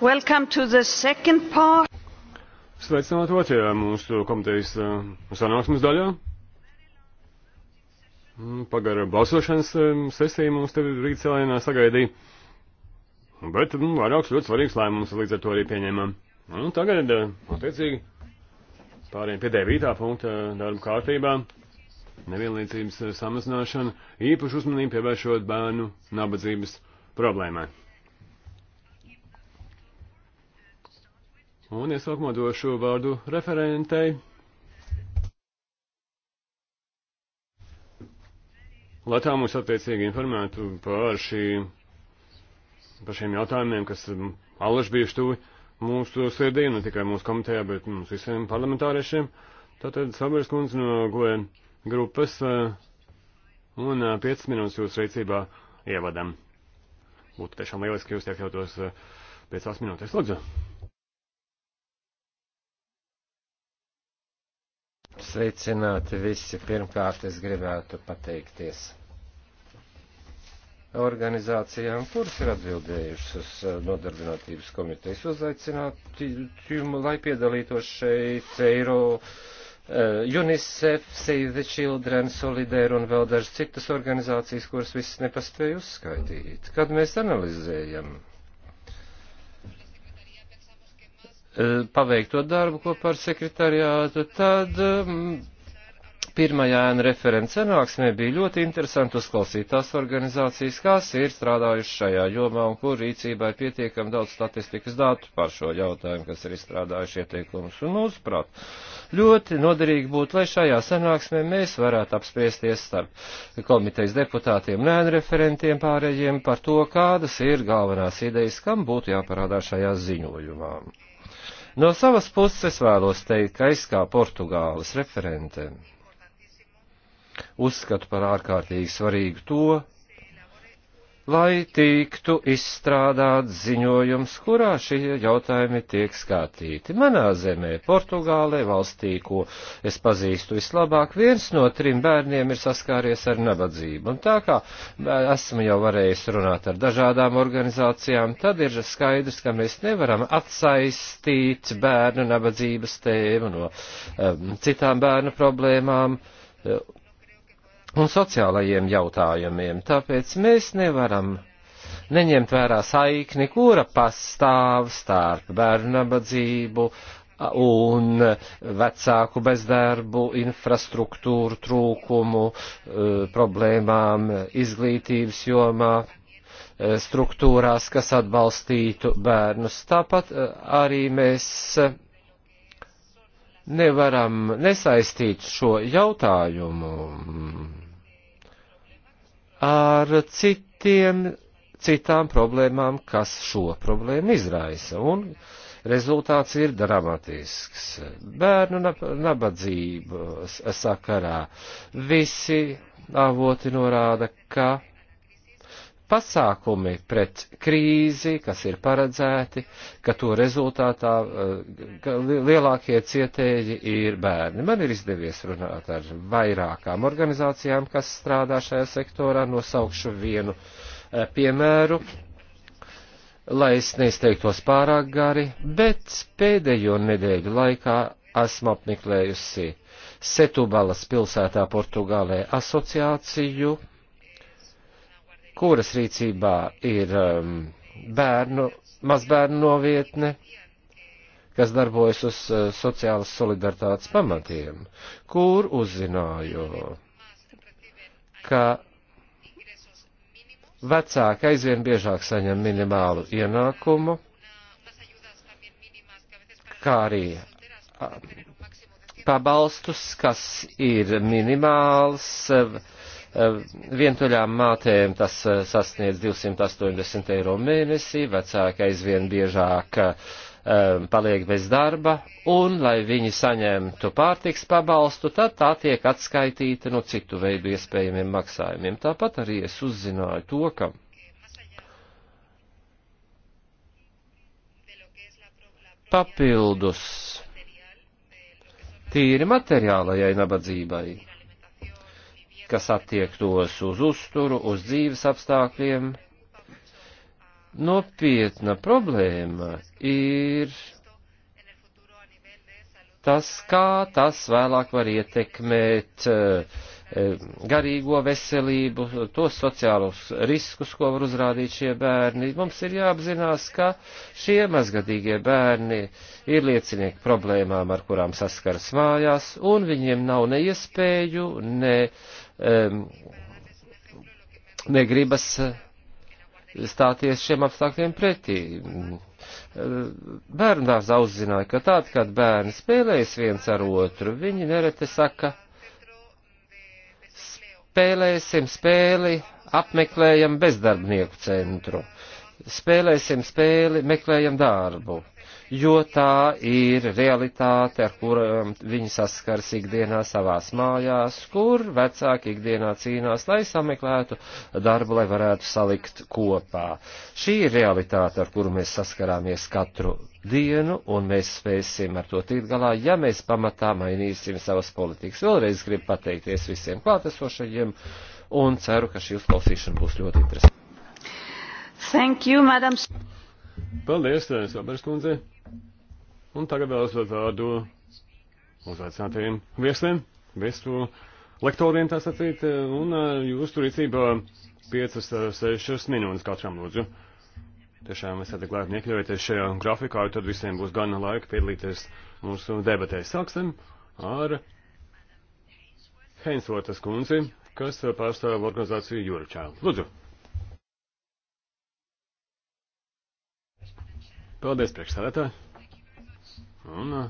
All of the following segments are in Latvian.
Welcome to the second part. Sveicināt otrajā mūsu komitejas uh, sanāksmes daļā. Mm, pagara balsošanas eh, sesija mums te rīt cēlienā sagaidīja. Bet nu, vairākus ļoti svarīgus lēmumus līdz ar to arī pieņēmām. Un tagad, eh, attiecīgi, pāriem pie 9. punkta darba kārtībā. Nevienlīdzības samazināšana īpašu uzmanību pievēršot bērnu nabadzības problēmai. Un iesākumā došu vārdu referentei. Lai tā mums attiecīgi informētu par, šī, par šiem jautājumiem, kas mm, allaž bijuši tuvi mūsu sirdī, ne tikai mūsu komitejā, bet mums visiem parlamentāriešiem. Tātad Sabers kundze no Goen grupas eh, un 5 eh, minūtes jūsu rīcībā ievadam. Būtu tiešām lieliski, ja jūs iekļautos 5 eh, minūtes. Lūdzu! Sveicināti visi. Pirmkārt, es gribētu pateikties organizācijām, kuras ir atbildējušas uz eh, nodarbinātības komitejas uzaicinājumu, lai piedalītos šeit Eiro, eh, UNICEF, Save the Children, Solidēru un vēl dažas citas organizācijas, kuras visas nepaspēju uzskaitīt. Kad mēs analizējam Eh, paveikto darbu kopā ar sekretariātu, tad mm, pirmajā ēna referents sanāksmē bija ļoti interesanti uzklausīt tās organizācijas, kas ir strādājuši šajā jomā un kur rīcībā ir pietiekami daudz statistikas datu par šo jautājumu, kas ir izstrādājuši ieteikumus un uzprat. Ļoti noderīgi būtu, lai šajā sanāksmē mēs varētu apspriesties starp komitejas deputātiem un ēna referentiem pārējiem par to, kādas ir galvenās idejas, kam būtu jāparādā šajā ziņojumā. No savas puses vēlos teikt, ka es kā Portugāles referente uzskatu par ārkārtīgi svarīgu to, lai tiktu izstrādāt ziņojums, kurā šie jautājumi tiek skatīti. Manā zemē, Portugālē, valstī, ko es pazīstu vislabāk, viens no trim bērniem ir saskāries ar nabadzību. Un tā kā esmu jau varējis runāt ar dažādām organizācijām, tad ir skaidrs, ka mēs nevaram atsaistīt bērnu nabadzības tēmu no um, citām bērnu problēmām. Uh, un sociālajiem jautājumiem. Tāpēc mēs nevaram neņemt vērā saikni, kura pastāv starp bērnu nabadzību un vecāku bezdarbu, infrastruktūru trūkumu, e, problēmām izglītības jomā, e, struktūrās, kas atbalstītu bērnus. Tāpat e, arī mēs nevaram nesaistīt šo jautājumu ar citiem, citām problēmām, kas šo problēmu izraisa. Un rezultāts ir dramatisks. Bērnu nabadzību sakarā visi avoti norāda, ka pasākumi pret krīzi, kas ir paredzēti, ka to rezultātā eh, ka lielākie cietēji ir bērni. Man ir izdevies runāt ar vairākām organizācijām, kas strādā šajā sektorā, nosaukšu vienu eh, piemēru, lai es neizteiktos pārāk gari, bet pēdējo nedēļu laikā esmu apmeklējusi Setubalas pilsētā Portugālē asociāciju, kuras rīcībā ir um, bērnu, mazbērnu novietne, kas darbojas uz uh, sociālas solidaritātes pamatiem, kur uzzināju, ka vecāki aizvien biežāk saņem minimālu ienākumu, kā arī um, pabalstus, kas ir minimāls, uh, Eh, vientuļām mātēm tas eh, sasniedz 280 eiro mēnesī, vecāki aizvien biežāk eh, paliek bez darba, un, lai viņi saņemtu pārtiks pabalstu, tad tā tiek atskaitīta no citu veidu iespējamiem maksājumiem. Tāpat arī es uzzināju to, ka papildus tīri materiālajai nabadzībai kas attiektos uz uzturu, uz dzīves apstākļiem. Nopietna problēma ir tas, kā tas vēlāk var ietekmēt eh, eh, garīgo veselību, tos sociālos riskus, ko var uzrādīt šie bērni. Mums ir jāapzinās, ka šie mazgadīgie bērni ir liecinieki problēmām, ar kurām saskaras mājās, un viņiem nav ne iespēju, ne negribas eh, stāties šiem apstākļiem pretī. Mm, eh, Bērnās auzzināja, ka tād, kad bērni spēlējas viens ar otru, viņi nereti saka, spēlēsim spēli, apmeklējam bezdarbnieku centru, spēlēsim spēli, meklējam darbu jo tā ir realitāte, ar kuru viņi saskars ikdienā savās mājās, kur vecāki ikdienā cīnās, lai sameklētu darbu, lai varētu salikt kopā. Šī ir realitāte, ar kuru mēs saskarāmies katru dienu, un mēs spēsim ar to tikt galā, ja mēs pamatā mainīsim savas politikas. Vēlreiz gribu pateikties visiem klātesošajiem, un ceru, ka šī uzklausīšana būs ļoti interesanta. Thank you, madam. Paldies, Sobers kundze. Un tagad vēl uzdot vārdu uzveicinātajiem viesiem, viesu lektoriem tā sacīt, un jūs tur rīcībā 5-6 minūtes katram lūdzu. Tiešām esat tik laipni iekļaujoties šajā grafikā, tad visiem būs gana laika piedalīties mūsu debatēs. Sāksim ar Heinsvotas kundzi, kas pārstāv organizāciju Jūra Čēlu. Lūdzu! Paldies, priekšsēdētāji. Un uh,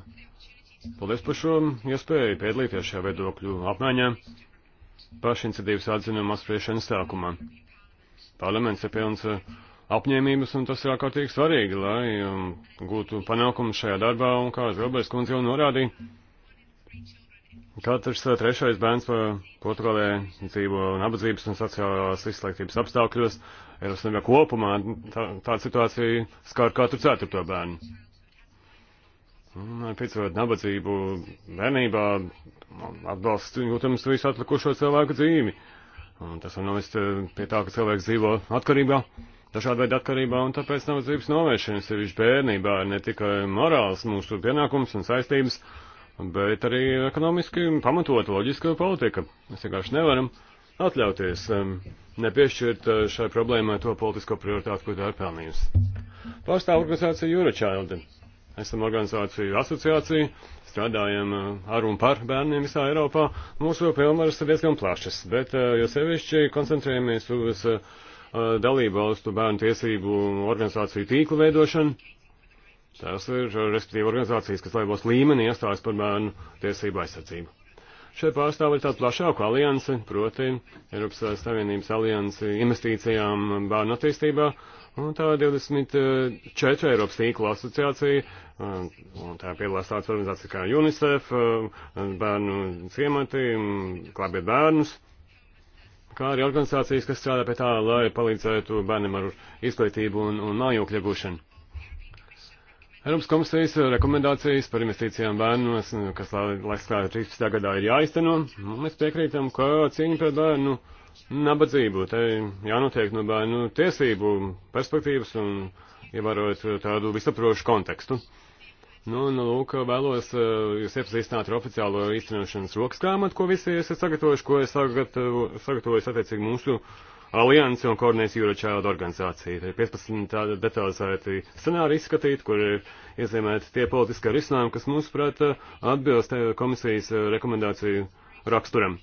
paldies par šo iespēju piedalīties šajā viedokļu apmaiņā pašiniciatīvas atzinuma apspriešanas sākumā. Parlaments ir pilns uh, apņēmības, un tas ir ārkārtīgi svarīgi, lai um, gūtu panākumu šajā darbā, un kā Zilbērs kundze jau norādīja, katrs uh, trešais bērns Portugālē dzīvo nabadzības un sociālās izslēgtības apstākļos, Eiropas Savienībā kopumā nu, tā, tāda situācija skar katru ceturto bērnu. Eh, piecot nabadzību bērnībā atbalsts jūtams visu atlikušo cilvēku dzīvi. Un tas var novest eh, pie tā, ka cilvēks dzīvo atkarībā, dažāda veida atkarībā, un tāpēc nabadzības novēršana sevišķi bērnībā ir ne tikai morāls mūsu pienākums un saistības, bet arī ekonomiski pamatot loģiska politika. Mēs vienkārši nevaram uh, atļauties um, nepiešķirt uh, šai problēmai to politisko prioritāti, ko tā ir pelnījusi. Pārstāv organizācija Eurochild. Esam organizāciju asociācija, strādājam eh, ar un par bērniem visā Eiropā. Mūsu pilnvaras ir diezgan plašas, bet eh, jo sevišķi koncentrējamies uz dalību valstu bērnu tiesību organizāciju tīklu veidošanu. Tās ir, respektīvi, organizācijas, kas laivos līmenī iestājas par bērnu tiesību aizsardzību šeit pārstāv ir tāda plašāka alianse, proti Eiropas Savienības alianse investīcijām bērnu attīstībā, un tā 24 Eiropas tīkla asociācija, uh, un tā piedalās tādas organizācijas kā UNICEF, uh, bērnu ciemati, um, klābiet bērnus kā arī organizācijas, kas strādā pie tā, lai palīdzētu bērniem ar izglītību un, un mājokļu iegūšanu. Eiropas komisijas rekomendācijas par investīcijām bērnos, kas, lai skāra 13. gadā ir jāizteno, mēs piekrītam, ka cīņa pret bērnu nabadzību, te jānotiek no bērnu tiesību perspektīvas un ievērojot tādu visaprošu kontekstu. Nu, nu, lūk, vēlos eh, jūs iepazīstināt ar oficiālo īstenošanas rokas grāmatu, ko visi esat sagatavojuši, ko es sagatavoju, sagatavoju attiecīgi mūsu uh, aliansi un koordinēs Eurochild organizācija. Te ir 15 tādi detalizēti scenāri izskatīti, kur ir iezīmēti tie politiskie risinājumi, kas, mūsuprāt, atbilst eh, komisijas eh, rekomendāciju raksturam.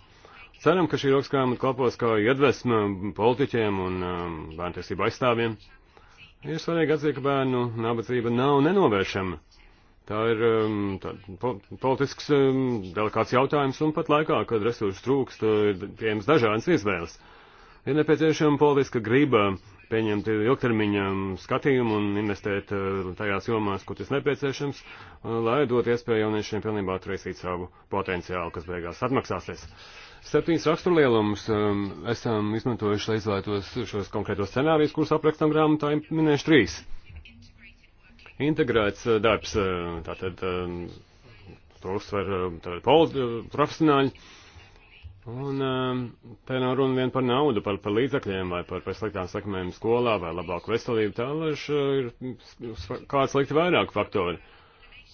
Ceram, ka šī rokaskrāmata kalpos kā iedvesma politiķiem un um, bērntiesību aizstāvjiem. Ir svarīgi atzīt, ka bērnu nabadzība nav nenovēršama. Tā ir um, tā, po, politisks um, delikāts jautājums, un pat laikā, kad resursu trūkst, ir pieejams dažādas izvēles. Uh, Ir nepieciešama politiska grība pieņemt ilgtermiņa skatījumu un investēt eh, tajās jomās, kur tas nepieciešams, eh, lai dot iespēju jauniešiem pilnībā attīstīt savu potenciālu, kas beigās atmaksāsies. Septiņas raksturlielumus um, eh, esam izmantojuši, lai izvēlētos šos konkrētos scenārijus, kurus aprakstam grāmatā, minēšu trīs. Integrēts darbs, tātad to uzsver profesionāļi Un um, te nav runa vien par naudu, par, par līdzakļiem vai par, par sliktām sakmēm skolā vai labāku veselību. Tālāk ir kāds slikti vairāk faktori.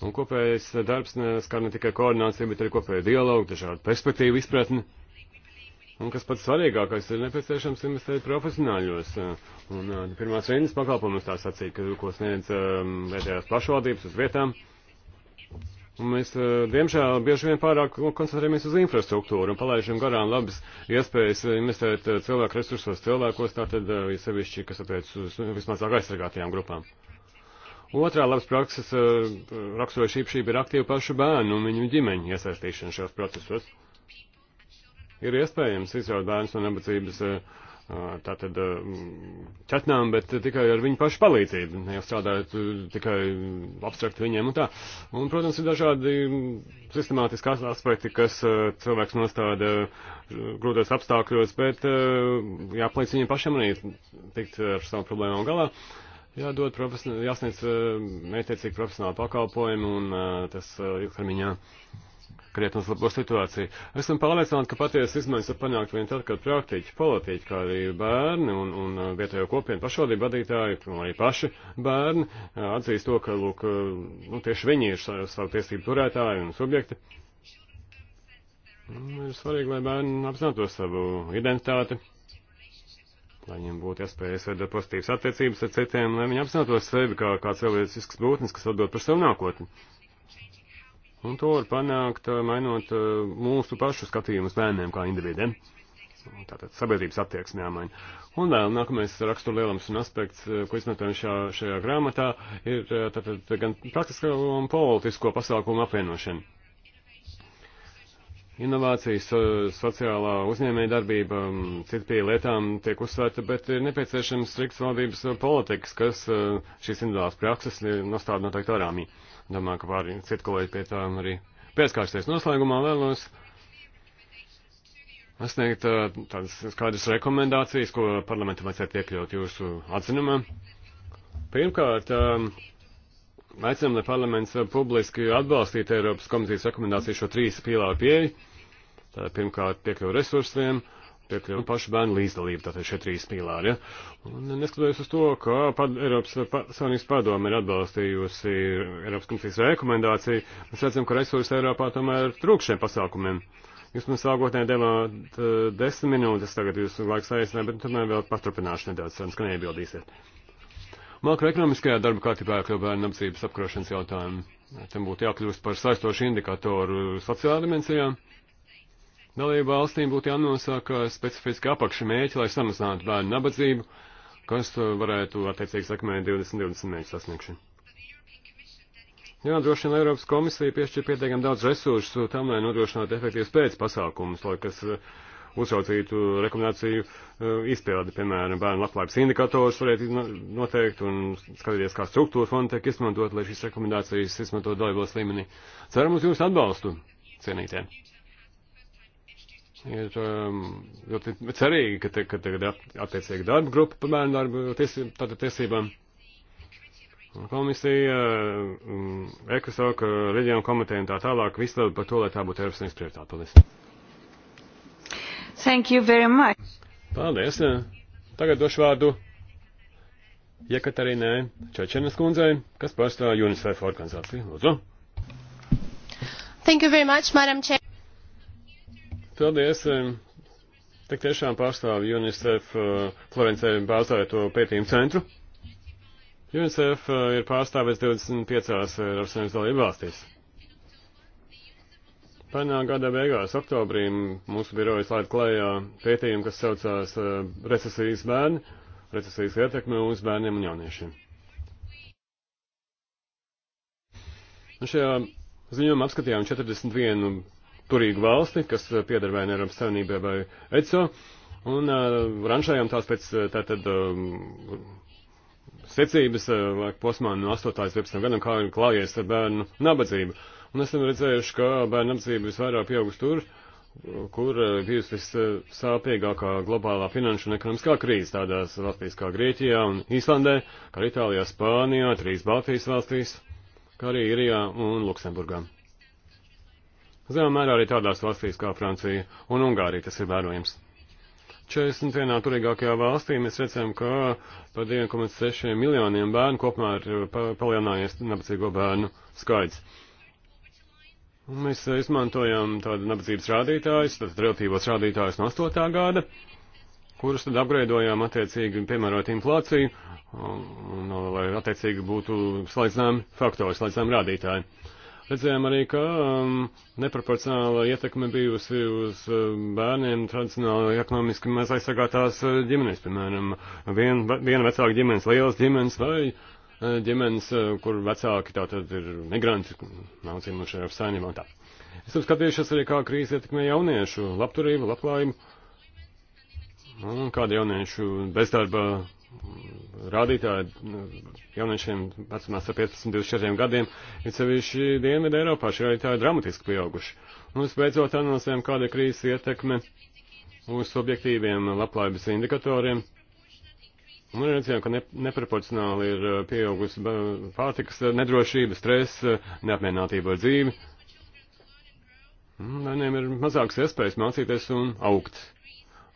Un kopējais darbs skar ne tikai koordināciju, bet arī kopēju dialogu, dažādu perspektīvu izpratni. Un kas pats svarīgākais ir nepieciešams investēt profesionāļos. Un uh, pirmās rindas pakalpojumus tā sacīja, ka, ko sniedz um, vietējās pašvaldības uz vietām. Uh, Un mēs, eh, diemžēl, bieži vien pārāk koncentrējamies uz infrastruktūru un palaidām garām labas iespējas investēt eh, cilvēku resursos, cilvēkos, tātad eh, sevišķi, kas attiecas uz vismazāk aizsargātajām grupām. Otrā labas prakses raksturoša īpašība ir aktīva pašu bērnu un viņu ģimeņu iesaistīšana šajos procesos. Ir iespējams izraut bērnus no nabadzības uh, tātad mm, četnām, bet tikai ar viņu pašu palīdzību, ne jau strādājot mm, tikai abstrakt viņiem un tā. Un, protams, ir dažādi mm, sistemātiski aspekti, kas cilvēks nostāda grūtos apstākļos, bet jāpalīdz viņiem pašam arī tikt ar savu problēmu galā. Jādod profesionāli, jāsniedz mērķtiecīgi profesionāli pakalpojumi un tas ilgtermiņā. Uh, krietni uzlabo situāciju. Esam pārliecināti, ka patiesa izmaiņas var panākt vien tad, kad praktiķi, politiķi, kā arī bērni un, un uh, vietējo kopienu pašvaldību vadītāji, un arī paši bērni uh, atzīst to, ka, lūk, uh, nu, tieši viņi ir savu, savu tiesību turētāji un subjekti. Ir svarīgi, lai bērni apzinātos savu identitāti, lai viņiem būtu iespējas veidot pozitīvas attiecības ar citiem, lai viņi apzinātos sevi kā, kā cilvēcisks būtnes, kas atbild par savu nākotni. Un to var panākt, mainot mūsu pašu skatījumus bērniem kā individiem. Tātad sabiedrības attieksme jāmaina. Un vēl nākamais rakstura lielums un aspekts, ko izmantojam šā, šajā grāmatā, ir tātad gan praktisko un politisko pasākumu apvienošana. Inovācijas, sociālā uzņēmēja darbība, citu pie lietām tiek uzsvērta, bet ir nepieciešams strikts valdības politikas, kas šīs individuālās prakses nostāda noteikti arāmī. Ja Domāju, ka pāri citu kolēģi pie tām arī pieskārsties noslēgumā vēlos. Es sniegt uh, tādas skaidras rekomendācijas, ko parlamentam vajadzētu iekļaut jūsu atzinumā. Pirmkārt, um, aicinām, lai parlaments publiski atbalstītu Eiropas komisijas rekomendāciju šo trīs pīlāru pieeju. Pirmkārt, piekļuvu resursiem, uh, piekļuvi un pašu bērnu līdzdalību, tātad šie trīs pīlāri. Ja? Un neskatoties uz to, ka pad, Eiropas pa, Savienības padome ir atbalstījusi Eiropas komisijas rekomendāciju, mēs redzam, ka resursi Eiropā tomēr trūk šiem pasākumiem. Jūs man sākotnēji devāt uh, desmit minūtes, tagad jūs laiks aizsnē, bet tomēr vēl paturpināšu nedaudz, cerams, ka neiebildīsiet. Makroekonomiskajā darba kārtībā iekļauj bērnu nabadzības apkarošanas jautājumu. Tam būtu jākļūst par saistošu indikatoru sociālajā dimensijā. Dalību valstīm būtu jānosaka specifiski apakšmēķi, lai samazinātu bērnu nabadzību, kas varētu attiecīgi sekmēt 2020 mērķu sasniegšanu. Jānodrošina Eiropas komisija piešķir pietiekami daudz resursu tam, lai nodrošinātu efektīvas pēcpasākumus, lai kas uzraucītu rekomendāciju izpildi, piemēram, bērnu labklājības indikators varētu noteikt un skatīties, kā struktūra fonda tiek izmantot, lai šīs rekomendācijas izmantot dalībos līmenī. Ceram uz jūsu atbalstu, cienītēm ir um, ļoti cerīgi, ka, te, ka tagad attiecīgi darba grupa par bērnu darbu tiesībām. tiesībām. Komisija, um, Ekosoka, reģionu komiteja un tā tālāk, viss labi par to, lai tā būtu Eiropas Savienības prioritāte. Paldies. Thank you very much. Paldies. Tagad došu vārdu Jekaterīnai Čečenes kundzei, kas pārstāv UNICEF organizāciju. Lūdzu. Thank you very much, Madam Chair. Paldies! Tik tiešām pārstāv UNICEF eh, Florencē bāzēto pētījumu centru. UNICEF eh, ir pārstāvēts 25 Eiropas Savienības dalību valstīs. Pērnā gada beigās, oktobrī, mūsu birojas laid klajā pētījumu, kas saucās uh, recesijas bērni, recesijas ietekme uz bērniem un jauniešiem. Un nu, šajā ziņojumā apskatījām 41 turīgu valsti, kas eh, pieder vai Eiropas Savienībai vai ECO, un uh, eh, rančējam tās pēc eh, tātad um, secības uh, posmā no 8. līdz 11. gadam, kā ir klājies ar bērnu nabadzību. Un esam redzējuši, ka bērnu nabadzība visvairāk pieaugusi tur, kur uh, bijusi vissāpīgākā globālā finanšu un ekonomiskā krīze tādās valstīs kā Grieķijā un Īslandē, kā arī Itālijā, Spānijā, trīs Baltijas valstīs, kā arī Irijā un Luksemburgā. Zemā mērā arī tādās valstīs kā Francija un Ungārija tas ir vērojams. 41. turīgākajā valstī mēs redzam, ka par 2,6 miljoniem bērnu kopumā ir uh, pa palielinājies nabadzīgo bērnu skaits. Mēs uh, izmantojam tādu nabadzības rādītājus, tad relatīvos rādītājus no 8. gada, kurus tad apgraidojām attiecīgi, piemērot inflāciju, un, un, lai attiecīgi būtu slēdzām faktori, slēdzām rādītāji. Redzējām arī, ka um, neproporcionāla ietekme bijusi uz um, bērniem tradicionāli ekonomiski maz aizsargātās uh, ģimenes, piemēram, vien, viena vecāka ģimenes, lielas ģimenes vai uh, ģimenes, uh, kur vecāki tātad ir migranti, nav cīnuši ar saimnībām tā. Es esmu skatījušies arī, kā krīze ietekmē jauniešu labturību, labklājību, un kāda jauniešu bezdarba rādītāji jauniešiem vecumā ar 15, 24 gadiem, ir sevišķi Dienvidu Eiropā šie rādītāji dramatiski pieauguši. Un visbeidzot analizējam, kāda ir krīzes ietekme uz objektīviem labklājības indikatoriem. Un redzējām, ka ne, neproporcionāli ir eh, pieaugusi pārtikas eh, nedrošība, stress, eh, neapmienātība ar dzīvi. Bērniem ir mazākas iespējas mācīties un augt.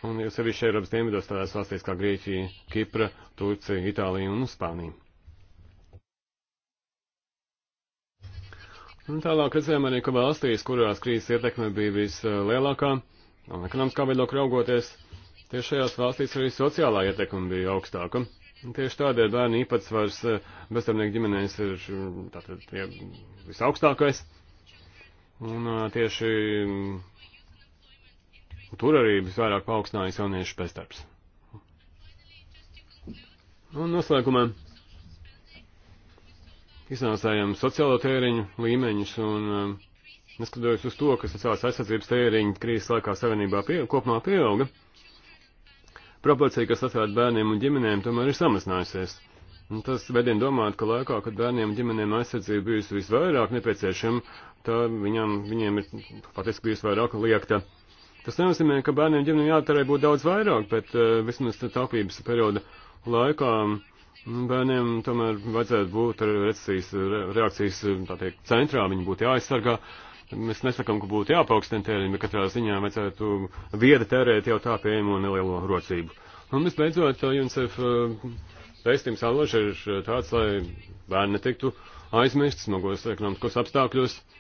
Un jūs arī šeit Eiropas dienvidos tādās valstīs kā Grieķija, Kipra, Turcija, Itālija un Spānija. Un tālāk redzējām arī, ka valstīs, kurās krīzes ietekme bija vislielākā, un ekonomiskā viedokļa raugoties, tieši šajās valstīs arī sociālā ietekme bija augstāka. Un tieši tādēļ bērnu īpatsvars eh, bezdarbnieku ģimenēs ir mm, tātad, ja, visaugstākais. Un eh, tieši mm, Un tur arī visvairāk paaugstinājās jauniešu bezdarbs. Un noslēgumā iznācējam sociālo tēriņu līmeņus un um, neskatoties uz to, ka sociālās aizsardzības tēriņi krīzes laikā savienībā pie, kopumā pieauga, proporcija, kas atvērt bērniem un ģimenēm, tomēr ir samazinājusies. Un tas vedien domāt, ka laikā, kad bērniem un ģimenēm aizsardzība bijusi visvairāk nepieciešama, tā viņam, viņiem ir patiesībā bijusi vairāk liekta. Tas nenozīmē, ka bērniem ģimenēm jātērē būtu daudz vairāk, bet uh, vismaz taupības perioda laikā mm, bērniem tomēr vajadzētu būt ar recesijas reakcijas tiek, centrā, viņi būtu jāaizsargā. Mēs nesakām, ka būtu jāpaukstina tēriņi, bet katrā ziņā vajadzētu viedi tērēt jau tā pieejamo nelielo rocību. Un visbeidzot, eh, UNICEF eh, veistījums allaž ir tāds, lai bērni netiktu aizmirsts smagos ekonomiskos apstākļos. Uh,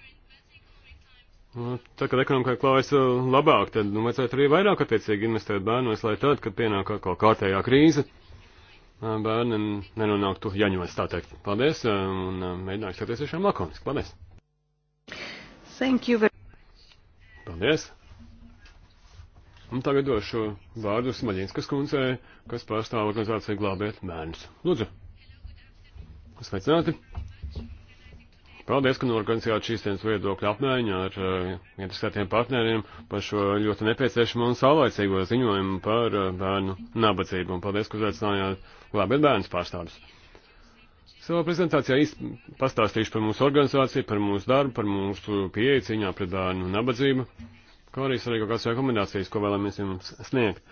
Nu, tad, kad ekonomikai klājas eh, labāk, tad nu, vajadzētu arī vairāk attiecīgi investēt bērnos, lai tad, kad pienāk atkal kārtējā krīze, eh, bērni nenonāktu jaņos, tā teikt. Paldies, eh, un mēģināšu skatīties tiešām lakoniski. Paldies! Thank you very much. Paldies! Un tagad došu vārdu Smaļinskas kundzei, kas pārstāv organizāciju Glābiet bērnus. Lūdzu! Sveicināti! Paldies, ka norganizējāt šīs dienas viedokļu apmaiņu ar uh, interesētiem partneriem par šo ļoti nepieciešamo un saulaicīgo ziņojumu par uh, bērnu nabadzību. Un paldies, ka uzaicinājāt labi bērnu pārstāvis. Savā prezentācijā īsti pastāstīšu par mūsu organizāciju, par mūsu darbu, par mūsu pieeja cīņā pret bērnu nabadzību, kā arī arī kaut kādas rekomendācijas, ko vēlamies jums sniegt.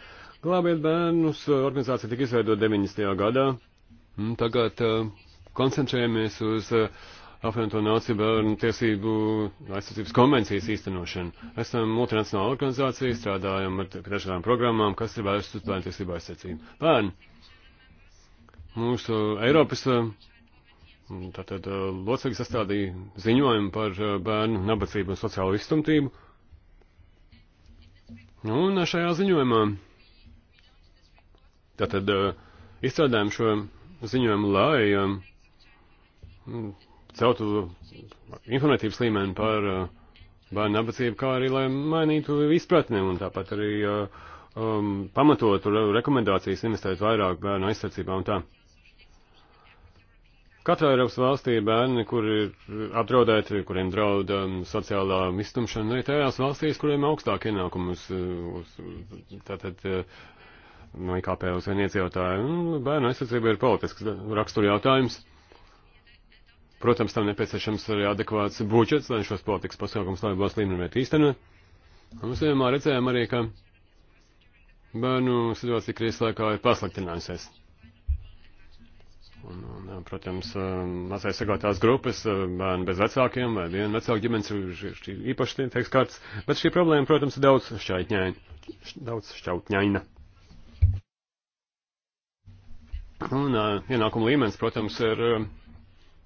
Glābiet bērnus organizācija tika izveidota 90. gadā. Mm, tagad uh, koncentrējamies uz uh, apvienoto nāciju bērnu tiesību aizsardzības konvencijas īstenošanu. Esam multinacionāla organizācija, strādājam ar dažādām programmām, kas ir vērstas uz bērnu tiesību aizsardzību. Bērni. Mūsu Eiropas eh, tātad eh, locekļi sastādīja ziņojumu par eh, bērnu nabadzību un sociālo izstumtību. Un šajā ziņojumā tātad izstrādājam šo ziņojumu, lai celtu informatīvas līmeni par uh, bērnu nabadzību, kā arī, lai mainītu izpratni un tāpat arī uh, um, pamatotu rekomendācijas investēt vairāk bērnu aizsardzībā un tā. Katrā Eiropas valstī ir bērni, kur ir apdraudēti, kuriem draud um, sociālā iztumšana, arī tajās valstīs, kuriem augstāk ienākumi uz, uh, uz tātad, no IKP uz vienu iedzīvotāju. Bērnu aizsardzība ir politisks rakstura jautājums. Protams, tam nepieciešams arī adekvāts budžets, lai šos politikas pasākums labos līmenī īstenot. Mums vienmēr redzējām arī, ka bērnu situācija krīzes laikā ir pasliktinājusies. Un, un, protams, mazai sagātās grupas, bērni bez vecākiem vai viena vecāka ģimenes ir, ir īpaši tiek skarts, bet šī problēma, protams, ir daudz šķaitņaina. Daudz šķautņaina. Un uh, ienākuma līmenis, protams, ir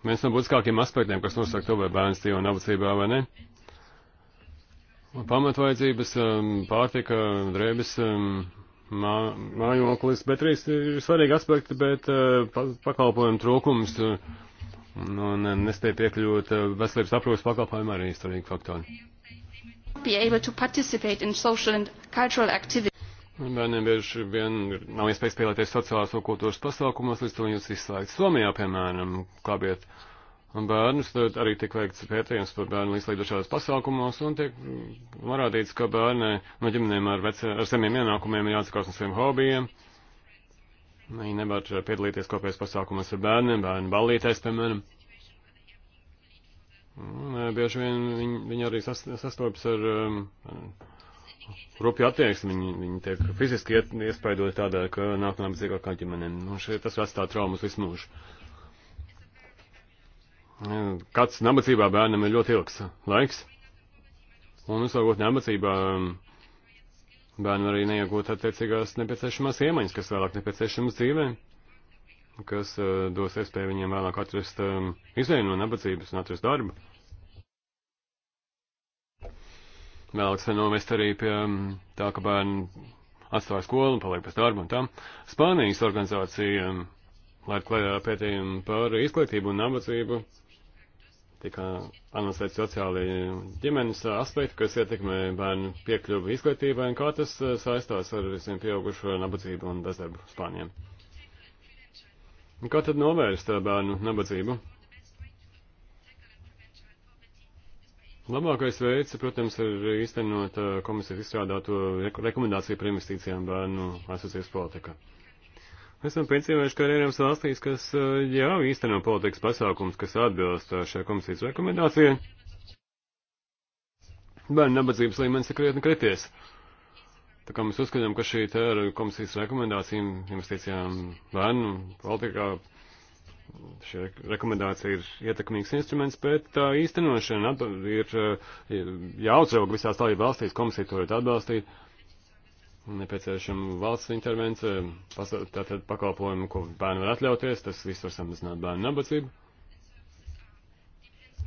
viens no būtiskākiem aspektiem, kas nosaka to, vai bērns dzīvo nabadzībā vai ne. Pamatvaidzības, um, pārtika, drēbes, um, mā, mājoklis, bet arī ir svarīgi aspekti, bet uh, pakalpojumu trūkums uh, un nespēja piekļūt uh, veselības aprūpas pakalpojumu arī svarīgi faktori. Be able to participate in social and cultural activities. Bērniem bieži vien nav iespējas pielāties sociālās un kultūras pasākumos, līdz to viņus izslēgt. Somijā, piemēram, klābiet bērnus, tad arī tiek veikts pētījums par bērnu līdzlīdušās pasākumos, un tiek varādīts, ka bērnē no ģimenēm ar, vece, ar zemiem ienākumiem ir jāatsakās no saviem hobijiem. Viņi nevar piedalīties kopējos pasākumos ar bērniem, bērnu ballītēs, piemēram. Un, eh, bieži vien viņi, viņi arī sastopas ar um, rupja attieksme, viņi, viņi tiek fiziski iet, iespaidoti tādēļ, ka nāk no nabadzīgākām ģimenēm. Nu, šeit tas atstāja traumas visu mūžu. Kāds nabadzībā bērnam ir ļoti ilgs laiks, un uzlaugot nabadzībā bērnu arī neiegūt attiecīgās nepieciešamās iemaņas, kas vēlāk nepieciešamas dzīvē, kas uh, dos iespēju viņiem vēlāk atrast um, izēju no nabadzības un atrast darbu. vēlāk novest arī pie mm, tā, ka bērni atstāja skolu un paliek bez darba un tam. Spānijas organizācija mm, laid klajā pētījumu par izglītību un nabadzību. Tika analizēti sociāli ģimenes aspekti, kas ietekmē bērnu piekļuvu izglītībai un kā tas eh, saistās ar visiem pieaugušo nabadzību un bezdarbu Spānijiem. Kā tad novērst eh, bērnu nabadzību? Labākais veids, protams, ir īstenot uh, komisijas izstrādāto rekomendāciju par investīcijām bērnu asociācijas politikā. Esam piedzīvojuši, ka ir Eiropas valstīs, kas uh, jau īsteno politikas pasākums, kas atbilst uh, šai komisijas rekomendācijai. Bērnu nabadzības līmenis ir krietni krities. Tā kā mēs uzskatām, ka šī te ar komisijas rekomendācijām investīcijām bērnu politikā šī rekomendācija ir ietekmīgs instruments, bet tā uh, īstenošana ir uh, jāuzrauga visās dalību valstīs, komisija to ir atbalstīt. Nepieciešama valsts intervence, tātad pakalpojumu, ko bērni var atļauties, tas viss var samazināt bērnu nabadzību.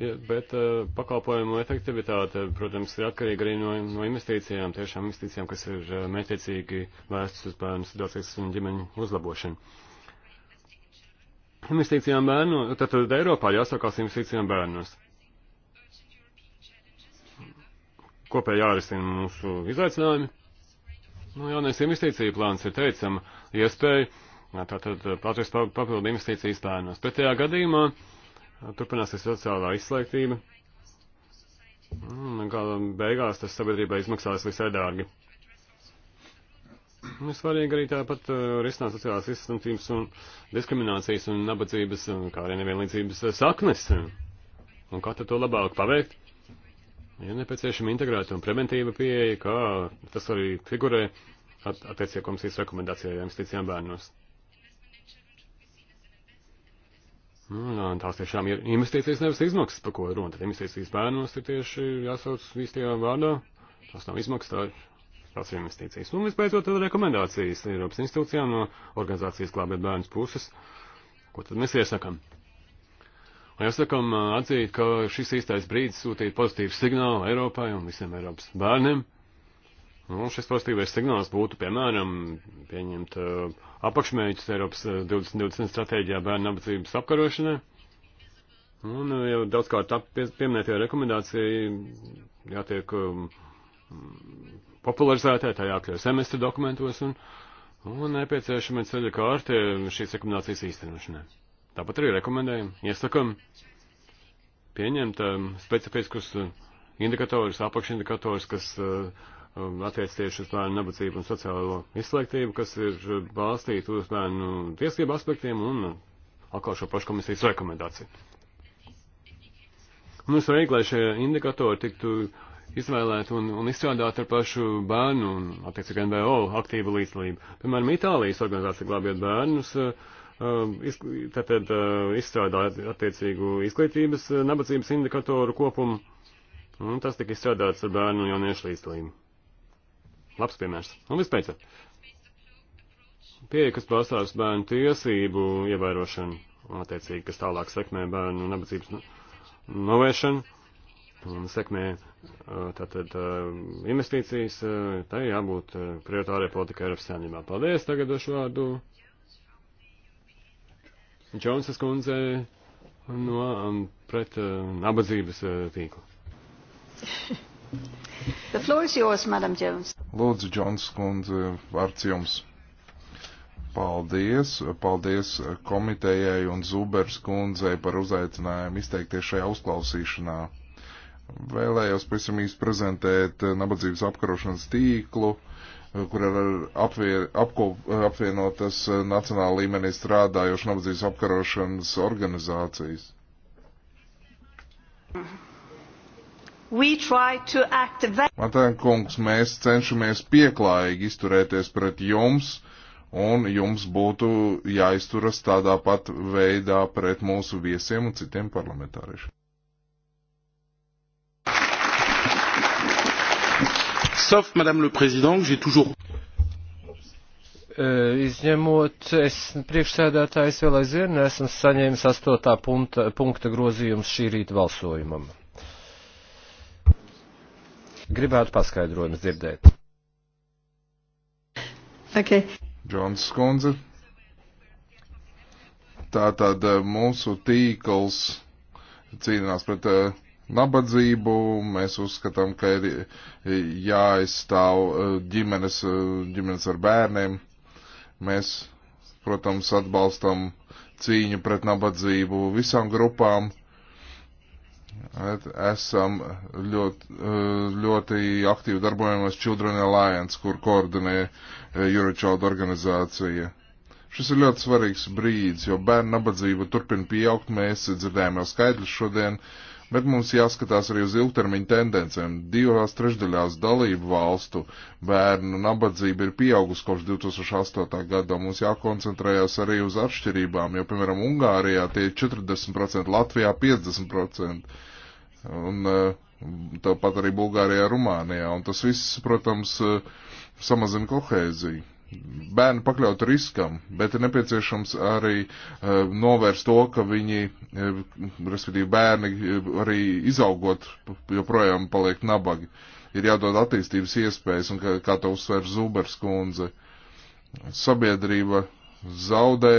Ja, bet uh, pakalpojumu efektivitāte, protams, ir atkarīga arī no, no investīcijām, tiešām investīcijām, kas ir uh, mētiecīgi vērstas uz bērnu situācijas un ģimeņu uzlabošanu investīcijām bērnu, tad, tad Eiropā jāsākās investīcijām bērnos. Kopēji jārisina mūsu izaicinājumi. Nu, jaunais investīcija plāns ir teicama iespēja, tātad patvērst papildu investīcijas bērnos. Pretējā gadījumā turpināsies sociālā izslēgtība. Un, gala beigās tas sabiedrībai izmaksās visai dārgi. Ir svarīgi arī tāpat uh, risināt sociālās izstumtības un diskriminācijas un nabadzības, uh, kā arī nevienlīdzības uh, saknes. Un kā tad to labāk paveikt? Ir nepieciešama integrēta un preventīva pieeja, kā tas arī figurē at attiecīgā komisijas rekomendācijā investīcijām bērnos. Nu, un tās tiešām ir investīcijas, nevis izmaksas, par ko runa. Tad investīcijas bērnos ir tieši jāsauc īstajā vārdā. Tās nav izmaksas, tā ir tās ir investīcijas. Nu, un visbeidzot, tad rekomendācijas Eiropas institūcijām no organizācijas klābēt bērnus puses. Ko tad mēs iesakam? Un iesakam atzīt, ka šis īstais brīdis sūtīt pozitīvu signālu Eiropai un visiem Eiropas bērniem. Nu, šis pozitīvais signāls būtu, piemēram, pieņemt uh, apakšmēģus Eiropas 2020 stratēģijā bērnu nabadzības apkarošanai. Nu, un jau daudzkārt pieminētie rekomendācija jātiek um, popularizētai, tā jākļauj semestra dokumentos un, un nepieciešama ceļa kārta šīs rekomendācijas īstenošanai. Tāpat arī rekomendējam, iesakam pieņemt um, specifiskus indikatorus, apakšindikatorus, kas uh, um, attiec tieši uz bērnu nabadzību un sociālo izslēgtību, kas ir balstīti uz bērnu tiesību aspektiem un atkal šo pašu komisijas rekomendāciju. Un es svarīgi, lai šie indikatori tiktu uh, izvēlēt un, un izstrādāt ar pašu bērnu un, attiecīgi, NVO aktīvu līdzdalību. Piemēram, Itālijas organizācija glābiet bērnus, eh, eh, iz, tātad eh, izstrādāt attiecīgu izglītības nabadzības indikatoru kopumu, un tas tika izstrādāts ar bērnu un jauniešu līdzdalību. Labs piemērs. Un vispēc. Pieeja, kas balstās bērnu tiesību ievērošanu, attiecīgi, kas tālāk sekmē bērnu nabadzības novēršanu. No un sekmē tātad investīcijas, tai jābūt prioritārai politikai Eiropas saimnībā. Paldies tagad došu vārdu Džonsas kundzei no pret nabadzības tīkla. The floor is yours, Madam Jones. Lūdzu, Džons kundze, vārds jums. Paldies, paldies komitejai un Zubers kundzei par uzaicinājumu izteikties šajā uzklausīšanā. Vēlējos pavisam īsti prezentēt nabadzības apkarošanas tīklu, kur ir apvier, apko, apvienotas nacionāla līmenī strādājošas nabadzības apkarošanas organizācijas. Matēn kungs, mēs cenšamies pieklājīgi izturēties pret jums, un jums būtu jāizturas tādā pat veidā pret mūsu viesiem un citiem parlamentāriešiem. sauf Madame le Président, que j'ai toujours. Eh, izņemot, es priekšsēdētājs vēl aizvien esmu saņēmis astotā punta, punkta grozījums šī rīta balsojumam. Gribētu paskaidrojumus dzirdēt. Okay. Džons Skundze. Tātad eh, mūsu tīkls cīnās pret uh, nabadzību, mēs uzskatām, ka ir jāaizstāv e, ģimenes, e, ģimenes ar bērniem. Mēs, protams, atbalstam cīņu pret nabadzību visām grupām. Esam ļoti, e, ļoti aktīvi darbojamies Children Alliance, kur koordinē Eurochild organizācija. Šis ir ļoti svarīgs brīdis, jo bērnu nabadzība turpina pieaugt. Mēs dzirdējām jau skaidrs šodien, uh, bet mums jāskatās arī uz ilgtermiņa tendencēm. Divās trešdaļās dalību valstu bērnu nabadzība ir pieaugusi kopš 2008. gada, mums jākoncentrējās arī uz atšķirībām, jo, piemēram, Ungārijā tie ir 40%, Latvijā 50%. Un, eh, Tāpat arī Bulgārijā, Rumānijā, un tas viss, protams, eh, samazina kohēziju bērni pakļaut riskam, bet ir nepieciešams arī uh, novērst to, ka viņi, uh, respektīvi bērni, uh, arī izaugot, joprojām paliek nabagi. Ir jādod attīstības iespējas, un kā, kā to uzsver Zubers kundze, sabiedrība zaudē,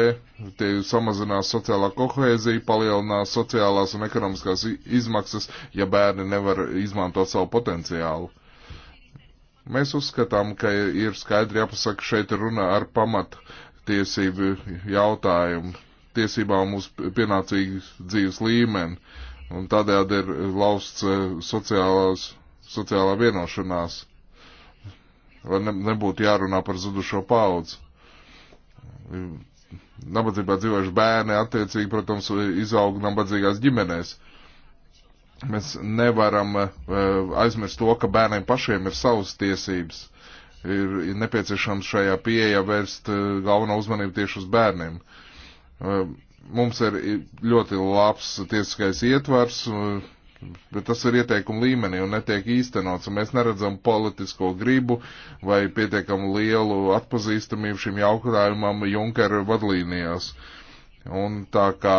tie samazinās sociālā kohēzija, palielinās sociālās un ekonomiskās izmaksas, ja bērni nevar izmantot savu potenciālu Mēs uzskatām, ka ir skaidri jāpasaka šeit runa ar pamatu tiesību jautājumu, tiesībām uz pienācīgu dzīves līmeni, un tādējādi ir lausts eh, sociālās, sociālā vienošanās, lai ne, nebūtu jārunā par zudušo paudzi. Nabadzībā dzīvojuši bērni, attiecīgi, protams, izaug nabadzīgās ģimenēs. Mēs nevaram eh, aizmirst to, ka bērniem pašiem ir savas tiesības. Ir nepieciešams šajā pieeja vērst eh, galveno uzmanību tieši uz bērniem. Eh, mums ir ļoti labs tiesiskais ietvars, Bet tas ir ieteikuma līmenī un netiek īstenots, un mēs neredzam politisko gribu vai pietiekamu lielu atpazīstamību šim jautājumam Junkera vadlīnijās. Uh, Un tā kā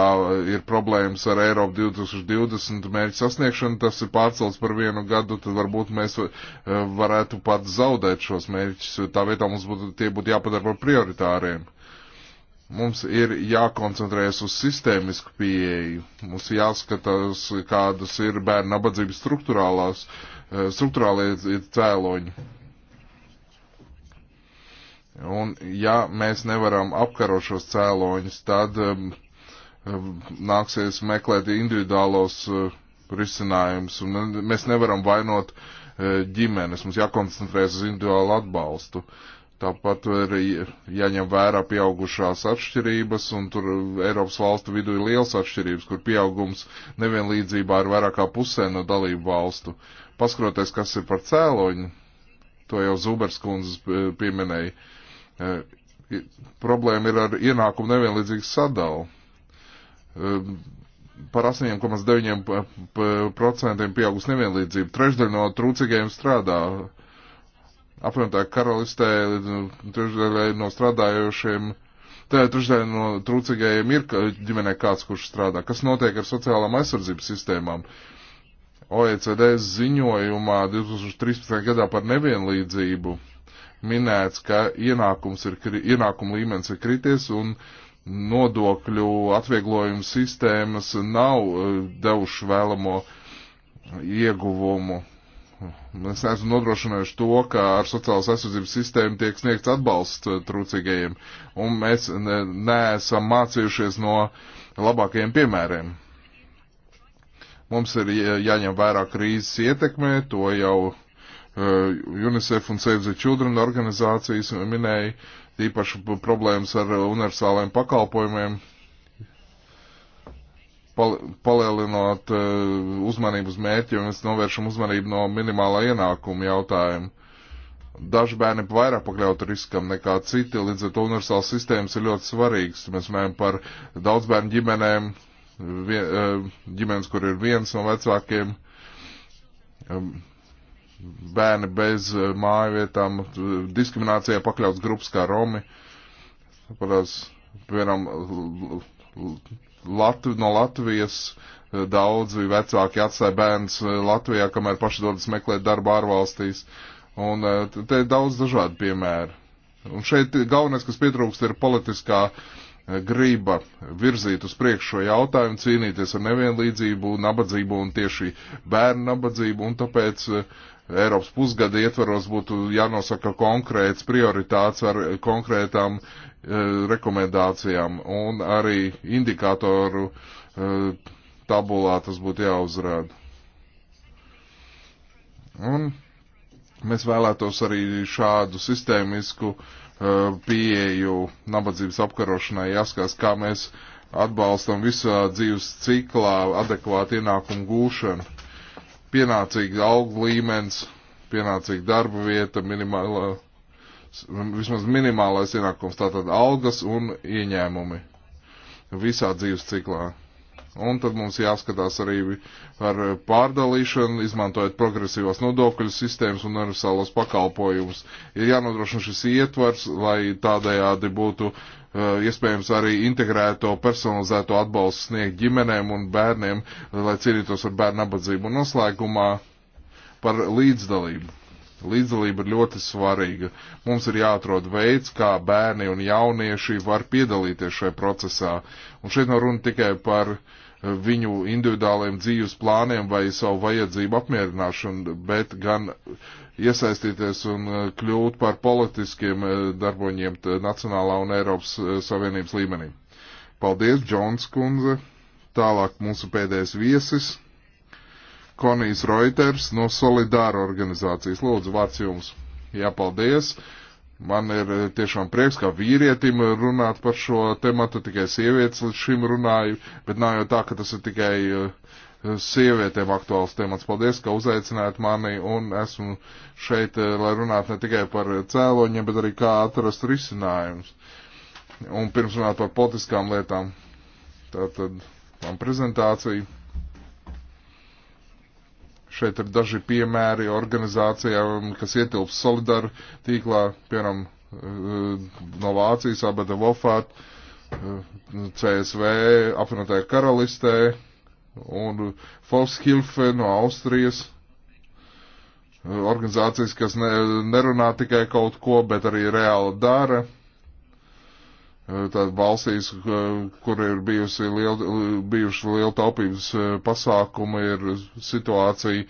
ir problēmas ar Eiropu 2020 mērķu sasniegšanu, tas ir pārcelts par vienu gadu, tad varbūt mēs eh, varētu pat zaudēt šos mērķus. Tā vietā mums būtu, tie būtu jāpadara par prioritāriem. Mums ir jākoncentrējas uz sistēmisku pieeju. Mums jāskatās, kādas ir bērnu nabadzības struktūrālās, eh, struktūrālie cēloņi Un ja mēs nevaram apkarot šos cēloņus, tad um, um nāksies meklēt individuālos uh, risinājumus. Un uh, mēs nevaram vainot uh, ģimenes, mums jākoncentrēs uz individuālu atbalstu. Tāpat ir jāņem vērā pieaugušās atšķirības, un tur uh, Eiropas valstu vidū ir liels atšķirības, kur pieaugums nevienlīdzībā ir vairāk kā pusē no dalību valstu. Paskroties, kas ir par cēloņu, to jau Zuberskundzes uh, pieminēja. Uh, Eh, problēma ir ar ienākumu nevienlīdzīgu sadalu. Eh, par 8,9% pieaugus nevienlīdzība. Trešdaļa no trūcīgajiem strādā. Apvienotā karalistē trešdaļai no strādājošiem Tā trešdaļa no trūcīgajiem ir ģimenē kāds, kurš strādā. Kas notiek ar sociālām aizsardzības sistēmām? OECD ziņojumā 2013. gadā par nevienlīdzību minēts, ka ienākums ir, ienākuma līmenis ir krities un nodokļu atvieglojumu sistēmas nav e, devuši vēlamo ieguvumu. Mēs neesam nodrošinājuši to, ka ar sociālās aizsardzības sistēmu tiek sniegts atbalsts e, trūcīgajiem, un mēs ne, neesam mācījušies no labākajiem piemēriem. Mums ir e, jāņem vērā krīzes ietekmē, to jau Eh, UNICEF un Save the Children organizācijas minēja īpaši problēmas ar universāliem pakalpojumiem, pal palielinot eh, uzmanību uz mērķiem, mēs novēršam uzmanību no minimālā ienākuma jautājuma. Daži bērni vairāk pakļauti riskam nekā citi, līdz ar to universāls sistēmas ir ļoti svarīgs. Mēs runājam par daudz bērnu ģimenēm, eh, ģimenes, kur ir viens no vecākiem, bērni bez eh, mājvietām, diskriminācijā pakļauts grupas kā Romi. Parās, piemēram, Latv no Latvijas eh, daudzi vecāki atstāja bērns eh, Latvijā, kamēr paši dodas meklēt darbu ārvalstīs. Un te ir daudz dažādu piemēru. Un šeit galvenais, kas pietrūkst, ir politiskā uh, grība virzīt uz priekšu šo jautājumu, cīnīties ar nevienlīdzību, nabadzību un tieši bērnu nabadzību, un tāpēc eh, Eiropas pusgada ietvaros būtu jānosaka konkrēts prioritāts ar konkrētām e, rekomendācijām un arī indikātoru e, tabulā tas būtu jāuzrāda. Un mēs vēlētos arī šādu sistēmisku uh, Eh, pieeju nabadzības apkarošanai, jāskatās, kā mēs atbalstam visā dzīves ciklā adekvātu ienākumu gūšanu. Pienācīgi algu līmenis, pienācīgi darba vieta, minimāla, vismaz minimālais ienākums, tātad algas un ieņēmumi visā dzīves ciklā. Un tad mums jāskatās arī par pārdalīšanu, izmantojot progresīvās nodokļu sistēmas un universālos pakalpojumus. Ir jānodrošina šis ietvars, lai tādējādi būtu eh, iespējams arī integrēto personalizēto atbalstu sniegt ģimenēm un bērniem, lai cīnītos ar bērnu nabadzību un noslēgumā par līdzdalību. Līdzdalība ir ļoti svarīga. Mums ir jāatrod veids, kā bērni un jaunieši var piedalīties šajā procesā. Un šeit nav runa tikai par eh, viņu individuāliem dzīves plāniem vai savu vajadzību apmierināšanu, bet gan iesaistīties un eh, kļūt par politiskiem eh, darboņiem nacionālā un Eiropas Savienības līmenī. Paldies, Džons Kunze. Tālāk mūsu pēdējais viesis Konijs Reuters no Solidāra organizācijas. Lūdzu, vārds jums. Jāpaldies. Man ir eh, tiešām prieks, kā vīrietim runāt par šo tematu, tikai sievietes līdz šim runāju, bet nav jau tā, ka tas ir tikai eh, sievietēm aktuāls temats. Paldies, ka uzaicinājāt mani un esmu šeit, eh, lai runātu ne tikai par cēloņiem, bet arī kā atrast risinājumus. Un pirms runāt par politiskām lietām, tā tad man prezentācija. Šeit ir daži piemēri organizācijām, kas ietilps solidāru tīklā, piemēram, eh, no Vācijas, Abada Vofāt, eh, CSV, apvienotāja karalistē un Volkshilfe no Austrijas. Eh, organizācijas, kas nerunā tikai kaut ko, bet arī reāli dara Eh, tad valstīs, eh, kur ir bijusi liel, bijuši liela taupības eh, pasākumi, ir situācija,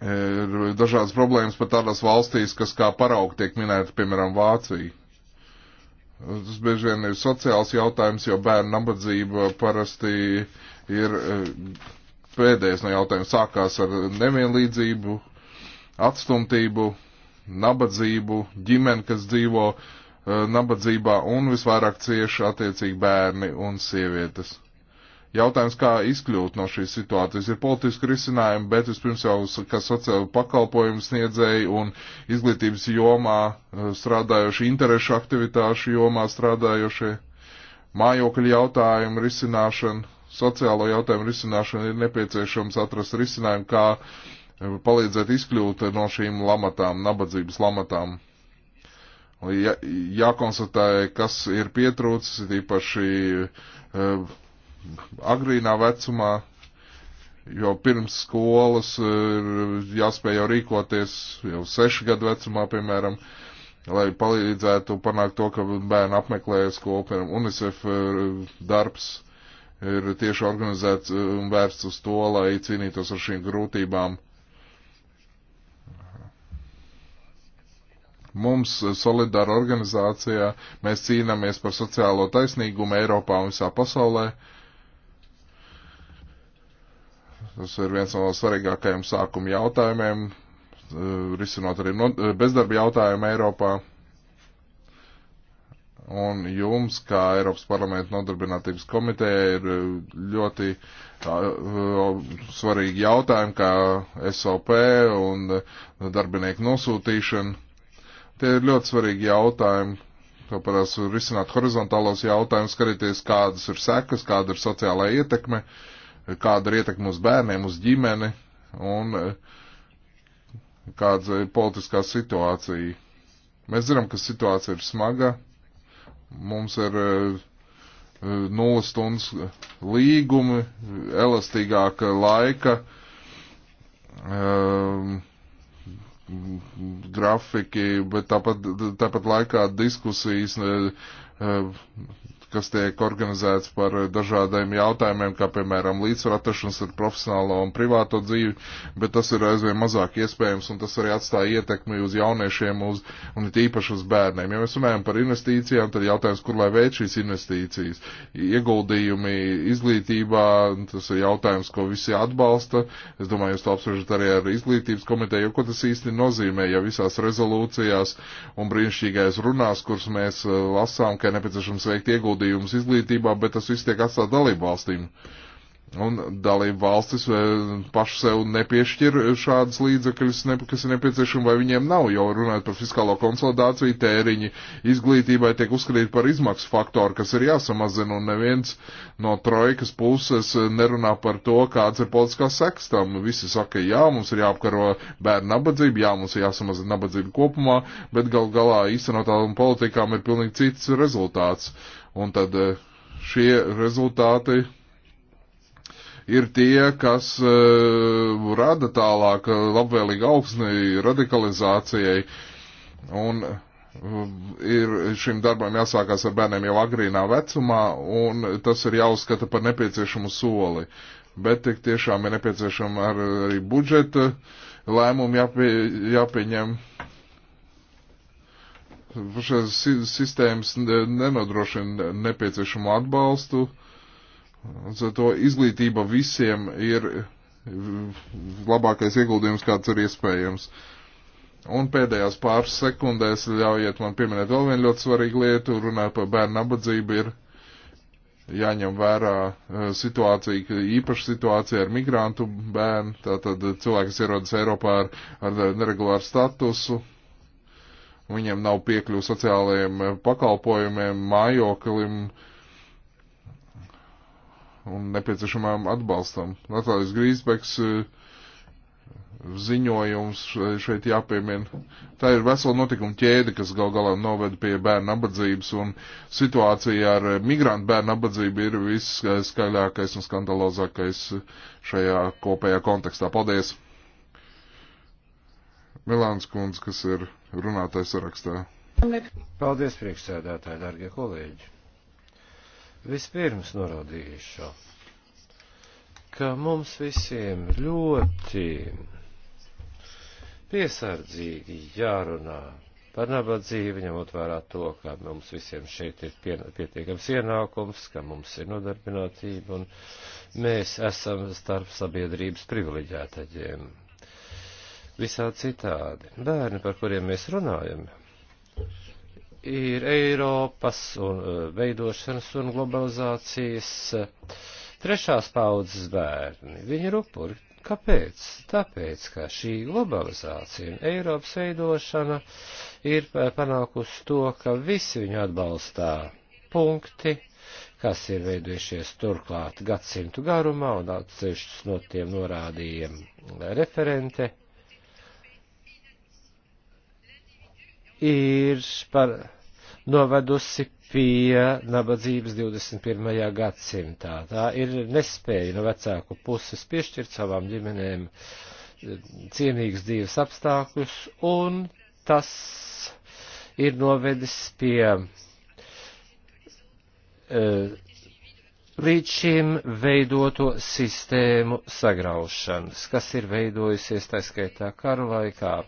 ir dažādas problēmas pat tādās valstīs, kas kā paraugi tiek minēta, piemēram, Vācija. Tas bieži vien ir sociāls jautājums, jo bērnu nabadzība parasti ir pēdējais no jautājumiem. Sākās ar nevienlīdzību, atstumtību, nabadzību, ģimeni, kas dzīvo uh, Uh, nabadzībā un visvairāk cieši attiecīgi bērni un sievietes. Jautājums, kā izkļūt no šīs situācijas, ir politiski risinājumi, bet vispirms jau, kas sociāla pakalpojumu sniedzēji un izglītības jomā uh, strādājoši, interešu aktivitāšu jomā strādājošie, mājokļu jautājumu risināšana, sociālo jautājumu risināšana ir nepieciešams atrast risinājumu, kā uh, palīdzēt izkļūt no šīm lamatām, nabadzības lamatām. Jā, jākonstatē, kas ir pietrūcis, īpaši uh, e, agrīnā vecumā, jo pirms skolas e, ir jāspēj jau rīkoties jau sešu gadu vecumā, piemēram, lai palīdzētu panākt to, ka bērni apmeklē skolu, piemēram, UNICEF e, darbs ir tieši organizēts un vērsts uz to, lai cīnītos ar šīm grūtībām Mums eh, solidāra organizācijā mēs cīnāmies par sociālo taisnīgumu Eiropā un visā pasaulē. Tas ir viens no svarīgākajiem sākuma jautājumiem, eh, risinot arī eh, bezdarba jautājumu Eiropā. Un jums, kā Eiropas parlamenta nodarbinātības komiteja, ir ļoti tā, svarīgi jautājumi, kā SOP un darbinieku nosūtīšana. Tie ir ļoti svarīgi jautājumi, to parās risināt horizontālos jautājumus, skatīties, kādas ir sekas, kāda ir sociālā ietekme, kāda ir ietekme uz bērniem, uz ģimeni un eh, kāda ir politiskā situācija. Mēs zinām, ka situācija ir smaga. Mums ir eh, nulles stundas līgumi, elastīgāka laika. Um, grafiki, bet tāpat, tāpat laikā diskusijas eh, kas tiek organizēts par dažādiem jautājumiem, kā piemēram līdzsvaru atrašanas ar profesionālo un privāto dzīvi, bet tas ir aizvien mazāk iespējams un tas arī atstāja ietekmi uz jauniešiem uz, un it īpaši uz bērniem. Ja mēs runājam par investīcijām, tad jautājums, kur lai veic šīs investīcijas. Ieguldījumi izglītībā, tas ir jautājums, ko visi atbalsta. Es domāju, jūs to apsvežat arī ar izglītības komiteju, ko tas īsti nozīmē, ja visās rezolūcijās un brīnišķīgais runās, kurus mēs eh, lasām, ka nepieciešams veikt ieguldījumus ieguldījums izglītībā, bet tas viss tiek atstāt dalību valstīm. Un dalību valstis e, paši sev nepiešķir šādas līdzekļus, kas ir nepieciešami, vai viņiem nav, jo runājot par fiskālo konsolidāciju, tēriņi izglītībai tiek uzskatīti par izmaksu faktoru, kas ir jāsamazina, un neviens no trojkas puses nerunā par to, kāds ir politiskās seks tam. Visi saka, jā, mums ir jāapkaro bērnu nabadzību, jā, mums ir jāsamazina nabadzība kopumā, bet gal galā īstenotām politikām ir pilnīgi cits rezultāts. Uh, Un tad eh, šie rezultāti ir tie, kas uh, rada tālāk eh, labvēlīgu augsni radikalizācijai. Un uh, ir šim darbam jāsākās ar bērniem jau agrīnā vecumā, un tas ir jāuzskata par nepieciešamu soli. Bet tik tiešām ir nepieciešama ar, arī budžeta lēmumu jāpie, jāpieņem šīs sistēmas nenodrošina nepieciešamo atbalstu. Zato izglītība visiem ir labākais ieguldījums, kāds ir iespējams. Un pēdējās pāris sekundēs ļaujiet man pieminēt vēl vienu ļoti svarīgu lietu, runājot par bērnu nabadzību, ir jāņem vērā e, situācija, īpaša situācija ar migrantu bērnu, tātad cilvēki, kas ierodas Eiropā ar, ar neregulāru statusu, viņiem nav piekļuvu sociālajiem eh, pakalpojumiem, mājoklim un nepieciešamām atbalstam. Natālijas Grīsbeks eh, ziņojums šeit jāpiemina. Tā ir vesela notikuma ķēde, kas gal galā noved pie bērnu nabadzības, un situācija ar eh, migrantu bērnu nabadzību ir viss skaļākais un skandalozākais šajā kopējā kontekstā. Paldies! Milāns Kunds, kas ir runātais sarakstā. Paldies, priekšsēdētāji, dārgie kolēģi. Vispirms norādīšu, ka mums visiem ļoti piesardzīgi jārunā par nabadzību, ņemot vērā to, ka mums visiem šeit ir pien, pietiekams ienākums, ka mums ir nodarbinātība un mēs esam starp sabiedrības privileģētaģiem visādi citādi. Bērni, par kuriem mēs runājam, ir Eiropas un e, veidošanas un globalizācijas e, trešās paudzes bērni. Viņi ir upuri. Kāpēc? Tāpēc, ka šī globalizācija un Eiropas veidošana ir e, panākusi to, ka visi viņu atbalstā punkti, kas ir veidojušies turklāt gadsimtu garumā, un atsevišķus no tiem norādīja referente ir par, novedusi pie nabadzības 21. gadsimtā. Tā ir nespēja no vecāku puses piešķirt savām ģimenēm eh, cienīgas dzīves apstākļus, un tas ir novedis pie uh, līdz šim veidoto sistēmu sagraušanas, kas ir veidojusies tā skaitā karu laikā,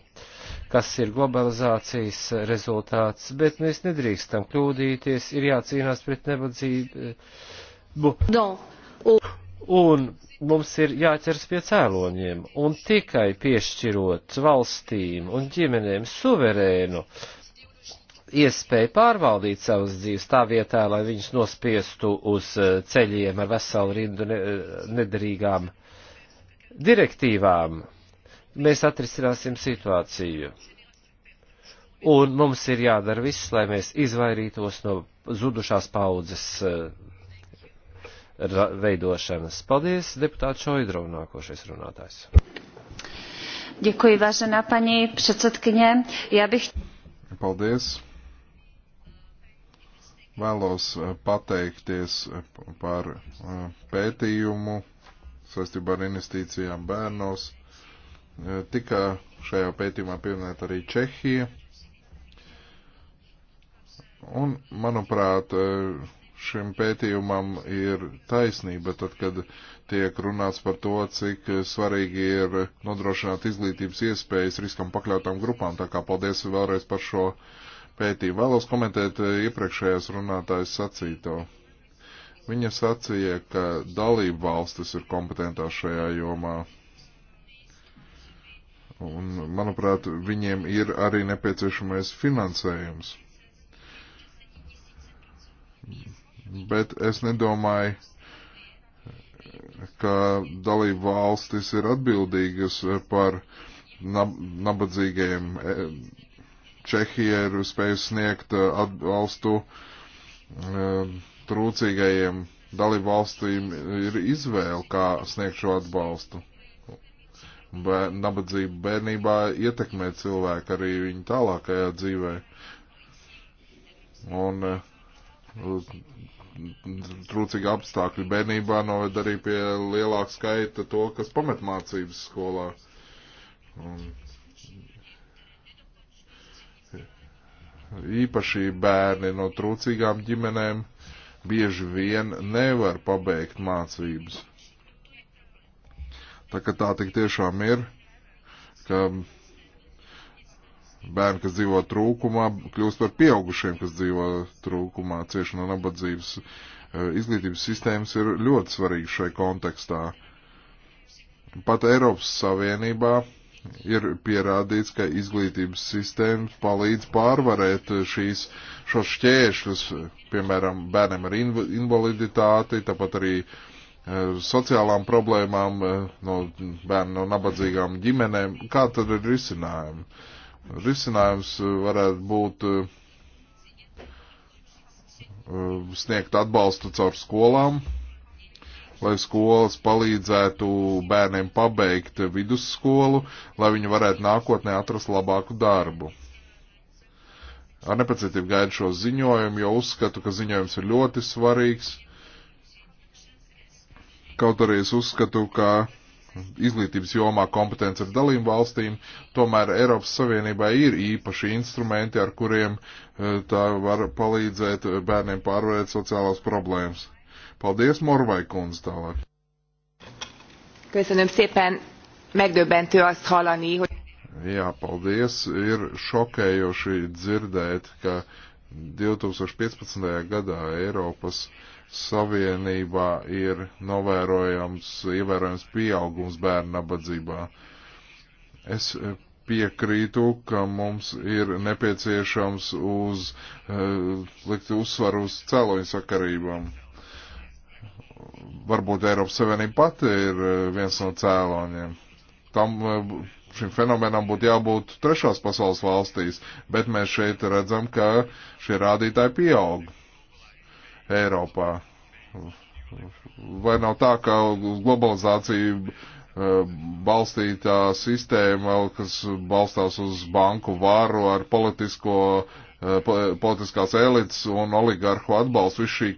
kas ir globalizācijas rezultāts, bet mēs nedrīkstam kļūdīties, ir jācīnās pret nebadzību. No. Un mums ir jāķers pie cēloņiem, un tikai piešķirot valstīm un ģimenēm suverēnu iespēju pārvaldīt savas dzīves tā vietā, lai viņus nospiestu uz eh, ceļiem ar veselu rindu eh, nederīgām direktīvām, mēs atrisināsim situāciju. Un mums ir jādara viss, lai mēs izvairītos no zudušās paudzes eh, veidošanas. Paldies, deputāts Šoidrov, nākošais runātājs. Děkuji, vážená paní předsedkyně. Já bych... Paldies. Vēlos eh, pateikties eh, par eh, pētījumu saistībā ar investīcijām bērnos. Tika šajā pētījumā pieminēta arī Čehija. Un, manuprāt, šim pētījumam ir taisnība, tad, kad tiek runāts par to, cik svarīgi ir nodrošināt izglītības iespējas riskam pakļautām grupām. Tā kā paldies vēlreiz par šo pētījumu. Vēlos komentēt eh, iepriekšējās runātājas sacīto. Viņa sacīja, ka dalību valstis ir kompetentās šajā jomā. Un, manuprāt, viņiem ir arī nepieciešamais finansējums. Bet es nedomāju, ka dalību valstis ir atbildīgas par nabadzīgajiem eh, Čehija ir spējusi sniegt uh, atbalstu um, trūcīgajiem dalību valstīm ir izvēle, kā sniegt šo atbalstu. Bēr, nabadzība bērnībā ietekmē cilvēku arī viņa tālākajā dzīvē. Un uh, trūcīgi apstākļi bērnībā noved arī pie lielāka skaita to, kas pamet mācības skolā. Un īpaši bērni no trūcīgām ģimenēm bieži vien nevar pabeigt mācības. Tā kā tā tik tiešām ir, ka bērni, kas dzīvo trūkumā, kļūst par pieaugušiem, kas dzīvo trūkumā, cieši no nabadzības. Eh, izglītības sistēmas ir ļoti svarīgas šai kontekstā. Pat Eiropas Savienībā ir pierādīts, ka izglītības sistēmas palīdz pārvarēt šīs, šos šķēršļus, piemēram, bērniem ar invaliditāti, tāpat arī e, sociālām problēmām, e, no bērnu no nabadzīgām ģimenēm. Kā tad ir risinājumi? Risinājums varētu būt e, e sniegt atbalstu caur skolām, lai skolas palīdzētu bērniem pabeigt vidusskolu, lai viņi varētu nākotnē atrast labāku darbu. Ar nepacietību gaidu šo ziņojumu, jo uzskatu, ka ziņojums ir ļoti svarīgs. Kaut arī es uzskatu, ka izglītības jomā kompetence ir dalību valstīm, tomēr Eiropas Savienībā ir īpaši instrumenti, ar kuriem eh, tā var palīdzēt eh, bērniem pārvarēt sociālās problēmas. Paldies, Morvai kundze tālāk. Köszönöm szépen, megdöbbentő azt hallani, hogy... Jā, paldies. Ir šokējoši dzirdēt, ka 2015. gadā Eiropas Savienībā ir novērojams, ievērojams pieaugums bērnu nabadzībā. Es piekrītu, ka mums ir nepieciešams uz, uh, likt uzsvaru uz cēloņu sakarībām varbūt Eiropas Savienība pati ir eh, viens no cēloņiem. Tam eh, šim fenomenam būtu jābūt trešās pasaules valstīs, bet mēs šeit redzam, ka šie rādītāji pieaug Eiropā. Vai nav tā, ka globalizācija eh, balstītā sistēma, kas balstās uz banku varu ar politisko, politiskās elites un oligarhu atbalstu, viss šī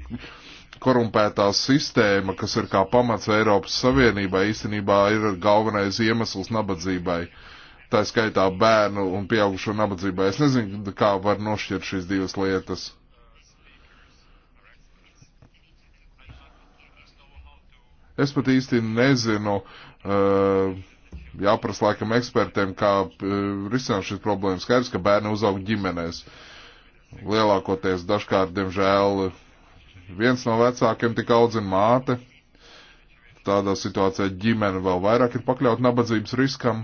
korumpētā sistēma, kas ir kā pamats Eiropas Savienībai, īstenībā ir galvenais iemesls nabadzībai. Tā skaitā bērnu un pieaugušo nabadzībai. Es nezinu, kā var nošķirt šīs divas lietas. Es pat īsti nezinu, uh, jāprasa laikam ekspertiem, kā uh, risināt šīs problēmas. Skaidrs, ka bērni uzaug ģimenēs. Lielākoties dažkārt, diemžēl, uh, viens no vecākiem tika audzina māte. Tādā situācijā ģimene vēl vairāk ir pakļauta nabadzības riskam.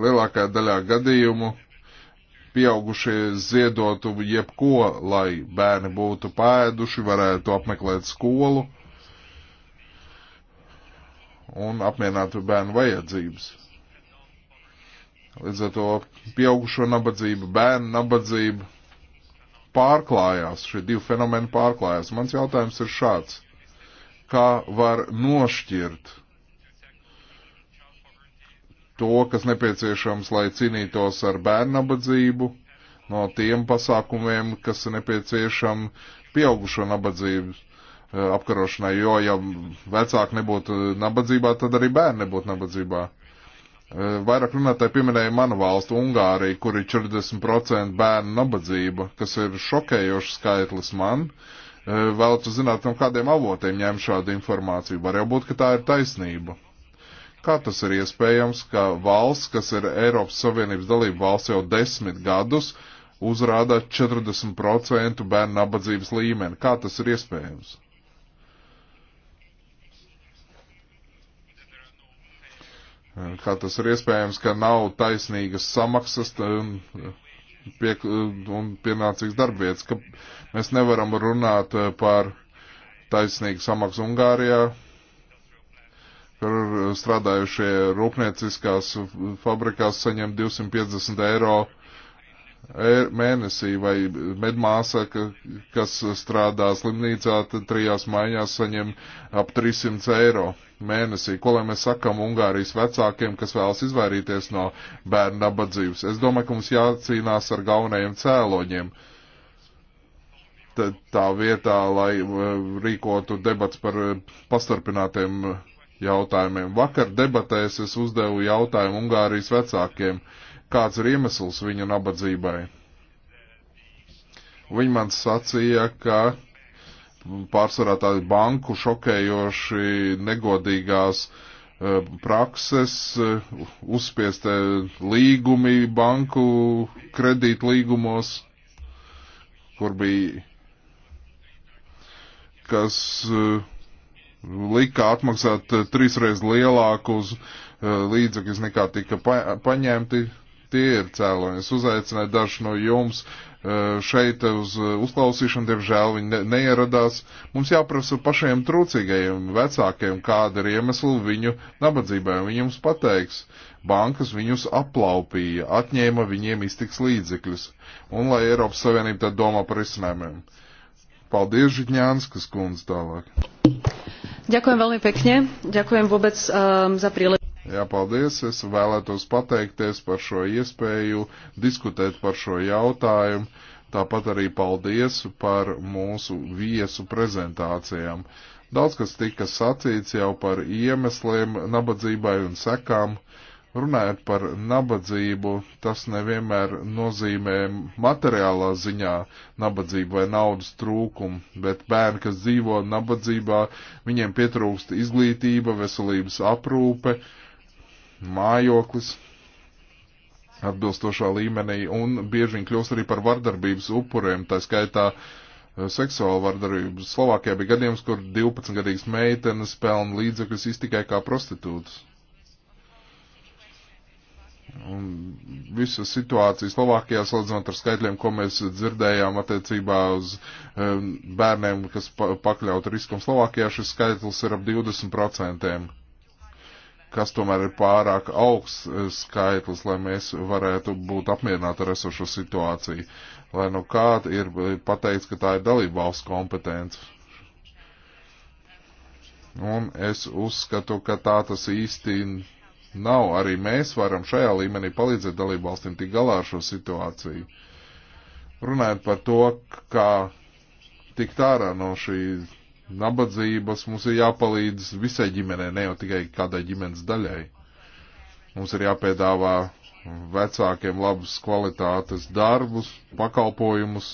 Lielākajā daļā gadījumu pieaugušie ziedotu jebko, lai bērni būtu pēduši, varētu apmeklēt skolu un apmienātu bērnu vajadzības. Līdz ar to pieaugušo nabadzību, bērnu nabadzību pārklājās, šie divi fenomeni pārklājās. Mans jautājums ir šāds. Kā var nošķirt to, kas nepieciešams, lai cīnītos ar bērnu nabadzību, no tiem pasākumiem, kas ir nepieciešami pieaugušo nabadzību eh, apkarošanai, jo ja vecāki nebūtu nabadzībā, tad arī bērni nebūtu nabadzībā. Eh, vairāk runātāji pieminēja manu valstu, Ungāriju, kur ir 40% bērnu nabadzība, kas ir šokējošs skaitlis man. Eh, Vēlētu zināt, no kādiem avotiem ņem šādu informāciju. Var jau būt, ka tā ir taisnība. Kā tas ir iespējams, ka valsts, kas ir Eiropas Savienības dalība valsts jau desmit gadus, uzrādā 40% bērnu nabadzības līmeni? Kā tas ir iespējams? Kā tas ir iespējams, ka nav taisnīgas samaksas un, pie, un pienācīgs darbvietas, ka mēs nevaram runāt eh, par taisnīgu samaksu Ungārijā, kur strādājušie rūpnieciskās fabrikās saņem 250 eiro e- mēnesī, vai medmāsa, kas strādā slimnīcā, trijās maiņās saņem ap 300 eiro mēnesī. Ko lai mēs sakam Ungārijas vecākiem, kas vēlas izvairīties no bērnu nabadzības? Es domāju, ka mums jācīnās ar galvenajiem cēloņiem. Tā vietā, lai rīkotu debats par eh, pastarpinātiem eh, jautājumiem. Vakar debatēs es uzdevu jautājumu Ungārijas vecākiem, kāds ir iemesls viņu nabadzībai. Viņi man sacīja, ka pārsvarā tādi banku šokējoši negodīgās e, prakses, e, uzspieste līgumi banku kredīt līgumos, kur bija, kas e, lika atmaksāt trīsreiz lielākus līdzekļus nekā tika paņemti. Tie ir cēloņi. Es uzaicināju dažu no jums Eh, šeit uz eh, uzklausīšanu, diemžēl viņi ne, neieradās. Mums jāprasa pašiem trūcīgajiem vecākiem, kāda ir iemesla viņu nabadzībai. Viņi jums pateiks, bankas viņus aplaupīja, atņēma viņiem iztiks līdzekļus. Un lai Eiropas Savienība tad domā par izsmēmiem. Paldies, Žitņānskas kundze tālāk. Ďakujem veľmi pekne. Ďakujem vôbec um, za príležitosť. Jā, paldies. Es vēlētos pateikties par šo iespēju diskutēt par šo jautājumu. Tāpat arī paldies par mūsu viesu prezentācijām. Daudz kas tika sacīts jau par iemesliem nabadzībai un sekām. Runājot par nabadzību, tas nevienmēr nozīmē materiālā ziņā nabadzību vai naudas trūkumu, bet bērni, kas dzīvo nabadzībā, viņiem pietrūkst izglītība, veselības aprūpe, uh, mājoklis atbilstošā līmenī un bieži viņi kļūst arī par vardarbības upuriem, tā skaitā eh, seksuāla vardarbība. Slovākijā bija gadījums, kur 12-gadīgas meitenes pelna līdzekļus iztikai kā prostitūtas. Un visa situācija Slovākijā, salīdzinot ar skaitļiem, ko mēs dzirdējām attiecībā uz um, bērniem, kas pa pakļaut riskam Slovākijā, šis skaitlis ir ap 20% kas tomēr ir pārāk augsts eh, skaitlis, lai mēs varētu būt apmierināti ar esošo situāciju. Lai nu kāda ir pateikts, ka tā ir dalība valsts kompetence. Un es uzskatu, ka tā tas īsti nav. Arī mēs varam šajā līmenī palīdzēt dalību valstīm tik galā ar šo situāciju. Runājot par to, kā tikt ārā no šīs nabadzības, mums ir jāpalīdz visai ģimenei, ne jau tikai kādai ģimenes daļai. Mums ir jāpiedāvā vecākiem labas kvalitātes darbus, pakalpojumus,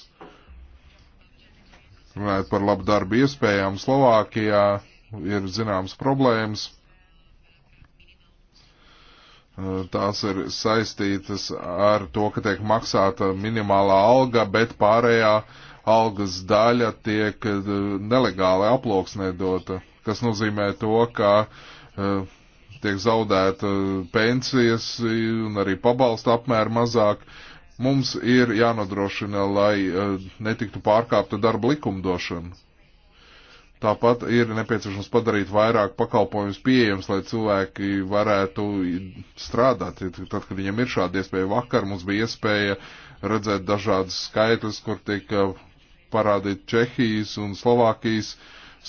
runājot par labu darbu iespējām Slovākijā, ir zināmas problēmas tās ir saistītas ar to, ka tiek maksāta minimālā alga, bet pārējā algas daļa tiek eh, nelegāli aploksnēdota, kas nozīmē to, ka eh, tiek zaudēta pensijas un arī pabalsta apmēra mazāk. Mums ir jānodrošina, lai eh, netiktu pārkāpta darba likumdošana. Tāpat ir nepieciešams padarīt vairāk pakalpojumus pieejams, lai cilvēki varētu strādāt. Tad, kad viņiem ir šāda iespēja, vakar mums bija iespēja redzēt dažādas skaitļas, kur tika parādīt Čehijas un Slovākijas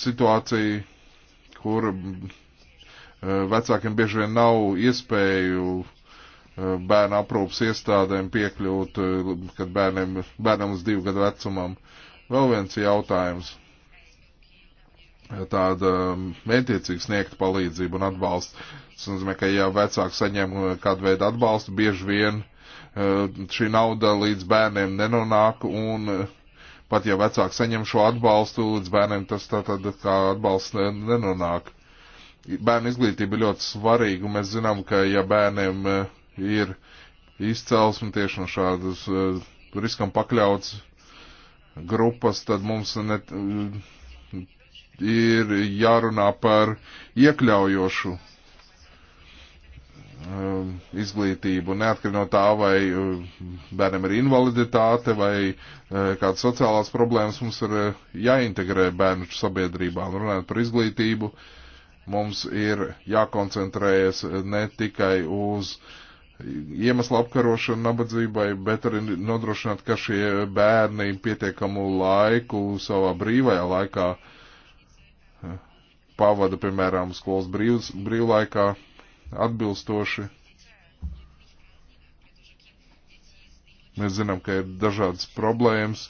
situāciju, kur eh, vecākiem bieži vien nav iespēju eh, bērnu aprūpas iestādēm piekļūt, eh, kad bērniem, bērnam uz divu gadu vecumam. Vēl viens jautājums tāda mētiecīgi sniegta palīdzība un atbalsts. Tas nozīmē, ka ja vecāki saņem uh, kādu veidu atbalstu, bieži vien uh, šī nauda līdz bērniem nenonāk un uh, pat ja vecāki saņem šo atbalstu, līdz bērniem tas tā tad kā atbalsts nenonāk. Bērnu izglītība ir ļoti svarīga un mēs zinām, ka ja bērniem ir izcelsme tieši no šādas riskam pakļauts grupas, tad mums net, ir jārunā par iekļaujošu um, izglītību, neatkarīgi no tā, vai um, bērnam ir invaliditāte vai uh, kādas sociālās problēmas, mums ir uh, jāintegrē bērnu sabiedrībā. Un runājot par izglītību, mums ir jākoncentrējas ne tikai uz iemeslu apkarošanu nabadzībai, bet arī nodrošināt, ka šie bērni pietiekamu laiku savā brīvajā laikā uh, pavada, piemēram, skolas brīvs, brīvlaikā atbilstoši. Mēs zinām, ka ir dažādas problēmas.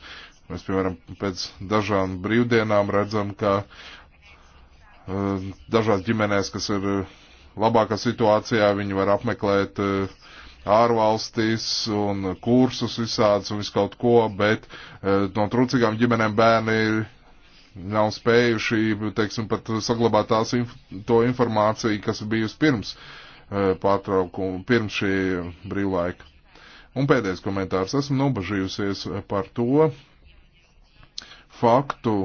Mēs, piemēram, pēc dažām brīvdienām redzam, ka uh, dažās ģimenēs, kas ir eh, labākā situācijā, viņi var apmeklēt uh, eh, ārvalstīs un kursus visādus un visu kaut ko, bet uh, no trūcīgām ģimenēm bērni ir nav spējuši, teiksim, pat saglabāt tās, inf to informāciju, kas bijusi pirms eh, pārtraukuma, pirms šī brīvlaika. Un pēdējais komentārs. Esmu nobažījusies par to faktu,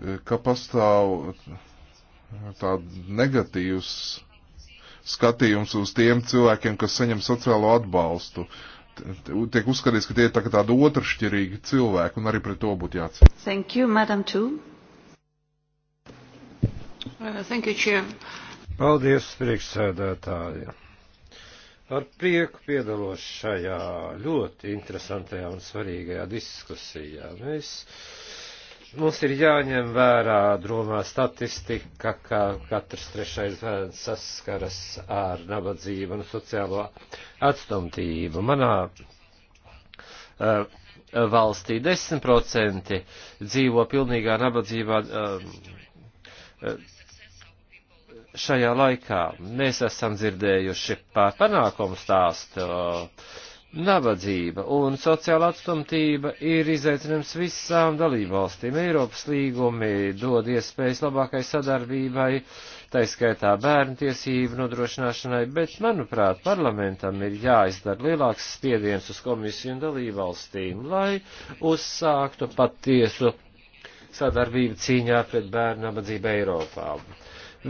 eh, ka pastāv eh, tāds negatīvs skatījums uz tiem cilvēkiem, kas saņem sociālo atbalstu. Uh, tiek uzskatīts, ka tie ir tā kā tāda otršķirīga cilvēka, un arī pret to būtu jācīnās. Thank you, Madam Chu. Uh, thank you, Chair. Paldies, priekšsēdētāji. Ar prieku piedalos šajā ļoti interesantajā un svarīgajā diskusijā. Mēs Mums ir jāņem vērā dromā statistika, ka katrs trešais bērns saskaras ar nabadzību un sociālo atstumtību. Manā uh, valstī 10% dzīvo pilnīgā nabadzībā. Uh, šajā laikā mēs esam dzirdējuši par panākumu stāstu. Uh, Nabadzība un sociāla atstumtība ir izaicinājums visām dalībvalstīm. Eiropas līgumi dod iespējas labākai sadarbībai, taiskaitā bērnu tiesību nodrošināšanai, bet, manuprāt, parlamentam ir jāizdara lielāks spiediens uz komisiju un dalībvalstīm, lai uzsāktu patiesu sadarbību cīņā pret bērnu nabadzību Eiropā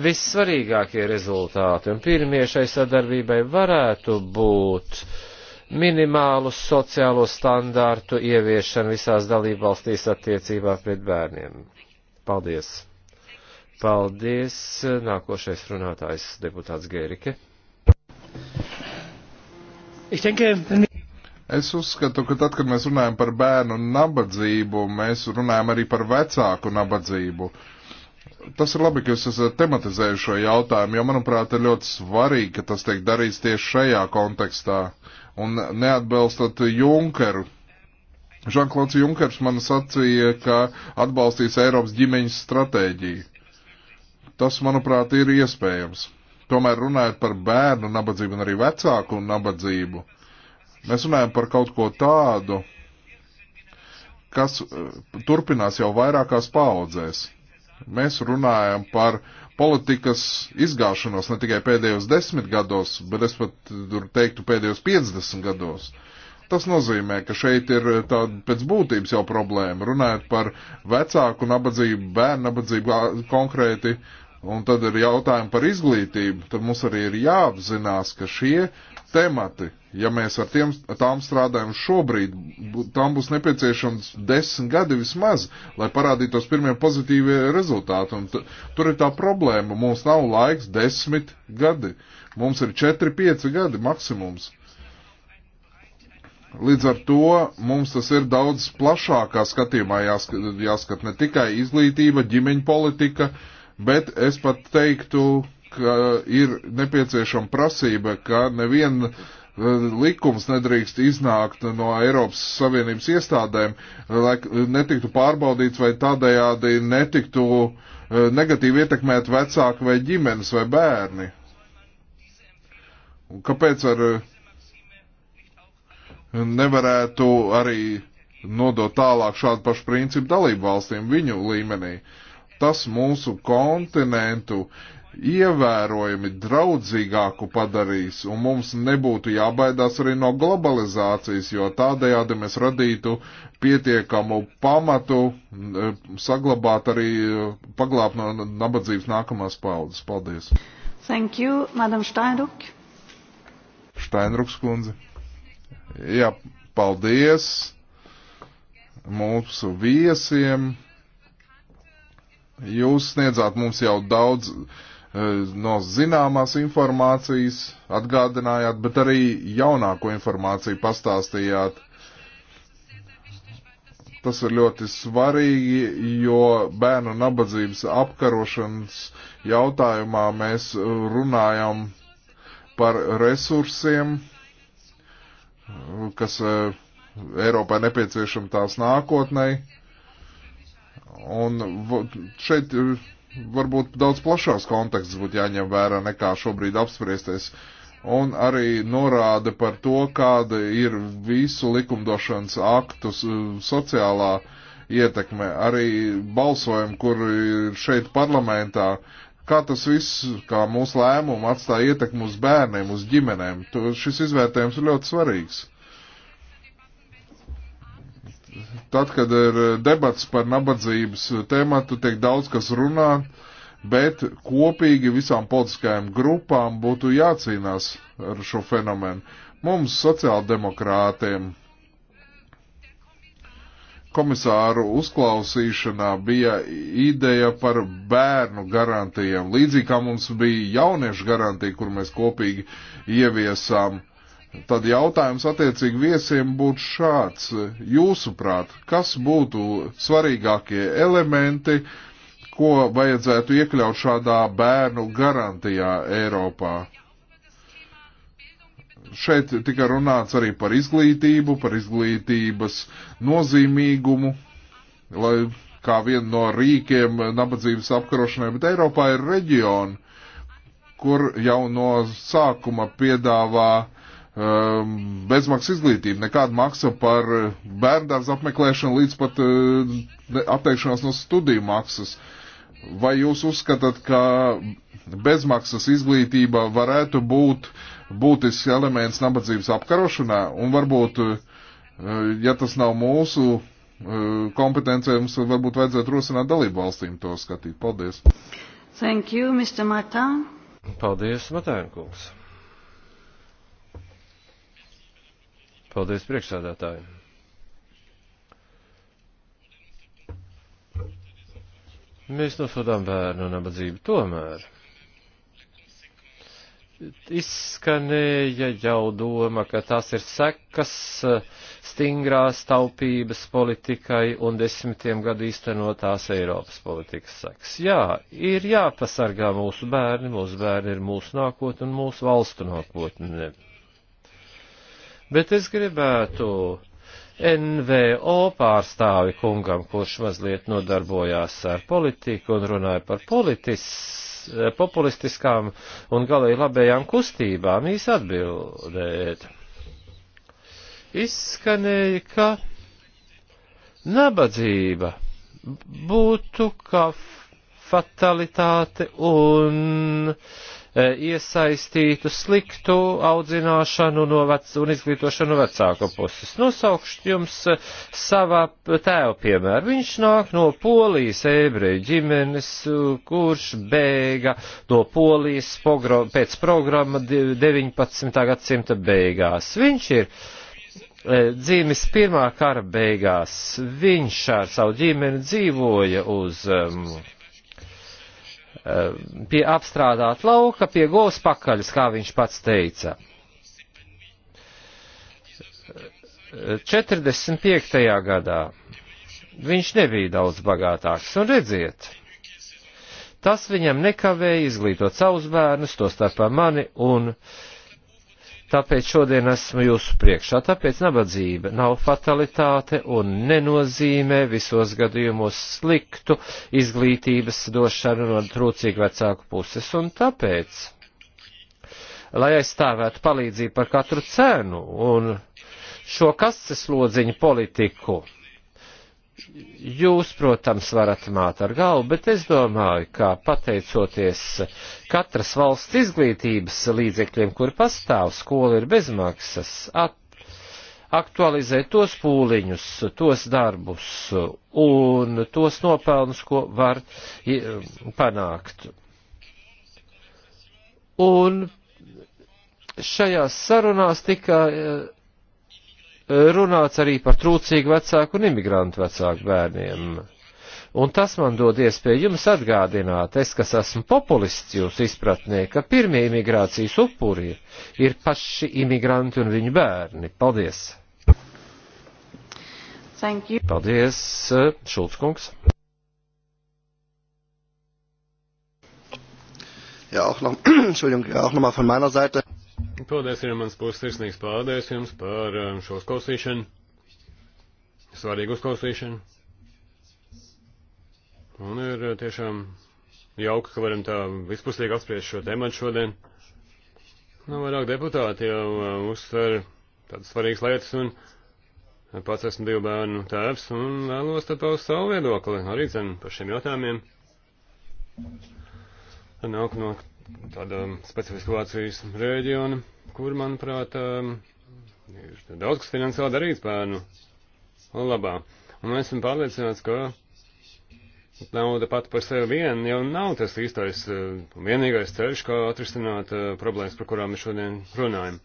vissvarīgākie rezultāti un pirmie šai sadarbībai varētu būt minimālu sociālo standārtu ieviešanu visās dalībvalstīs attiecībā pret bērniem. Paldies! Paldies! Nākošais runātājs deputāts Gērike. Es uzskatu, ka tad, kad mēs runājam par bērnu nabadzību, mēs runājam arī par vecāku nabadzību. Tas ir labi, ka jūs esat tematizējuši šo jautājumu, jo, manuprāt, ir ļoti svarīgi, ka tas tiek darīts tieši šajā kontekstā. Uh, un neatbalstat Junkeru. Žanklauds Junkers man sacīja, ka atbalstīs Eiropas ģimeņas stratēģiju. Tas, manuprāt, ir iespējams. Tomēr runājot par bērnu nabadzību un arī vecāku nabadzību, mēs runājam par kaut ko tādu, kas eh, turpinās jau vairākās paudzēs. Mēs runājam par uh, politikas izgāšanos ne tikai pēdējos desmit gados, bet es pat tur teiktu pēdējos 50 gados. Tas nozīmē, ka šeit ir tāda pēc būtības jau problēma. Runājot par vecāku nabadzību, bērnu nabadzību konkrēti, un tad ir jautājumi par izglītību, tad mums arī ir jāapzinās, ka šie temati. Ja mēs ar tiem, tām strādājam šobrīd, tam būs nepieciešams desmit gadi vismaz, lai parādītos pirmie pozitīvie rezultāti. Un tur ir tā problēma, mums nav laiks desmit gadi, mums ir četri, pieci gadi maksimums. Līdz ar to mums tas ir daudz plašākā skatījumā jāskat, jāskat ne tikai izglītība, ģimeņa politika, bet es pat teiktu ka ir nepieciešama prasība, ka neviena e, likums nedrīkst iznākt no Eiropas Savienības iestādēm, lai netiktu pārbaudīts vai tādējādi netiktu e, negatīvi ietekmēt vecāki vai ģimenes vai bērni. Un kāpēc ar e, nevarētu arī nodot tālāk šādu pašu principu dalību valstīm viņu līmenī? Tas mūsu kontinentu ievērojami draudzīgāku padarīs, un mums nebūtu jābaidās arī no globalizācijas, jo tādējādi mēs radītu pietiekamu pamatu eh, saglabāt arī eh, paglābt no nabadzības nākamās paudzes. Paldies! Thank you, Madam Steinruck. Steinrucks kundze. Jā, paldies mūsu viesiem. Jūs sniedzāt mums jau daudz uh, Eh, no zināmās informācijas atgādinājāt, bet arī jaunāko informāciju pastāstījāt. Tas ir ļoti svarīgi, jo bērnu nabadzības apkarošanas jautājumā mēs runājam par resursiem, kas eh, Eiropai nepieciešam tās nākotnei. Un šeit ir eh, varbūt daudz plašāks konteksts būtu jāņem vērā nekā šobrīd apspriesties. Un arī norāda par to, kāda ir visu likumdošanas aktu sociālā ietekme. Arī balsojumi, kur ir šeit parlamentā, kā tas viss, kā mūsu lēmumu atstāja ietekmu uz bērniem, uz ģimenēm. To, šis izvērtējums ir ļoti svarīgs. Tad, kad ir eh, debats par nabadzības tēmatu, tiek daudz kas runāt, bet kopīgi visām politiskajām grupām būtu jācīnās ar šo fenomenu. Mums, sociāldemokrātiem, komisāru uzklausīšanā bija ideja par bērnu garantijām, līdzīgi kā mums bija jauniešu garantija, kur mēs kopīgi ieviesām uh, Tad jautājums attiecīgi viesiem būtu šāds. Jūsuprāt, kas būtu svarīgākie elementi, ko vajadzētu iekļaut šādā bērnu garantijā Eiropā? Šeit tika runāts arī par izglītību, par izglītības nozīmīgumu, lai kā vienu no rīkiem nabadzības apkarošanai, bet Eiropā ir reģioni, kur jau no sākuma piedāvā Ehm, bezmaksas izglītību, nekāda maksa par eh, bērndārza apmeklēšanu līdz pat eh, atteikšanās no studiju maksas. Vai jūs uzskatāt, ka bezmaksas izglītība varētu būt būtisks elements nabadzības apkarošanā? Un varbūt, eh, ja tas nav mūsu kompetencija, mums varbūt vajadzētu rosināt dalību valstīm to skatīt. Paldies! Thank you, Mr. Martin. Paldies, Matēnkungs! Paldies priekšsādātājiem. Mēs nosodām bērnu nabadzību tomēr. Izskanēja jau doma, ka tās ir sekas stingrās taupības politikai un desmitiem gadu īstenotās Eiropas politikas sekas. Jā, ir jāpasargā mūsu bērni, mūsu bērni ir mūsu nākotne un mūsu valstu nākotne. Bet es gribētu NVO pārstāvi kungam, kurš mazliet nodarbojās ar politiku un runāja par politis, eh, populistiskām un galēji labējām kustībām, īsi atbildēt. Izskanēja, ka nabadzība būtu kā fatalitāte un uh, E, iesaistītu sliktu audzināšanu no vec, un izglītošanu no vecāku puses. Nosaukšu nu, jums e, savā tēva piemēru. Viņš nāk no Polijas ebreju ģimenes, kurš bēga no Polijas pogro, pēc programma 19. gadsimta beigās. Viņš ir e, dzīves pirmā kara beigās. Viņš ar savu ģimeni dzīvoja uz um, Eh, pie apstrādāt lauka, pie govs pakaļas, kā viņš pats teica. 45. Eh, gadā viņš nebija daudz bagātāks, un redziet, tas viņam nekavēja izglītot savus bērnus, to starpā mani un uh, Tāpēc šodien esmu jūsu priekšā. Tāpēc nabadzība nav fatalitāte un nenozīmē visos gadījumos sliktu izglītības došanu no trūcīgu vecāku puses. Un tāpēc, lai aizstāvētu palīdzību par katru cenu un šo kastes lodziņu politiku, Jūs, protams, varat māt ar galvu, bet es domāju, ka pateicoties katras valsts izglītības līdzekļiem, kur pastāv skola ir bezmaksas, at, aktualizē tos pūliņus, tos darbus un tos nopelnus, ko var panākt. Un šajās sarunās tika runāts arī par trūcīgu vecāku un imigrantu vecāku bērniem. Un tas man dod iespēju jums atgādināt, es, kas esmu populists jūs izpratnē, ka pirmie imigrācijas upuri ir paši imigranti un viņu bērni. Paldies! Paldies, Šulckungs! Ja, auch noch, Entschuldigung, auch nochmal von meiner Seite. Paldies, ir mans puses sirsnīgs paldies jums par um, šo uzklausīšanu, svarīgu uzklausīšanu. Un ir uh, tiešām jauka, ka varam tā vispusīgi apspriest šo tematu šodien. Nu, vairāk deputāti jau uh, uzsver tādas svarīgas lietas, un uh, pats esmu divu bērnu tēvs, un vēlos tad paust savu viedokli arī zem par šiem jautājumiem. Nāk no tāda specifiska Vācijas reģiona, kur, manuprāt, um, ir daudz kas finansiāli darīts bērnu labā. Un mēs esam pārliecināts, ka nauda pat par sevi vien jau nav tas īstais un uh, vienīgais ceļš, kā atrisināt uh, problēmas, par kurām mēs šodien runājam.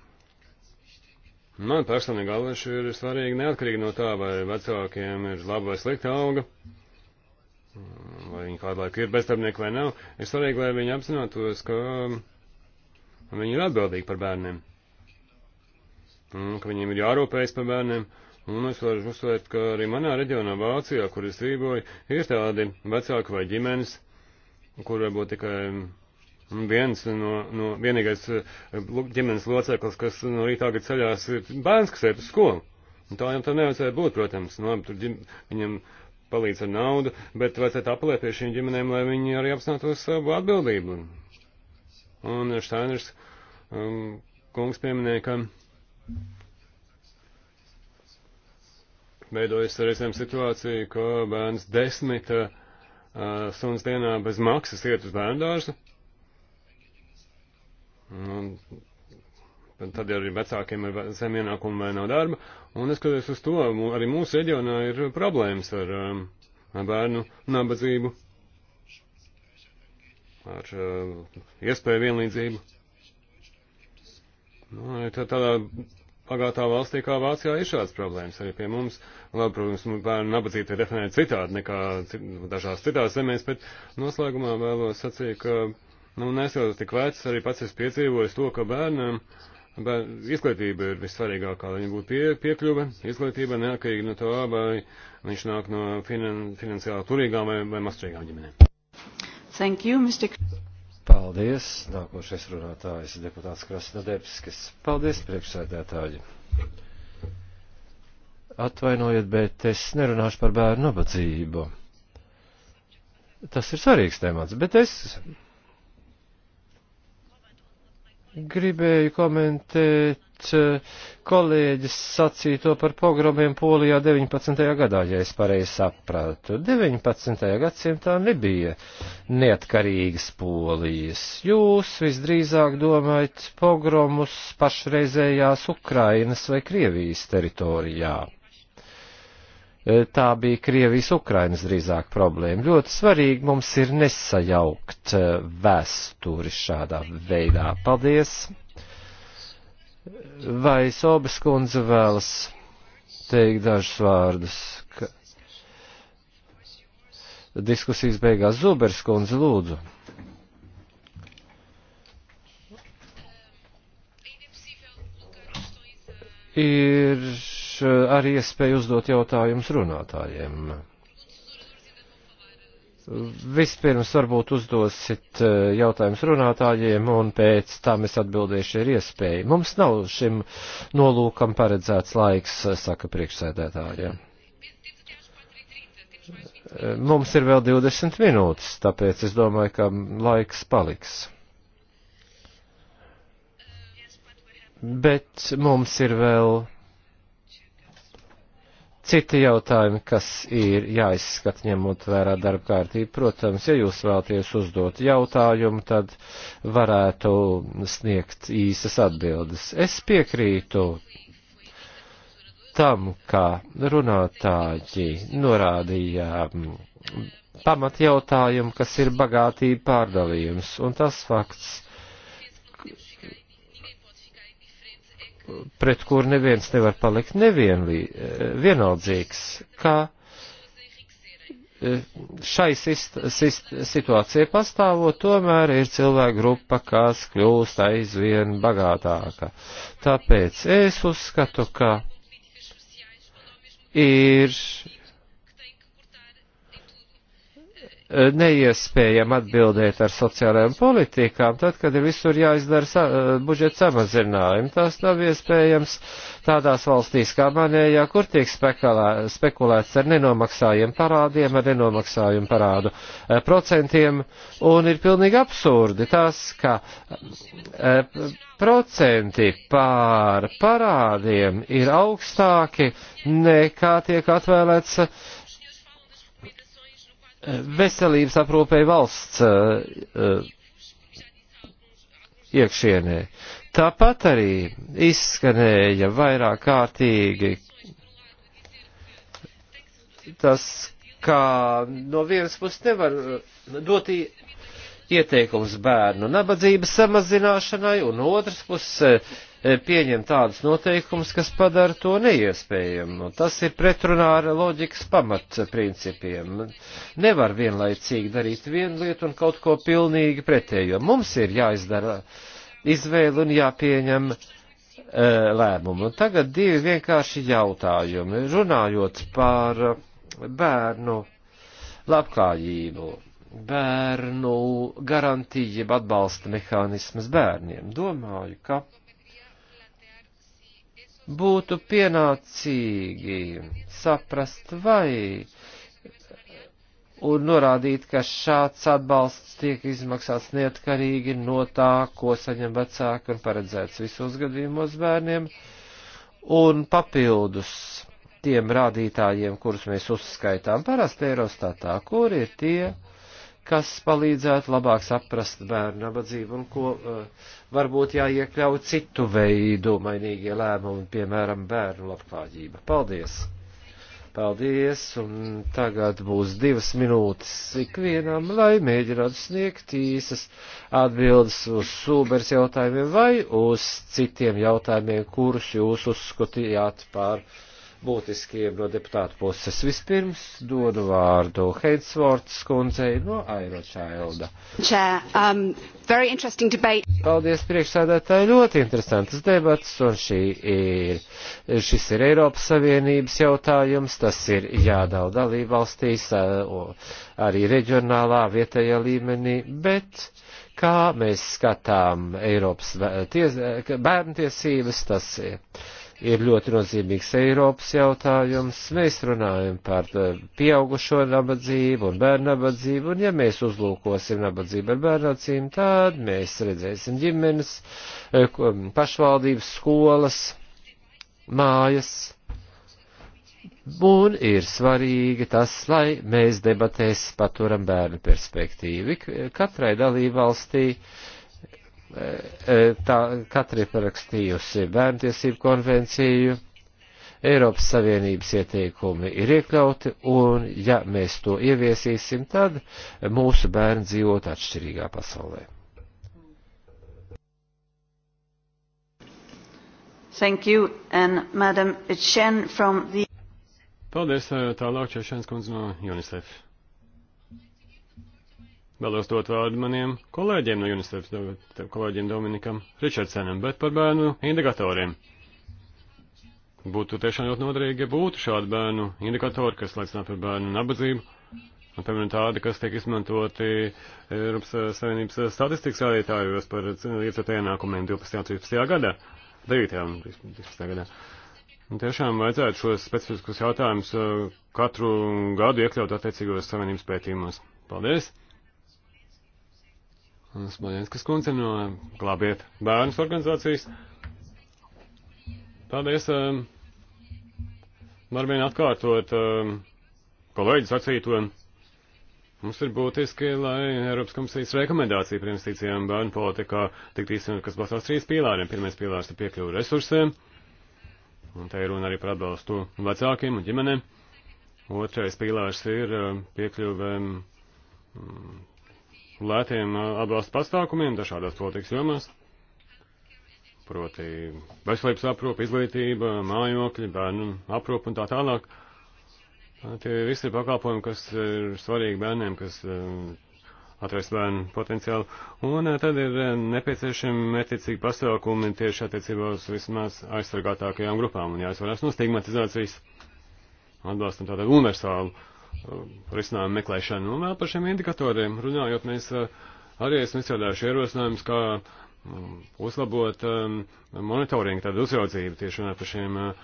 Man personīgi galvenais ir svarīgi neatkarīgi no tā, vai vecākiem ir laba vai slikta auga. Mm, vai viņi kādu laiku ir bezdarbnieki vai nav, ir svarīgi, lai viņi apzinātos, ka viņi ir atbildīgi par bērniem, un, mm, ka viņiem ir jārūpējas par bērniem, un es varu uzsvērt, ka arī manā reģionā Vācijā, kur es dzīvoju, ir tādi vecāki vai ģimenes, kur varbūt tikai mm, viens no, no vienīgais eh, ģimenes loceklis, kas no rīta tagad ceļās, ir bērns, kas iet uz skolu. Un tā jau tā nevajadzēja būt, protams, no, nu, tur ģim, viņam palīdz ar naudu, bet vajadzētu apelēt pie šīm ģimenēm, lai viņi arī apzinātos savu atbildību. Un Štainers um, kungs pieminēja, ka veidojas reizēm situācija, ka bērns desmit uh, suns dienā bez maksas iet uz bērndārzu. Un tad arī vecākiem ir zem ienākumu vai nav darba, un es skatos uz to, arī mūsu reģionā ir problēmas ar, um, ar bērnu nabadzību, ar uh, iespēju vienlīdzību. Nu, tā, tādā pagātā valstī kā Vācijā ir šāds problēmas arī pie mums. Labi, protams, bērnu nabadzība ir definēta citādi nekā dažās citās zemēs, bet noslēgumā vēlos sacīt, ka, nu, nesot tik vecs, arī pats esmu piedzīvojis to, ka bērnam Bet izglītība ir vissvarīgākā, lai viņam būtu pie, piekļuve. Izglītība neatkarīgi no tā, vai viņš nāk no finan, finansiāli turīgām vai, vai mazturīgām ģimenēm. Thank you, Mr. Paldies. Nākošais runātājs ir deputāts Krasnodebskis. Paldies, priekšsēdētāji. Atvainojiet, bet es nerunāšu par bērnu nabadzību. Tas ir svarīgs temats, bet es gribēju komentēt eh, kolēģis sacīto par pogromiem Polijā 19. gadā, ja es pareizi sapratu. 19. gadsimtā nebija neatkarīgas Polijas. Jūs visdrīzāk domājat pogromus pašreizējās Ukrainas vai Krievijas teritorijā. Eh, tā bija Krievijas-Ukrainas drīzāk problēma. Ļoti svarīgi mums ir nesajaukt eh, vēsturi šādā veidā. Paldies! Vai Sobas kundze vēlas teikt dažus vārdus? Ka... Diskusijas beigās Zubers kundze lūdzu. Ir Eh, arī iespēju uzdot jautājumus runātājiem. Vispirms varbūt uzdosit eh, jautājumus runātājiem, un pēc tam es atbildēšu ar iespēju. Mums nav šim nolūkam paredzēts laiks, eh, saka priekšsēdētājiem. Mums ir vēl 20 minūtes, tāpēc es domāju, ka laiks paliks. Bet mums ir vēl citi jautājumi, kas ir jāizskata ņemot vērā darba kārtību. Protams, ja jūs vēlaties uzdot jautājumu, tad varētu sniegt īsas atbildes. Es piekrītu tam, kā runātāji norādīja mm, pamatjautājumu, kas ir bagātība pārdalījums, un tas fakts, pret kur neviens nevar palikt nevienlī, eh, vienaldzīgs, kā eh, šai sist, sist, situācijai pastāvot, tomēr ir cilvēku grupa, kas kļūst aizvien bagātāka. Tāpēc es uzskatu, ka ir Eh, neiespējami atbildēt ar sociālajām politikām, tad, kad ir visur jāizdara sa eh, budžeta samazinājumi. Tas nav iespējams tādās valstīs kā manējā, kur tiek spekulē, spekulēts ar nenomaksājiem parādiem, ar nenomaksājumu parādu e, procentiem, un ir pilnīgi absurdi tas, ka e, procenti pār parādiem ir augstāki nekā tiek atvēlēts veselības aprūpei valsts iekšienē. Tāpat arī izskanēja vairāk kārtīgi tas, kā no vienas puses nevar dot ieteikums bērnu nabadzības samazināšanai, un no otras puses E, pieņem tādas noteikumus, kas padara to neiespējamu. Nu, tas ir pretrunā ar loģikas pamatprincipiem. Nevar vienlaicīgi darīt vienu lietu un kaut ko pilnīgi pretējo. Mums ir jāizdara izvēle un jāpieņem e, lēmumu. Tagad divi vienkārši jautājumi. Runājot par bērnu labklājību, bērnu garantiju, atbalsta mehānismas bērniem, domāju, ka būtu pienācīgi saprast vai un norādīt, ka šāds atbalsts tiek izmaksāts neatkarīgi no tā, ko saņem vecāki un paredzēts visos gadījumos bērniem, un papildus tiem rādītājiem, kurus mēs uzskaitām parasti Eurostatā, kur ir tie, kas palīdzētu labāk saprast bērnu nabadzību un ko uh, varbūt jāiekļauj citu veidu mainīgie lēmumi, piemēram, bērnu labklājība. Paldies! Paldies, un tagad būs divas minūtes ikvienam, lai mēģinātu sniegt īsas atbildes uz sūbers jautājumiem vai uz citiem jautājumiem, kurus jūs uzskatījāt par uh, būtiskiem no deputātu puses. Vispirms dodu vārdu Heidsvorts kundzei no Airočailda. Um, Paldies priekšsēdētāji, ļoti interesantas debatas, un šī ir, šis ir Eiropas Savienības jautājums, tas ir jādala dalībvalstīs, uh, arī reģionālā, vietējā līmenī, bet kā mēs skatām Eiropas uh, ties, bērntiesības, tas ir ir ļoti nozīmīgs Eiropas jautājums. Mēs runājam par eh, pieaugušo nabadzību un bērnu nabadzību, un ja mēs uzlūkosim nabadzību ar bērnu acīm, tad mēs redzēsim ģimenes, eh, pašvaldības, skolas, mājas. Un ir svarīgi tas, lai mēs debatēs paturam bērnu perspektīvu. Katrai dalībvalstī valstī E, tā katra ir parakstījusi bērntiesību konvenciju, Eiropas Savienības ieteikumi ir iekļauti, un ja mēs to ieviesīsim, tad mūsu bērni dzīvot atšķirīgā pasaulē. Thank you, and Madam Chen from the... Paldies, tālāk Češens kundze no UNICEF. Vēlos dot vārdu maniem kolēģiem no UNICEF, kolēģiem Dominikam Richardsenam, bet par bērnu indikatoriem. Būtu tiešām ļoti noderīgi, ja būtu šādi bērnu indikatori, kas liecinātu par bērnu nabadzību. Un, piemēram, tādi, kas tiek izmantoti Eiropas Savienības statistikas rādītājos par iecetē ienākumiem 12. un 13. gadā, 9. un 13. gadā. Un tiešām vajadzētu šos specifiskus jautājumus uh, katru gadu iekļaut attiecīgos Savienības pētījumos. Paldies! Smaļenskas kundze no Glābiet bērnus organizācijas. Paldies. Um, var vien atkārtot um, kolēģis sacīto. Mums ir būtiski, lai Eiropas komisijas rekomendācija par investīcijām bērnu politikā tiktu īstenot, kas balstās trīs pīlāriem. Pirmais pīlārs ir piekļuva resursiem, un te ir runa arī par atbalstu vecākiem un ģimenēm. Otrais pīlārs ir um, piekļuvēm um, lētiem uh, atbalsta pastākumiem dažādās politikas jomās, proti veselības aprūpa, izglītība, mājokļi, bērnu aprūpa un tā tālāk. Uh, tie visi ir pakalpojumi, kas ir svarīgi bērniem, kas uh, atrast bērnu potenciālu. Un tad ir nepieciešami mērķiecīgi pasākumi tieši attiecībā uz vismaz aizsargātākajām grupām un jāizvarās no stigmatizācijas. Atbalstam tādu universālu uh, Uh, risinājumu meklēšanu. Un vēl par šiem indikatoriem runājot, mēs uh, arī esam izstrādājuši ierosinājumus, kā um, uzlabot um, monitoringu, tādu uzraudzību tieši runāt par šiem uh,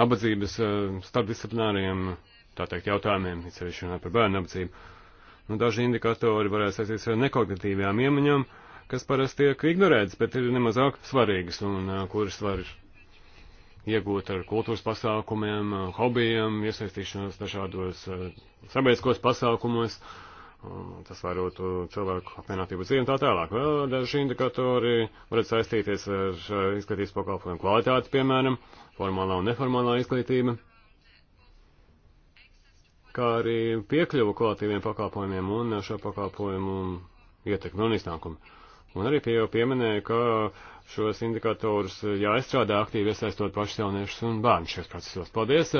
nabadzības starpdisciplināriem, tā teikt, jautājumiem, īpaši runāt par bērnu nabadzību. Nu, daži indikatori varēs saistīties ar nekognitīvajām iemaņām, kas parasti tiek ignorētas, bet ir nemazāk svarīgas un kuras var iegūt ar kultūras pasākumiem, hobijiem, iesaistīšanos dažādos eh, sabiedriskos pasākumos, tas vērotu cilvēku apvienotību dzīvi un tā tālāk. Vēl daži indikatori varētu saistīties ar izglītības pakalpojumu kvalitāti, piemēram, formālā un neformālā izglītība, kā arī piekļuvu kvalitīviem pakalpojumiem un šo pakalpojumu ietekmi un iznākumu. Un arī pie jau pieminēja, ka šos indikatorus jāizstrādā aktīvi iesaistot pašus jauniešus un bērnu šajos procesos. Paldies,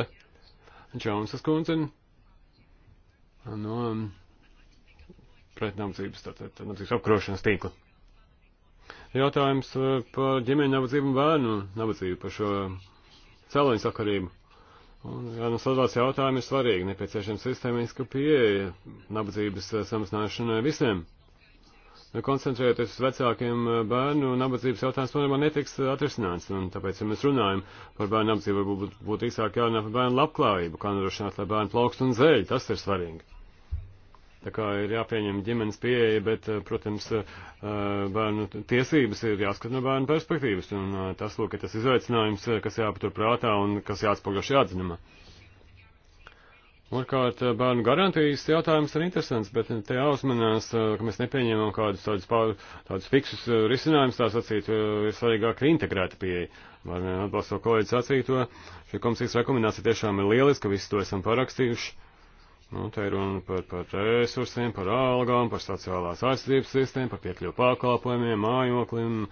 Džonsas kundze. No nu, pretnabadzības, tātad nabadzības apkarošanas tīkla. Jautājums uh, par ģimeņu nabadzību un bērnu nabadzību, par šo cēloņu sakarību. Un, jā, nu, sadalās jautājumi ir svarīgi, nepieciešama sistēmiska pieeja nabadzības uh, samazināšanai visiem koncentrējoties uz vecākiem eh, bērnu nabadzības jautājums, tomēr netiks eh, atrisināts. Un tāpēc, ja mēs runājam par bērnu nabadzību, varbūt būtu būt īsāk jārunā par bērnu labklājību, kā nodrošināt, lai bērnu plaukst un zēļ. Tas ir svarīgi. Tā kā ir jāpieņem ģimenes pieeja, bet, eh, protams, bērnu tiesības ir jāskat no bērnu perspektīvas. Un tas, lūk, ir tas izaicinājums, kas jāpatur prātā un kas jāatspoguļo šajā atzinumā. Otrkārt, eh, bērnu garantijas jautājums ir interesants, bet te jāuzmanās, eh, ka mēs nepieņemam kādus tādus, pār, tādus fiksus eh, risinājumus, tā sacīt, ir svarīgāk integrēta pieeja. Var atbalstot kolēģi sacīto, šī komisijas rekomendācija tiešām ir lieliska, visi to esam parakstījuši. Nu, te ir runa par, par resursiem, par algām, par sociālās aizsardzības sistēmu, par piekļuvu pakalpojumiem, mājoklim,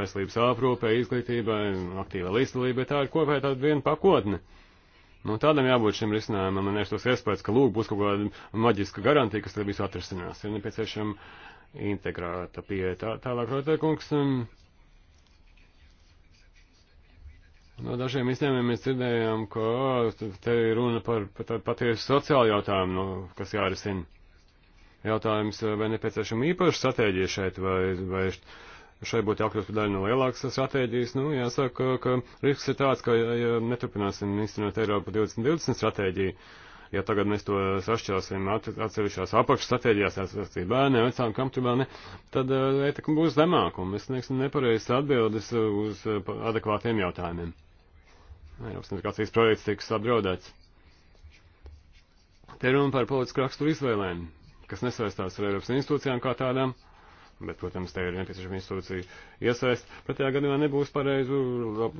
veselības aprūpē, izglītībai, aktīvai līdzdalībai, tā ir kopēja tāda viena pakotne. Nu, tādam jābūt šim risinājumam, man nešķiet iespējas, ka lūk, būs kaut kāda maģiska garantija, kas tad visu atrisinās. Ir nepieciešama integrēta pieeja. Tā, tālāk, Rotekungs, um, no dažiem izņēmumiem mēs dzirdējām, ka te ir runa par, par patiesu sociālu jautājumu, no, nu, kas jārisina. Jautājums, vai nepieciešama īpaša stratēģija šeit, vai, vai šeit būtu jākļūst par daļu no lielākas stratēģijas. Nu, jāsaka, ka, ka risks ir tāds, ka ja, ja neturpināsim īstenot Eiropu 2020 stratēģiju, ja tagad mēs to sašķelsim atsevišķās apakšstratēģijās, atsevišķi bērni, vecām kamtubēni, tad uh, eh, ietekme būs zemāka un mēs sniegsim nepareizas atbildes uz uh, adekvātiem jautājumiem. Eiropas integrācijas projekts tiks apdraudēts. Te runa par politisku raksturu izvēlēm, kas nesaistās ar Eiropas institūcijām kā tādām. Uh, Bet, protams, te ir nepieciešama institūcija iesaist. Pretējā gadījumā nebūs pareizu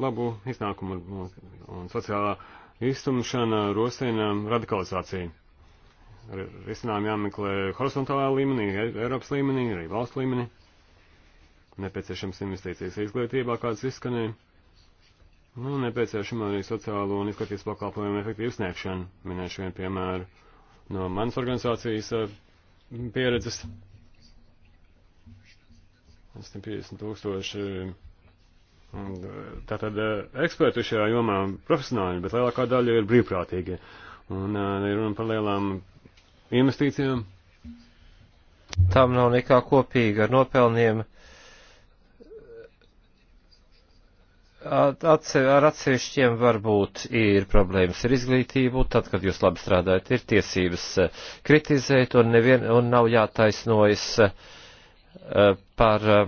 labu iznākumu un, un sociālā iztumšana rosina radikalizāciju. Risinājumi jāmeklē horizontālā līmenī, Eiropas līmenī, arī valsts līmenī. Nepieciešams investīcijas izglītībā, kāds izskanēja. Nu, nepieciešama arī sociālo un izglītības pakalpojumu efektīvu sniegšanu. Minēšu vienu piemēru no manas organizācijas eh, pieredzes. Uh, 150 tūkstoši tātad eh, eksperti šajā jomā profesionāļi, bet lielākā daļa ir brīvprātīgi. Un eh, ir runa par lielām investīcijām. Tam nav nekā kopīga ar nopelniem. Atse, ar atsevišķiem varbūt ir problēmas ar izglītību, tad, kad jūs labi strādājat, ir tiesības kritizēt un, nevien, un nav jātaisnojas uh, Eh, par eh,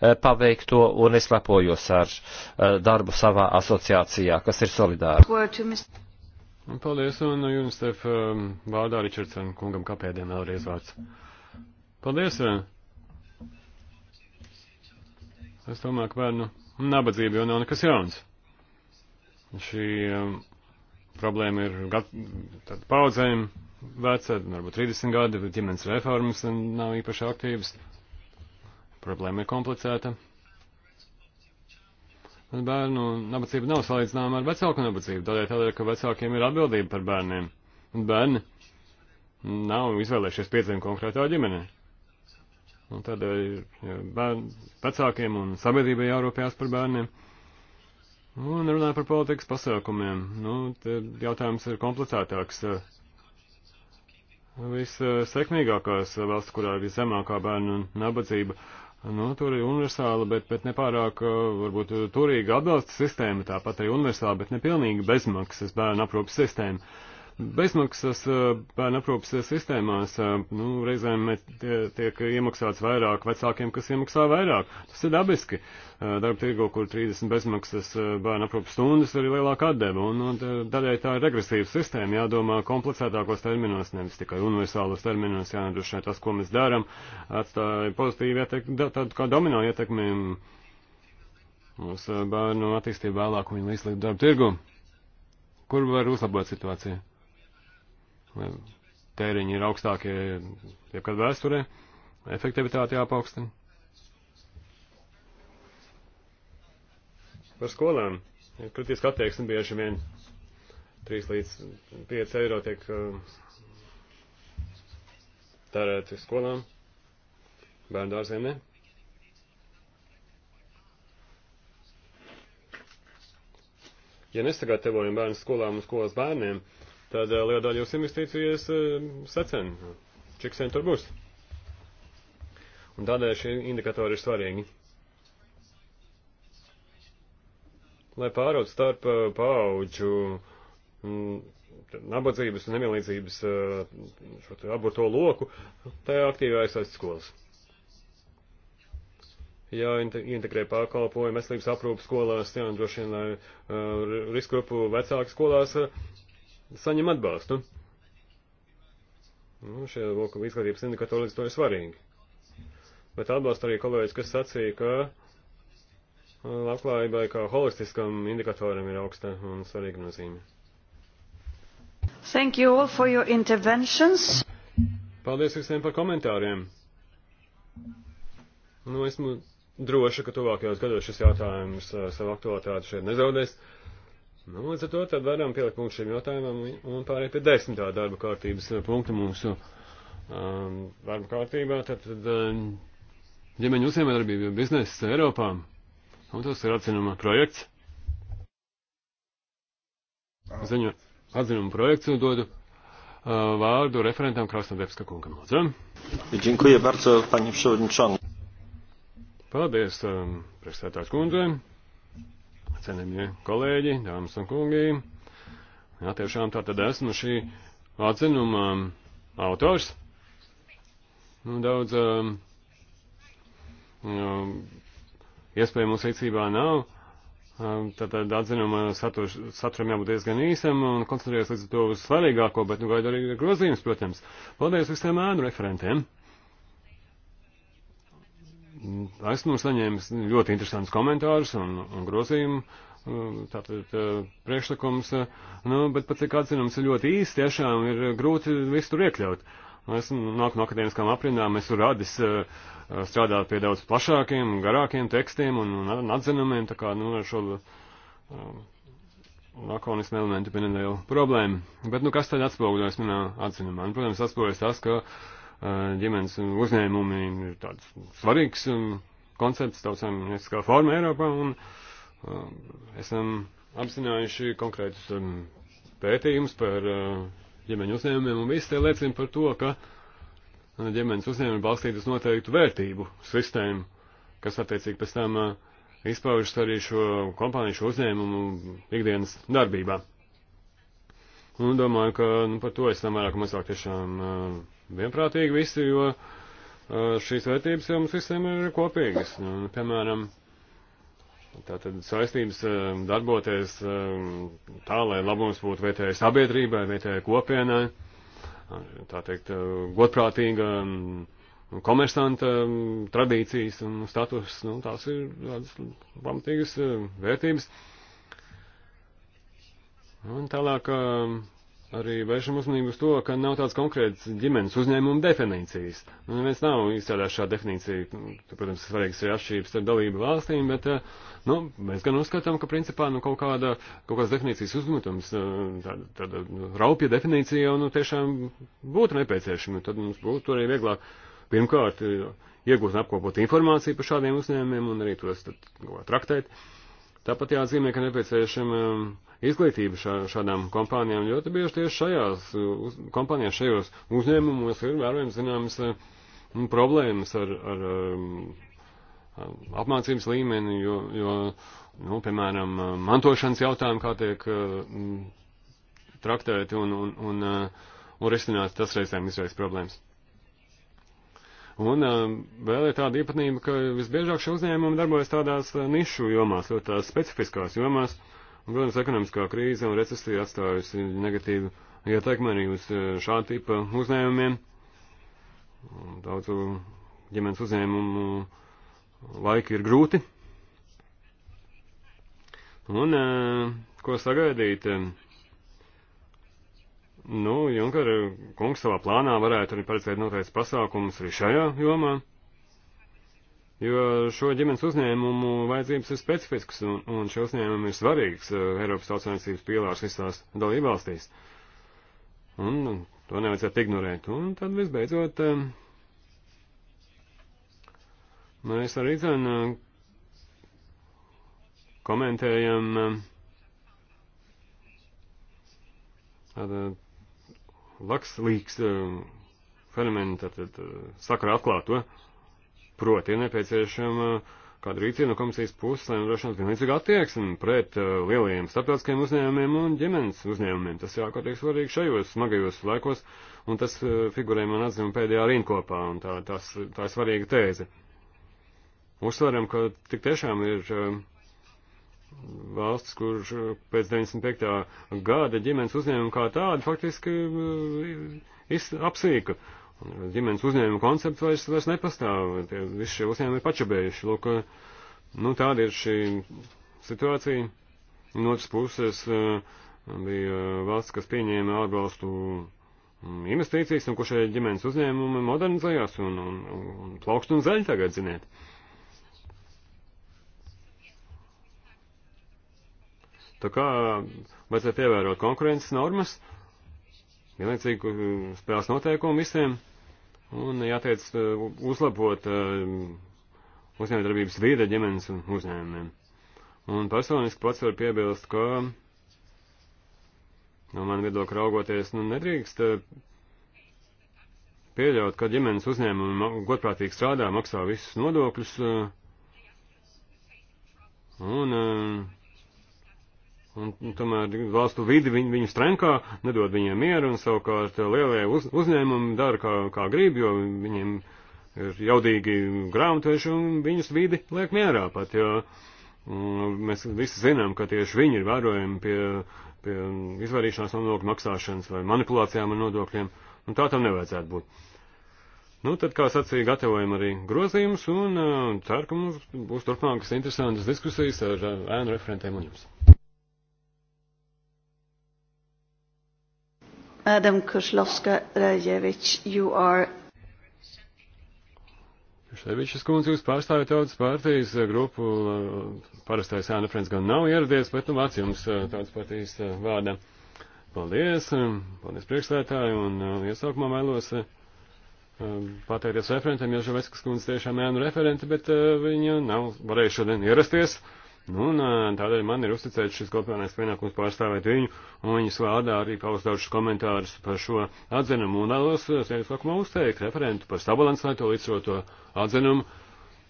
eh, paveikto, un es lepojos ar darbu savā asociācijā, kas ir solidāra. Paldies, un UNICEF vārdā Ričardson kungam kapēdiem vēlreiz vārds. Paldies! Es domāju, ka bērnu nabadzība jau nav nekas jauns. Šī um, problēma ir gat, paudzēm veca, varbūt 30 gadi, bet ģimenes reformas nav īpaši aktīvas. Problēma ir komplicēta. Bērnu nabadzība nav salīdzināma ar vecāku nabadzību, tādēļ tādēļ, ka vecākiem ir atbildība par bērniem. Un bērni nav izvēlējušies piedzimta konkrētā ģimenē. Un tādēļ bērn, vecākiem un sabiedrībai jārūpējās par bērniem. Un runāja par politikas pasākumiem. Nu, jautājums ir komplicētāks. Vissekmīgākās valsts, kurā ir viszemākā bērnu nabadzība, Nu, tur ir universāla, bet, bet nepārāk, uh, varbūt, turīga atbalsta sistēma, tāpat arī universāla, bet nepilnīga bezmaksas bērnu aprūpas sistēma bezmaksas eh, bērnu aprūpas sistēmās, eh, nu, reizēm tiek iemaksāts vairāk vecākiem, kas iemaksā vairāk. Tas ir dabiski. Eh, darba tirgo, kur 30 bezmaksas bērnu aprūpas stundas ir lielāka atdeva, un, un daļai tā ir regresīva sistēma, jādomā komplicētākos terminos, nevis tikai universālos terminos, jānodrošina tas, ko mēs darām, atstāja pozitīvu ietekmi, tādu kā domino ietekmi uz bērnu attīstību vēlāk un līdz darba tirgu kur var uzlabot situāciju? Tēriņi ir augstākie jebkad vēsturē, efektivitāte jāpaukstina. Par skolām. Kritiski attieksmi bieži vien 3 līdz 5 eiro tiek eh, tērēti skolām, bērnu dārziem ne. Ja nesagatavojam bērnu skolām un skolas bērniem, tad eh, liela daļa jūsu investīcijas eh, secen, cik sen tur būs. Un tādēļ šie indikatori ir svarīgi. Lai pārot starp eh, paauģu mm, nabadzības un nemielīdzības šo te aborto loku, tajā aktīvi aizsaist skolas. Jā, integrē pakalpojumu, veselības aprūpu skolās, jā, un droši vien, lai uh, riskgrupu vecāki skolās uh, saņem atbalstu. Nu, šie lūk, izglītības indikatori līdz to ir svarīgi. Bet atbalsta arī kolēģis, kas sacīja, ka uh, labklājībai kā holistiskam indikatoram ir augsta un svarīga nozīme. Thank you all for your interventions. Paldies visiem par komentāriem. Nu, esmu droša, ka tuvākajos gados šis jautājums uh, savu aktualitāti šeit nezaudēs. Nu, līdz ar to tad varam pielikt punktu šiem jautājumam un pārēt pie desmitā darba kārtības uh, punkta mūsu um, darba kārtībā. Tad, tad um, ģimeņu uzņēmējdarbība biznesa Eiropā. Un tas ir atzinuma projekts. Ziņu atzinuma projekts un dodu uh, vārdu referentam Krasnodebska kungam. Lūdzu. Dziękuję bardzo, panie przewodniczący. Paldies, um, prezidentās kundzei. Cenējamie kolēģi, dāmas un kungi, jā, tiešām tā tad esmu šī atzinuma autors. Nu, daudz um, um iespēju mums rīcībā nav. Um, Tātad atzinuma saturs, saturam jābūt diezgan īsam un koncentrējies līdz to uz svarīgāko, bet nu gaida arī grozījums, protams. Paldies visiem ēnu referentiem! esmu saņēmis ļoti interesantus komentārus un, un grozījumu, e, tātad e, priekšlikums, nu, bet pats cik atzinums ir ļoti īsts, tiešām ir grūti visu tur iekļaut. Esmu nāk no akadēmiskām aprindām, esmu radis e, strādāt pie daudz plašākiem, garākiem tekstiem un, un atzinumiem, tā kā, nu, ar šo lakonismu elementu bija neliela problēma. Bet, nu, kas tad atspoguļojas manā atzinumā? Nu, protams, atspoguļojas tas, ka Eh, ģimenes uzņēmumi ir tāds svarīgs um, koncepts tautsēmnieciskā forma Eiropā, un eh, esam apzinājuši konkrētus um, pētījumus par eh, ģimeņu uzņēmumiem, un visi tie liecina par to, ka ģimenes uzņēmumi balstītas noteiktu vērtību sistēmu, kas attiecīgi pēc tam izpaužas arī šo kompāniju, šo uzņēmumu ikdienas darbībā. Un domāju, ka nu, par to esam vairāk mazāk tiešām uh, vienprātīgi visi, jo šīs vērtības jau mums visiem ir kopīgas. Nu, piemēram, tātad saistības darboties tā, lai labums būtu vietējai sabiedrībai, vietējai kopienai, tā teikt, godprātīga komersanta tradīcijas un status, nu, tās ir tādas pamatīgas vērtības. Un tālāk arī vēršam uzmanību uz to, ka nav tāds konkrēts ģimenes uzņēmuma definīcijas. Nu, neviens nav izstrādājis šādu definīciju. Nu, tur, protams, svarīgs ir atšķirības starp dalību valstīm, bet, eh, nu, mēs gan uzskatām, ka principā, nu, kaut kāda, kaut kādas definīcijas uzmetums, eh, tāda, tāda nu, raupja definīcija jau, nu, tiešām būtu nepieciešama. Tad mums būtu arī vieglāk, pirmkārt, eh, iegūt un apkopot informāciju par šādiem uzņēmumiem un arī tos tad, ko nu, traktēt. Uh, Tāpat jāatzīmē, ka nepieciešama um, izglītība šā, šādām kompānijām. Ļoti bieži tieši šajās uh, uz, kompānijās, šajos uzņēmumos ir vērojams zināmas uh, problēmas ar, ar, ar um, uh, apmācības līmeni, jo, jo nu, piemēram, mantošanas jautājumi, kā tiek traktēti un, un, un, un risināt, tas reizēm izraisa problēmas. Un eh, vēl ir tāda īpatnība, ka visbiežāk šie uzņēmumi darbojas tādās eh, nišu jomās, ļoti tās specifiskās jomās. Un, protams, ekonomiskā krīze un recesija atstājusi negatīvu ietekmi arī uz eh, šāda tipa uzņēmumiem. Daudzu ģimenes uzņēmumu laiki ir grūti. Un ko sagaidīt? Nu, Junker kungs savā plānā varētu arī paredzēt noteikts pasākums arī šajā jomā, jo šo ģimenes uzņēmumu vajadzības ir specifiskas, un, un šie uzņēmumi ir svarīgs eh, Eiropas tautsainicības pīlārs visās dalībvalstīs. Un to nevajadzētu ignorēt. Un tad visbeidzot, eh, mēs arī dzen komentējam eh, tātad lakslīgs um, fenomenu, tātad uh, sakara atklāto, proti ir nepieciešama uh, kāda rīcība no komisijas puses, lai nodrošinātu vienlīdzīgu attieksmi pret uh, lielajiem starptautiskiem uzņēmumiem un ģimenes uzņēmumiem. Tas jākārtīgi svarīgi šajos smagajos laikos, un tas figurē man atzīm pēdējā rīnkopā, un tā, tās, tā ir svarīga tēze. Uzsveram, ka tik tiešām ir valsts, kur pēc 95. gada ģimenes uzņēmumu kā tādu faktiski uh, apsīka. Ģimenes uzņēmumu koncepts vairs, vairs nepastāv. Tie, visi šie uzņēmumi ir pačabējuši. Lūk, uh, nu, tāda ir šī situācija. No otras puses uh, bija valsts, kas pieņēma ārvalstu mm, investīcijas, un kur šie ģimenes uzņēmumi modernizējās un, un, un plaukst un zaļ tagad, ziniet. Tā kā vajadzētu ievērot konkurences normas, vienlaicīgi spēles noteikumu visiem un jātiec uh, uzlabot uh, uzņēmējdarbības vīde ģimenes un uzņēmumiem. Un personiski pats var piebilst, ka no man viedokļa raugoties, nu nedrīkst uh, pieļaut, ka ģimenes uzņēmumi godprātīgi strādā, maksā visus nodokļus. Un, uh, Un, un tomēr valstu vidi viņ, viņu strenkā, nedod viņiem mieru, un savukārt lielie uz, uzņēmumi dara, kā, kā grib, jo viņiem ir jaudīgi grāmatveži, un viņus vidi liek mierā pat, jo un, mm, mēs visi zinām, ka tieši viņi ir vērojami pie, pie izvairīšanās nodokļu maksāšanas vai manipulācijām ar nodokļiem, un tā tam nevajadzētu būt. Nu, tad, kā sacīja, gatavojam arī grozījumus, un uh, ceru, ka mums būs turpmākas interesantas diskusijas ar uh, ēnu referentiem un jums. Madam Kozlovska-Rajevič, you are. Ševičs kundze, jūs pārstāvjat tautas partijas grupu, parastais Āna Frens gan nav ieradies, bet nu vāc jums eh, tautas partijas eh, vārdā. Paldies, eh, paldies priekšsētāji, un iesaukumā vēlos pateikties referentam, jo Žaveckas kundze tiešām ēnu referente, bet viņa nav varējusi šodien ierasties. Nu, un tādēļ man ir uzticēts šis kopējais pienākums pārstāvēt viņu, un viņas vārdā arī paust dažus komentārus par šo atzinumu. Un vēlos sēdus sākumā uzteikt referentu par sabalansēto līdzsvaroto atzinumu.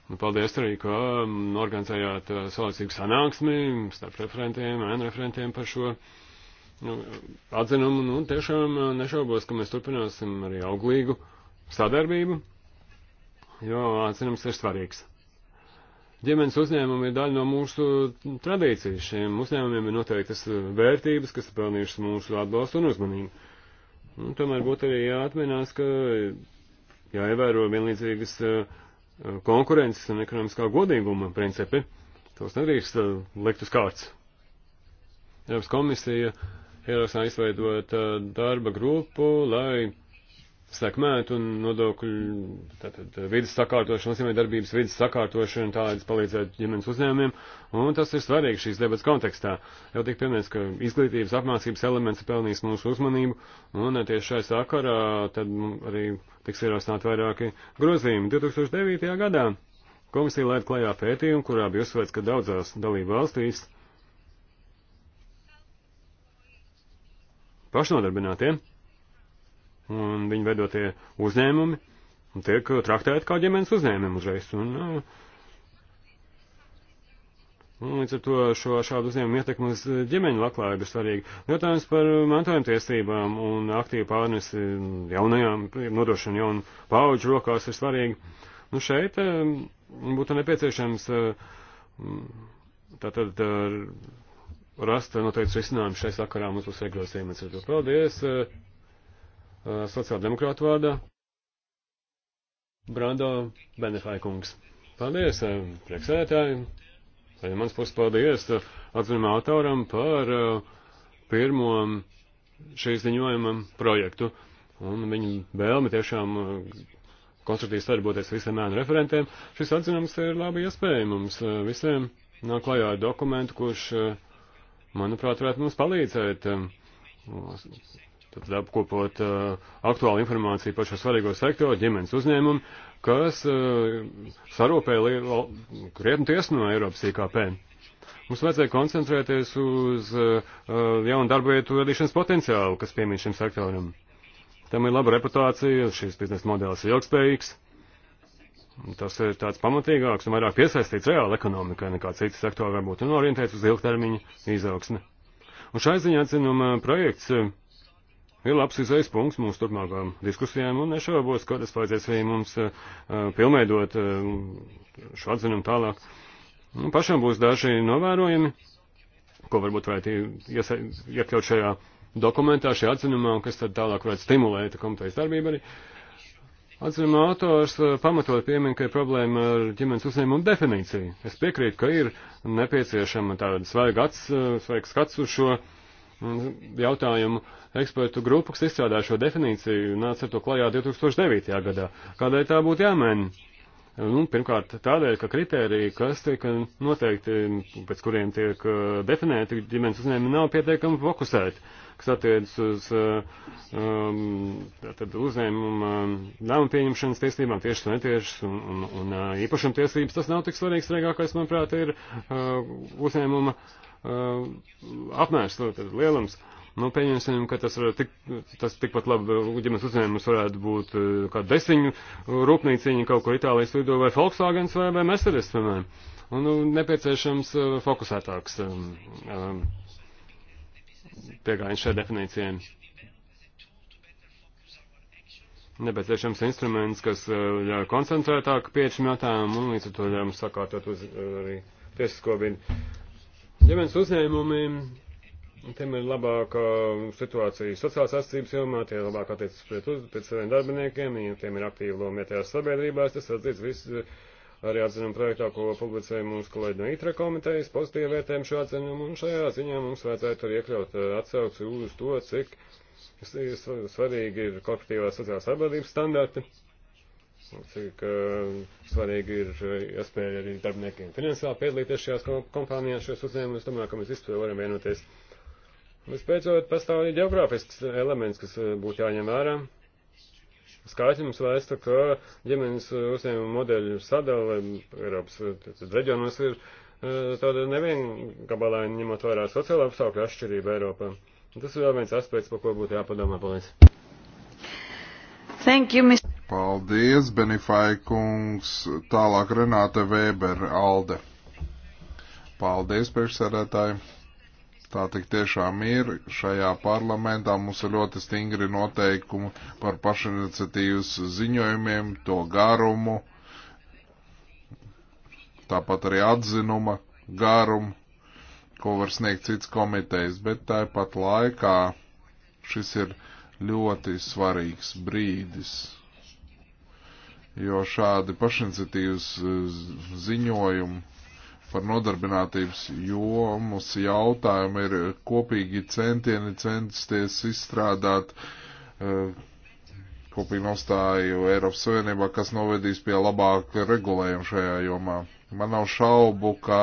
Un paldies arī, ka organizējāt saulēcīgu sanāksmi starp referentiem, ēnu referentiem par šo nu, atzinumu. Nu, tiešām nešaubos, ka mēs turpināsim arī auglīgu sadarbību, jo atzinums ir svarīgs. Ģimenes uzņēmumi ir daļa no mūsu tradīcijas. Šiem uzņēmumiem ir noteiktas vērtības, kas ir pelnījušas mūsu atbalstu un uzmanību. Un nu, tomēr būtu arī jāatminās, ka jāievēro vienlīdzīgas eh, konkurences un ekonomiskā godīguma principi. Tos nedrīkst eh, likt uz kārts. Eiropas komisija ierosināja izveidot eh, darba grupu, lai sekmēt un nodokļu tātad, vidas sakārtošana, nozīmē darbības vidas sakārtošana, tādas palīdzēt ģimenes uzņēmumiem, un tas ir svarīgi šīs debats kontekstā. Jau tik pieminēts, ka izglītības apmācības elements ir pelnījis mūsu uzmanību, un tieši šai sakarā tad arī tiks ierosināt vairāki grozījumi. 2009. gadā komisija laid klajā pētījumu, kurā bija uzsvērts, ka daudzās dalību valstīs pašnodarbinātiem. Ja? un viņu vedotie uzņēmumi tiek uh, traktēti kā ģimenes uzņēmumi uzreiz. Un, uh, un līdz ar to šo šādu uzņēmumu ietekmu uz ģimeņu laklājību ir svarīgi. Jautājums par mantojuma tiesībām un aktīvu pārnesi jaunajām, nodošanu jaunu pauģu rokās ir svarīgi. Nu šeit um, būtu nepieciešams uh, tātad rast noteikts risinājums šai sakarā mums būs iegrozījums. Paldies! Uh, sociāldemokrātu vārdā. Brando Benefaikungs. Paldies, uh, priekšsēdētāji. Arī mans puses paldies uh, atzinumā autoram par pirmo šīs ziņojuma projektu. Un viņa vēlme tiešām konstruktīvi sadarboties visiem ēnu referentiem. Šis atzinums ir labi iespēja mums visiem nāk klajā ar dokumentu, kurš, manuprāt, varētu mums palīdzēt tad apkopot uh, aktuālu informāciju par šo svarīgo sektoru, ģimenes uzņēmumu, kas uh, sarūpē krietni tiesu no Eiropas IKP. Mums vajadzēja koncentrēties uz uh, uh jaunu darba vietu radīšanas potenciālu, kas piemīt šim sektoram. Tam ir laba reputācija, šis biznesa modelis ir ilgspējīgs. Tas ir tāds pamatīgāks un vairāk piesaistīts reāli ekonomikai nekā citi sektori varbūt un orientēts uz ilgtermiņa izaugsmi. Un šai ziņā atzinuma projekts uh, ir labs izējas punkts mūsu turpmākām diskusijām, un nešaubos, ka tas palīdzēs arī mums uh, pilnveidot uh, šo atzinumu tālāk. Un nu, pašam būs daži novērojumi, ko varbūt varētu iekļaut šajā dokumentā, šajā atzinumā, un kas tad tālāk varētu stimulēt komitejas darbību arī. Atzinuma autors uh, pamatot piemin, ka ir problēma ar ģimenes uzņēmumu definīciju. Es piekrītu, ka ir nepieciešama tāda svaiga acs, svaigs skats uz šo uh, Mm, jautājumu ekspertu grupu, kas izstrādā šo definīciju, nāca ar to klajā 2009. gadā. Kādēļ tā būtu jāmēna? Nu, pirmkārt, tādēļ, ka kriteriji, kas tiek noteikti, pēc kuriem tiek uh, definēti ģimenes uzņēmumi, nav pietiekami fokusēti, kas attiecas uz uh, um, uzņēmuma um, lēmumu pieņemšanas tiesībām, tiešas un netiešas, un, un, un uh, īpašuma tiesības. Tas nav tik svarīgs, svarīgākais, manuprāt, ir uh, uzņēmuma uh, uh, apmērs, tad lielums. Nu, pieņemsim, ka tas, var, tik, tas tikpat labi uh, ģimenes uzņēmums varētu būt uh, kā desiņu rūpnīciņa kaut kur Itālijas vidū vai Volkswagens vai, vai Mercedes, piemēram. Un nu, nepieciešams uh, fokusētāks um, um, pieejams šai definīcijai. Nepieciešams instruments, kas uh, ļauj koncentrētāk pieejamu jautājumu un līdz ar to ļauj mums sakārtot uz uh, arī tiesisko vidi. Ģimenes uzņēmumiem, tiem ir labāka situācija sociālās attīstības jomā, tie ir labāk attiecas pret, uz, pret saviem darbiniekiem, ja tiem ir aktīva loma vietējās sabiedrībās, tas atzīts viss eh, arī atzinumu projektā, ko publicēja mūsu kolēģi no ITRA komitejas, pozitīvi vērtējumu šo atzinumu, un šajā ziņā mums vajadzētu arī iekļaut eh, atsauci uz to, cik svarīgi ir korporatīvās sociālās sabiedrības standarti. Cik uh, svarīgi ir eh, iespēja arī darbiniekiem finansiāli piedalīties šajās kompānijās, šajos uzņēmumus. Domāju, ka mēs vispār varam vienoties. Vispēcot, pastāv arī geogrāfisks eh, elements, kas eh, būtu jāņem vērā. Skaitļi mums vēsta, ka ģimenes uzņēmuma modeļu sadala Eiropas reģionos ir tāda neviengabalēna, ņemot vērā sociālā apstākļa atšķirība Eiropā. Tas ir vēl viens aspekts, par ko būtu jāpadomā, paldies. Thank you, Mr. Paldies, Benifai kungs. Tālāk Renāte Vēber, Alde. Paldies, priekšsēdētāji. Tā tik tiešām ir. Šajā parlamentā mums ir ļoti stingri noteikumi par pašiniciatīvas ziņojumiem, to garumu, tāpat arī atzinuma garumu, ko var sniegt cits komitejas, bet tāpat laikā šis ir ļoti svarīgs brīdis jo šādi pašiniciatīvas e, ziņojumi par nodarbinātības jomas jautājumu ir kopīgi centieni censties izstrādāt uh, kopīgi nostāju Eiropas Savienībā, kas novedīs pie labāka regulējuma šajā jomā. Man nav šaubu, ka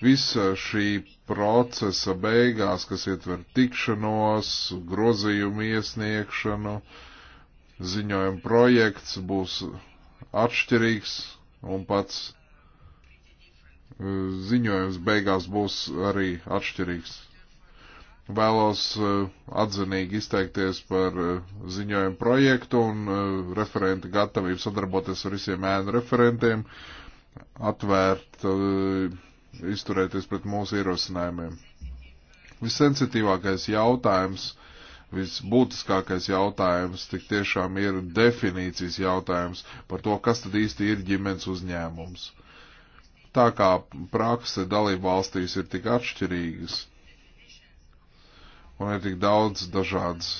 visa šī procesa beigās, kas ietver tikšanos, grozījumu iesniegšanu, ziņojumu projekts būs atšķirīgs un pats e, ziņojums beigās būs arī atšķirīgs. Vēlos e, atzinīgi izteikties par e, ziņojumu projektu un referenta gatavību sadarboties ar visiem ēnu referentiem, atvērt, izturēties pret mūsu ierosinājumiem. Visensitīvākais jautājums visbūtiskākais jautājums tik tiešām ir definīcijas jautājums par to, kas tad īsti ir ģimenes uzņēmums. Tā kā prakse dalību valstīs ir tik atšķirīgas un ir tik daudz dažādas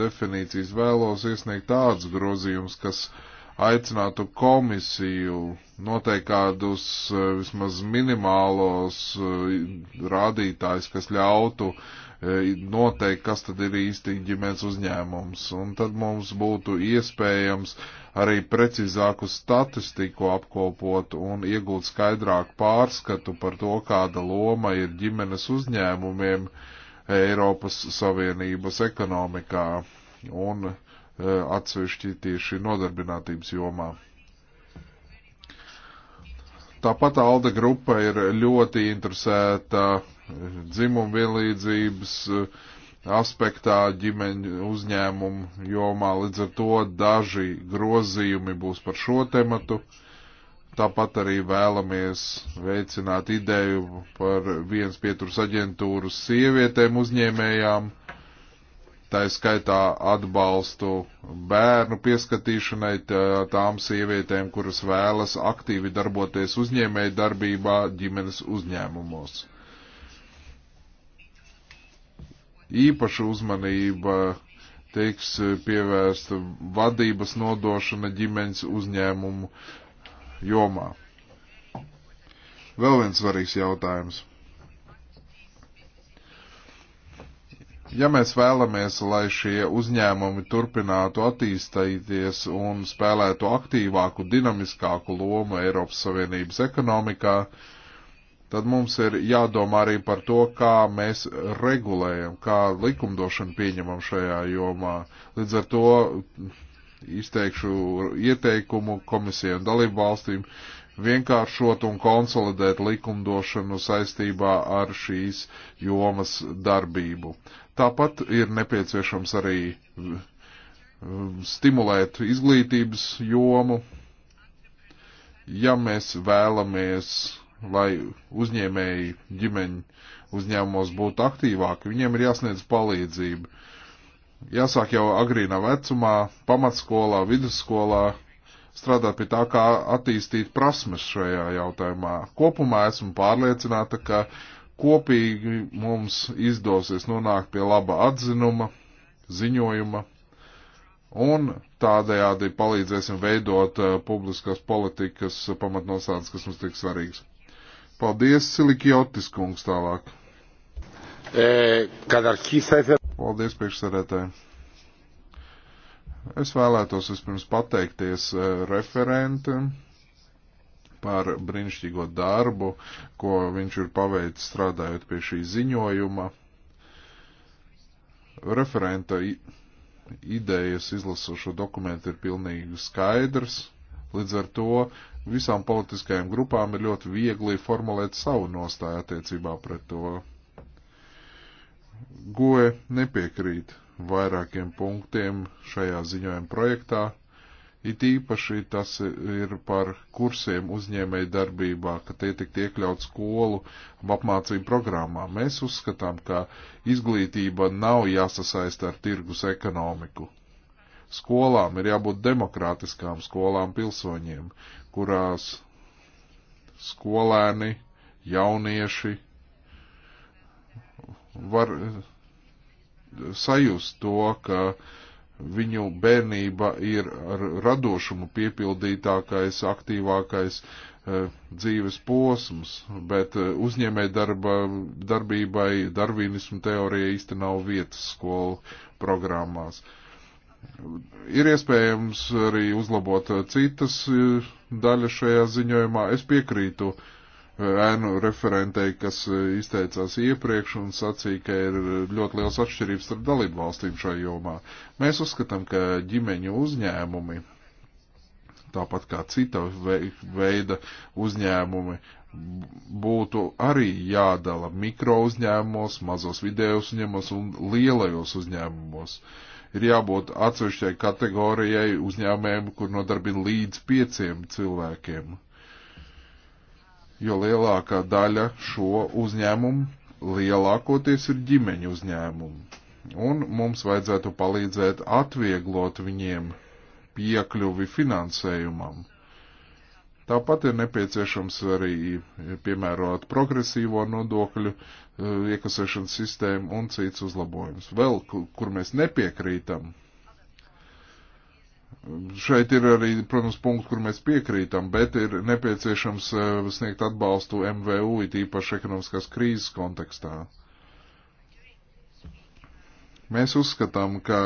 definīcijas, vēlos iesniegt tāds grozījums, kas uh, aicinātu komisiju noteikt kādus eh, vismaz minimālos eh, rādītājus, kas ļautu eh, noteikt, kas tad ir īsti ģimenes uzņēmums. Un tad mums būtu iespējams arī precīzāku statistiku apkopot un iegūt skaidrāku pārskatu par to, kāda loma ir ģimenes uzņēmumiem Eiropas Savienības ekonomikā. Un E, atsevišķi tieši nodarbinātības jomā. Tāpat Alda grupa ir ļoti interesēta dzimumu vienlīdzības e, aspektā ģimeņu uzņēmumu jomā, līdz ar to daži grozījumi būs par šo tematu. Tāpat arī vēlamies veicināt ideju par viens pieturs aģentūras sievietēm uzņēmējām tā skaitā atbalstu bērnu pieskatīšanai tām sievietēm, kuras vēlas aktīvi darboties uzņēmēji darbībā ģimenes uzņēmumos. Īpaša uzmanība tiks pievērsta vadības nodošana ģimenes uzņēmumu jomā. Vēl viens svarīgs jautājums Ja mēs vēlamies, lai šie uzņēmumi turpinātu attīstīties un spēlētu aktīvāku, dinamiskāku lomu Eiropas Savienības ekonomikā, tad mums ir jādomā arī par to, kā mēs regulējam, kā likumdošanu pieņemam šajā jomā. Līdz ar to izteikšu ieteikumu komisijai un dalību valstīm vienkāršot un konsolidēt likumdošanu saistībā ar šīs jomas darbību. Tāpat ir nepieciešams arī stimulēt izglītības jomu. Ja mēs vēlamies, lai uzņēmēji ģimeņu uzņēmumos būtu aktīvāki, viņiem ir jāsniedz palīdzība. Jāsāk jau agrīnā vecumā, pamatskolā, vidusskolā, strādāt pie tā, kā attīstīt prasmes šajā jautājumā. Kopumā esmu pārliecināta, ka kopīgi mums izdosies nonākt pie laba atzinuma, ziņojuma, un tādējādi palīdzēsim veidot eh, publiskās politikas pamatnosādes, kas mums tik svarīgs. Paldies, Silikjotis kungs tālāk. Eh, Paldies, priekšsarētāji. Es vēlētos vispirms pateikties eh, referentam par brīnišķīgo darbu, ko viņš ir paveicis strādājot pie šī ziņojuma. Referenta idejas izlasošo dokumentu ir pilnīgi skaidrs, līdz ar to visām politiskajām grupām ir ļoti viegli formulēt savu nostāju attiecībā pret to. Goe nepiekrīt vairākiem punktiem šajā ziņojuma projektā It īpaši tas ir par kursiem uzņēmēji darbībā, ka tie tikt iekļaut skolu apmācību programmā. Mēs uzskatām, ka izglītība nav jāsasaista ar tirgus ekonomiku. Skolām ir jābūt demokrātiskām skolām pilsoņiem, kurās skolēni, jaunieši var sajust to, ka uh, viņu bērnība ir radošumu piepildītākais, aktīvākais eh, dzīves posms, bet eh, uzņēmē darba, darbībai, darvīnismu teorijai īsti nav vietas skolu programmās. Ir iespējams arī uzlabot eh, citas eh, daļas šajā ziņojumā. Es piekrītu uh, ēnu referentei, kas e, izteicās iepriekš un sacīja, ka ir ļoti liels atšķirības starp dalību valstīm šajā jomā. Mēs uzskatām, ka ģimeņu uzņēmumi, tāpat kā cita veida uzņēmumi, būtu arī jādala mikro uzņēmumos, mazos vidējos uzņēmumos un lielajos uzņēmumos. Ir jābūt atsevišķai kategorijai uzņēmējiem, kur nodarbina līdz pieciem cilvēkiem jo lielākā daļa šo uzņēmumu lielākoties ir ģimeņu uzņēmumi. Un mums vajadzētu palīdzēt atvieglot viņiem piekļuvi finansējumam. Tāpat ir nepieciešams arī piemērot progresīvo nodokļu eh, iekasēšanas sistēmu un cits uzlabojums. Vēl, kur mēs nepiekrītam, Šeit ir arī, protams, punkts, kur mēs piekrītam, bet ir nepieciešams eh, sniegt atbalstu MVU, it īpaši ekonomiskās krīzes kontekstā. Mēs uzskatām, ka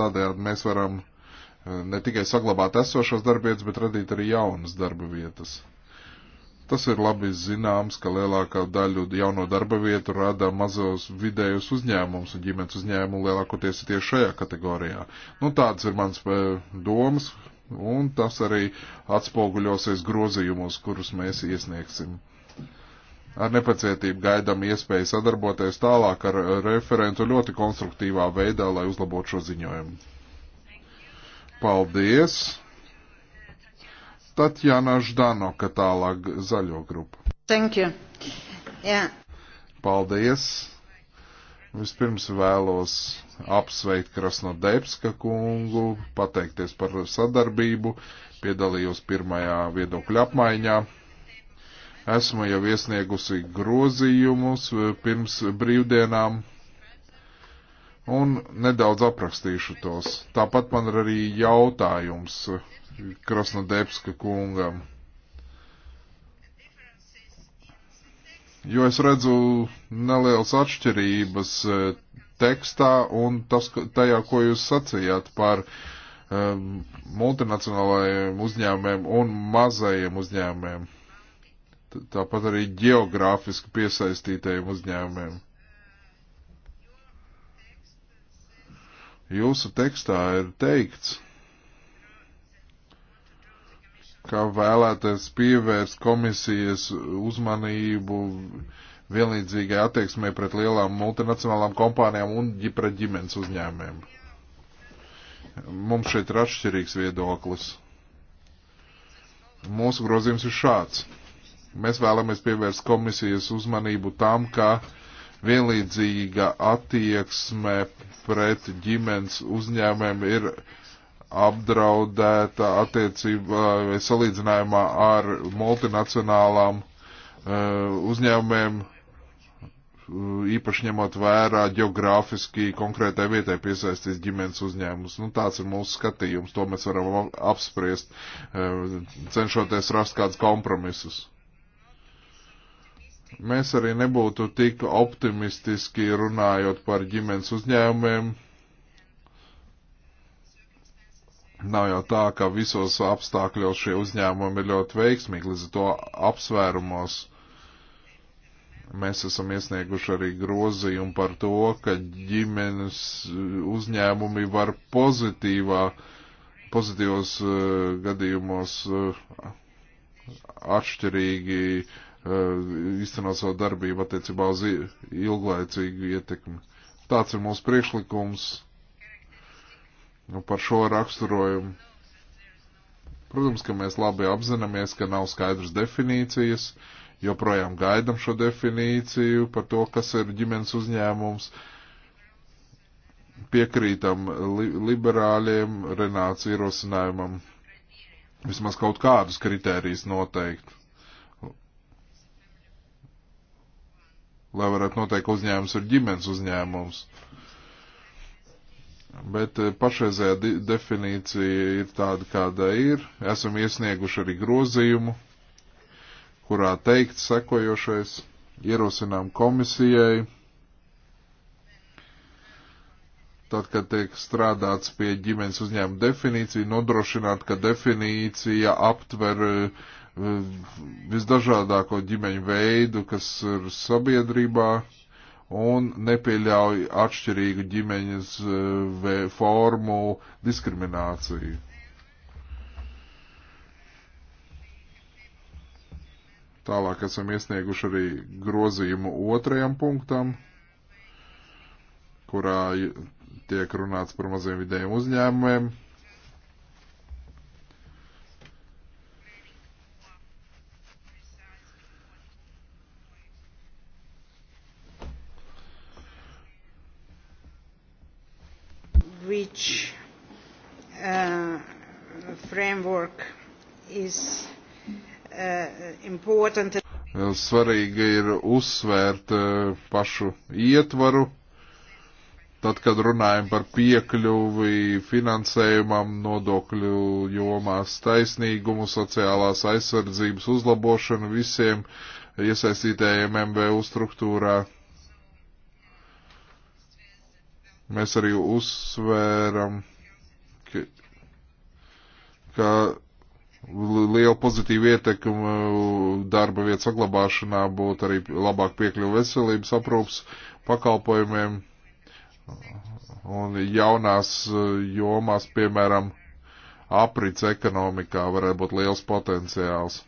tādējādi mēs varam eh, ne tikai saglabāt esošos darbietas, bet radīt arī jaunas darba vietas. Tas ir labi zināms, ka lielākā daļa jauno darba vietu rada mazos vidējos uzņēmums un ģimenes uzņēmumu lielākoties ir tieši šajā kategorijā. Nu, tāds ir mans eh, domas, un tas arī atspoguļosies grozījumos, kurus mēs iesniegsim. Ar nepacietību gaidām iespēju sadarboties tālāk ar eh, referentu ļoti konstruktīvā veidā, lai uzlabotu šo ziņojumu. Paldies! Tatjana Ždanoka tālāk zaļo grupu. Thank you. Yeah. Paldies. Vispirms vēlos apsveikt Krasnodebska kungu, pateikties par sadarbību, piedalījos pirmajā viedokļa apmaiņā. Esmu jau iesniegusi grozījumus eh, pirms brīvdienām un nedaudz aprakstīšu tos. Tāpat man ir arī jautājums Krasnodebska kungam. Jo es redzu nelielas atšķirības e, tekstā un tas, tajā, ko jūs sacījāt par um, multinacionālajiem uzņēmumiem un mazajiem uzņēmumiem. Tāpat arī geogrāfiski piesaistītajiem uzņēmumiem. Jūsu tekstā ir teikts, ka vēlēties pievērst komisijas uzmanību vienlīdzīgai attieksmē pret lielām multinacionālām kompānijām un pret ģimenes uzņēmiem. Mums šeit ir atšķirīgs viedoklis. Mūsu grozījums ir šāds. Mēs vēlamies pievērst komisijas uzmanību tam, ka vienlīdzīga attieksme pret ģimenes uzņēmēm ir uh, apdraudēta attiecībā eh, salīdzinājumā ar multinacionālām eh, uzņēmumiem, eh, īpaši ņemot vērā geogrāfiski konkrētai vietai piesaistīs ģimenes uzņēmumus. Nu, tāds ir mūsu skatījums, to mēs varam apspriest, cenšoties rast kādus kompromisus. Mēs arī nebūtu tik optimistiski runājot par ģimenes uzņēmumiem, Nav jau tā, ka visos apstākļos šie uzņēmumi ir ļoti veiksmīgi, līdz to apsvērumos mēs esam iesnieguši arī grozījumu par to, ka ģimenes uzņēmumi var pozitīvā, pozitīvos uh, gadījumos uh, atšķirīgi uh, eh, izcenot savu darbību attiecībā uz ilglaicīgu ietekmi. Tāds ir mūsu priekšlikums. Nu, par šo raksturojumu. Protams, ka mēs labi apzināmies, ka nav skaidrs definīcijas, joprojām gaidam šo definīciju par to, kas ir ģimenes uzņēmums. Piekrītam li liberāļiem Renāts ierosinājumam vismaz kaut kādus kritērijus noteikt. Lai varētu noteikt, uzņēmums ir ģimenes uzņēmums. Uh, Bet eh, pašreizējā definīcija ir tāda, kāda ir. Esam iesnieguši arī grozījumu, kurā teikt sekojošais ierosinām komisijai, tad, kad tiek strādāts pie ģimenes uzņēmuma definīcija, nodrošināt, ka definīcija aptver eh, visdažādāko ģimeņu veidu, kas ir sabiedrībā, un nepieļauj atšķirīgu ģimeņas eh, formu diskrimināciju. Tālāk esam iesnieguši arī grozījumu otrajam punktam, kurā tiek runāts par maziem vidējiem uzņēmumiem. which uh, framework is uh, important. Svarīgi ir uzsvērt uh, pašu ietvaru. Tad, kad runājam par piekļuvi finansējumam, nodokļu jomās taisnīgumu, sociālās aizsardzības uzlabošanu visiem iesaistītējiem MVU struktūrā, uh, Mēs arī uzsvēram, ka, ka liela pozitīva ietekme darba vietas saglabāšanā būtu arī labāk piekļuva veselības aprūpas pakalpojumiem un jaunās eh, jomās, piemēram, aprits ekonomikā varētu būt liels potenciāls,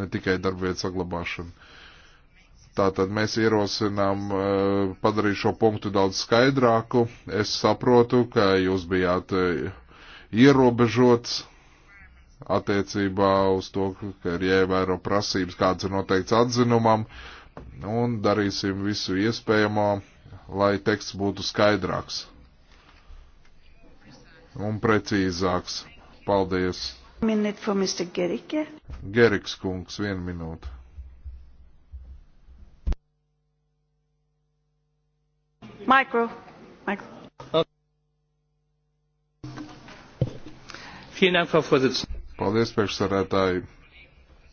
ne tikai darba vietas saglabāšana. Tātad mēs ierosinām eh, padarīt šo punktu daudz skaidrāku. Es saprotu, ka jūs bijāt eh, ierobežots attiecībā uz to, ka ir jāievēro prasības, kāds ir noteikts atzinumam, un darīsim visu iespējamo, lai teksts būtu skaidrāks un precīzāks. Paldies! Geriks kungs, vienu minūtu. Micro. Micro. Paldies, priekšsarētāji.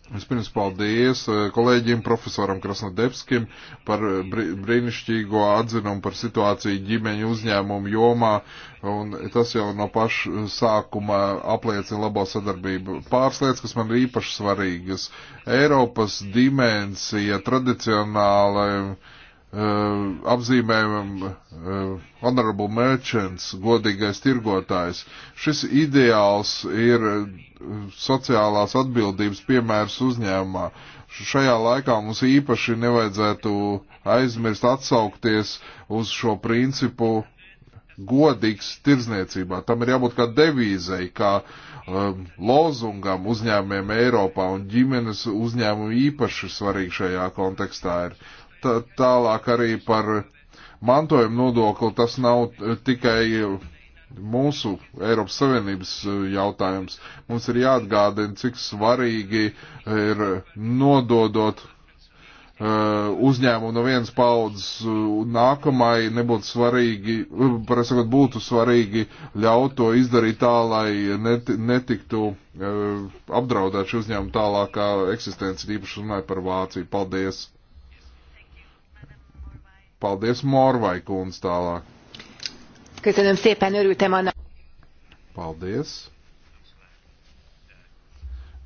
Vispirms paldies eh, kolēģiem, profesoram Krasnodebskim par eh, brīnišķīgo atzinumu par situāciju ģimeņu uzņēmumu jomā, un tas jau no paša sākuma apliecina labo sadarbību. Pāris lietas, kas man ir īpaši svarīgas. Eiropas dimensija tradicionālajiem Um, apzīmējumam um, honorable merchants, godīgais tirgotājs. Šis ideāls ir sociālās atbildības piemērs uzņēmumā. Šajā laikā mums īpaši nevajadzētu aizmirst atsaukties uz šo principu godīgs tirdzniecībā. Tam ir jābūt kā devīzei, kā um, lozungam uzņēmumiem Eiropā un ģimenes uzņēmumu īpaši svarīgi šajā kontekstā ir Tālāk arī par mantojuma nodokli tas nav tikai mūsu Eiropas Savienības e, jautājums. Mums ir jāatgādina, cik svarīgi ir nododot e, uzņēmumu no vienas paudzes e, nākamai nebūtu svarīgi, parasakot, būtu svarīgi ļaut to izdarīt tā, lai net, netiktu apdraudēt šī uzņēmuma tālākā eksistence, īpaši runāju par Vāciju. Paldies! Paldies, Morvai kundz tālāk. Köszönöm szépen, örültem annak. Paldies.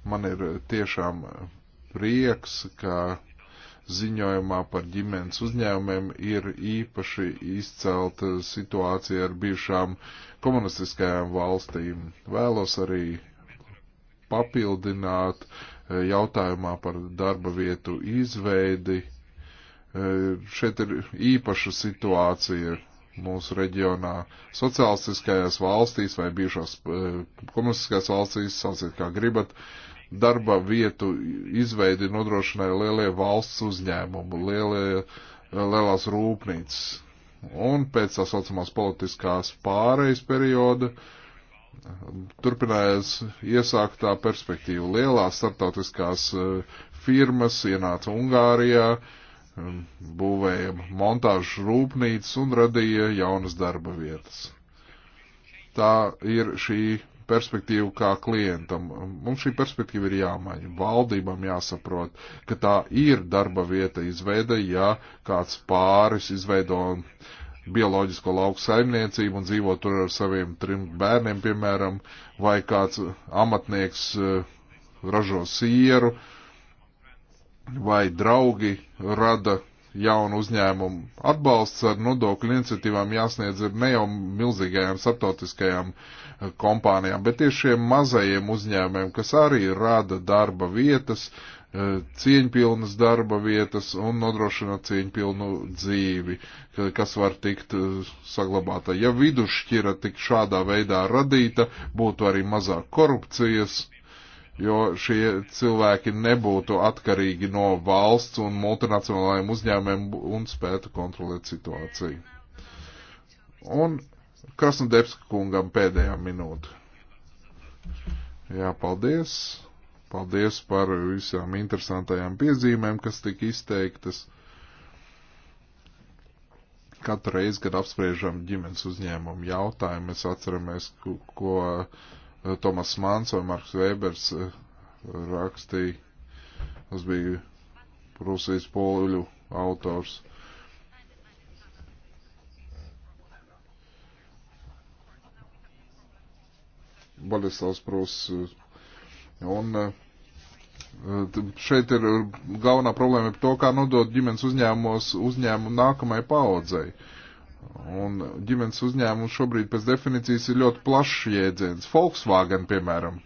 Man ir eh, tiešām eh, prieks, ka ziņojumā par ģimenes uzņēmumiem ir īpaši izcelta eh, situācija ar bijušām komunistiskajām valstīm. Vēlos arī papildināt jautājumā par darba vietu izveidi E, šeit ir īpaša situācija mūsu reģionā. Sociālistiskajās valstīs vai bijušās e, komunistiskajās valstīs, sauciet kā gribat, darba vietu izveidi nodrošināja lielie valsts uzņēmumi, lielie, e, lielās rūpnīcas. Un pēc tā saucamās politiskās pārejas perioda turpinājās iesāktā perspektīva. Lielās starptautiskās firmas ienāca Ungārijā, uh, būvējam montāžu rūpnīcas un radīja jaunas darba vietas. Tā ir šī perspektīva kā klientam. Mums šī perspektīva ir jāmaina. Valdībām jāsaprot, ka tā ir darba vieta izveida, ja kāds pāris izveido bioloģisko lauku saimniecību un dzīvo tur ar saviem trim bērniem, piemēram, vai kāds amatnieks eh, ražo sieru, uh, vai draugi rada jaunu uzņēmumu. Atbalsts ar nodokļu iniciatīvām jāsniedz ne jau milzīgajām starptautiskajām eh, kompānijām, bet tieši šiem mazajiem uzņēmumiem, kas arī rada darba vietas, eh, cieņpilnas darba vietas un nodrošina cieņpilnu dzīvi, kas var tikt eh, saglabāta. Ja vidusšķira tik šādā veidā radīta, būtu arī mazāk korupcijas jo šie cilvēki nebūtu atkarīgi no valsts un multinacionālajiem uzņēmumiem un spētu kontrolēt situāciju. Un Krasnodebska kungam pēdējā minūte. Jā, paldies. Paldies par visām interesantajām piezīmēm, kas tika izteiktas. Katru reizi, kad apspriežam ģimenes uzņēmumu jautājumu, mēs atceramies, ko. ko Eh, Tomas Mans vai Marks Vēbers eh, rakstīja, tas bija Prūsijas poļu autors. Bolislavs Prūs. Un eh, šeit ir galvenā problēma par to, kā nodot ģimenes uzņēmumos uzņēmumu nākamajai paaudzei. Uh, Un ģimenes uzņēmums šobrīd pēc definīcijas ir ļoti plašs jēdziens. Volkswagen, piemēram,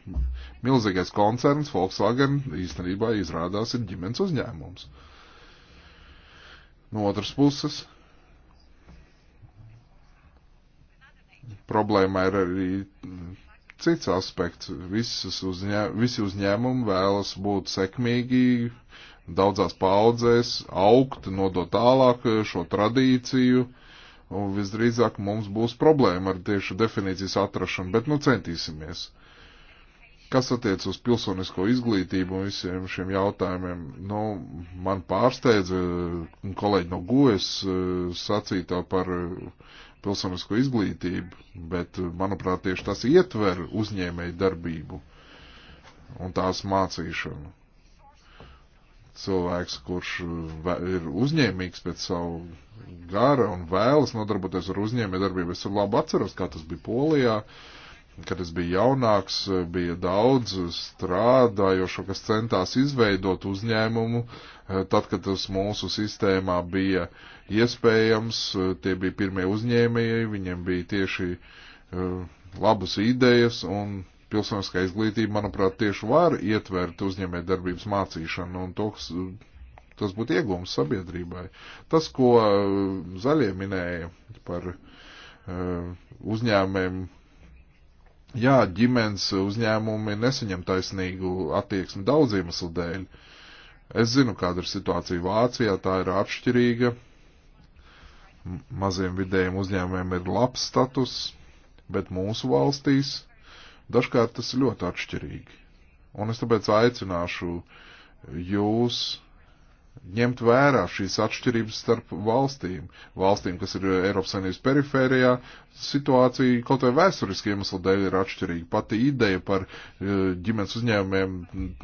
milzīgais koncerns Volkswagen īstenībā izrādās ir ģimenes uzņēmums. No otras puses, problēma ir arī cits aspekts. Visas uzņē, visi uzņēmumi vēlas būt sekmīgi, daudzās paudzēs, augt, nodot tālāk šo tradīciju. Uh, un visdrīzāk mums būs problēma ar tieši definīcijas atrašanu, bet nu centīsimies. Kas attiec uz pilsonisko izglītību un visiem šiem jautājumiem, nu, man pārsteidza kolēģi no Gojas eh, sacītā par eh, pilsonisko izglītību, bet, eh, manuprāt, tieši tas ietver uzņēmēju darbību un tās mācīšanu cilvēks, kurš ir uzņēmīgs pēc savu gara un vēlas nodarboties ar uzņēmējdarbību. Es labi atceros, kā tas bija Polijā, kad es biju jaunāks, bija daudz strādājošo, kas centās izveidot uzņēmumu. Tad, kad tas mūsu sistēmā bija iespējams, tie bija pirmie uzņēmēji, viņiem bija tieši eh, labas idejas un pilsoniskā izglītība, manuprāt, tieši var ietvert uzņēmē darbības mācīšanu un to, kas, tas būtu iegums sabiedrībai. Tas, ko eh, zaļie minēja par eh, uzņēmēm, jā, ģimenes uzņēmumi nesaņem taisnīgu attieksmi daudziem iemeslu dēļ. Es zinu, kāda ir situācija Vācijā, tā ir atšķirīga. Maziem vidējiem uzņēmumiem ir labs status, bet mūsu valstīs Dažkārt tas ir ļoti atšķirīgi. Un es tāpēc aicināšu jūs ņemt vērā šīs atšķirības starp valstīm. Valstīm, kas ir Eiropas Savienības perifērijā, situācija kaut vai vēsturiski iemeslu dēļ ir atšķirīga. Pati ideja par eh, ģimenes uzņēmumiem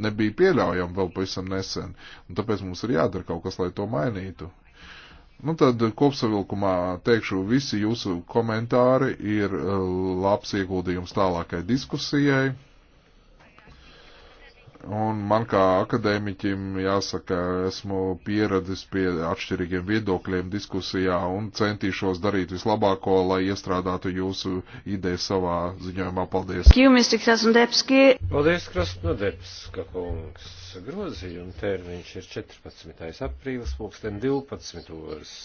nebija pieļaujama vēl pavisam nesen. Un tāpēc mums ir jādara kaut kas, lai to mainītu. Nu tad kopsavilkumā teikšu, visi jūsu komentāri ir eh, labs ieguldījums tālākai diskusijai. Un man kā akadēmiķim jāsaka, esmu pieradis pie atšķirīgiem viedokļiem diskusijā un centīšos darīt vislabāko, lai iestrādātu jūsu ideju savā ziņojumā. Paldies! Paldies, Krasnodebska kungs! Grozījuma termiņš ir 14. aprīlis, pulksten 12.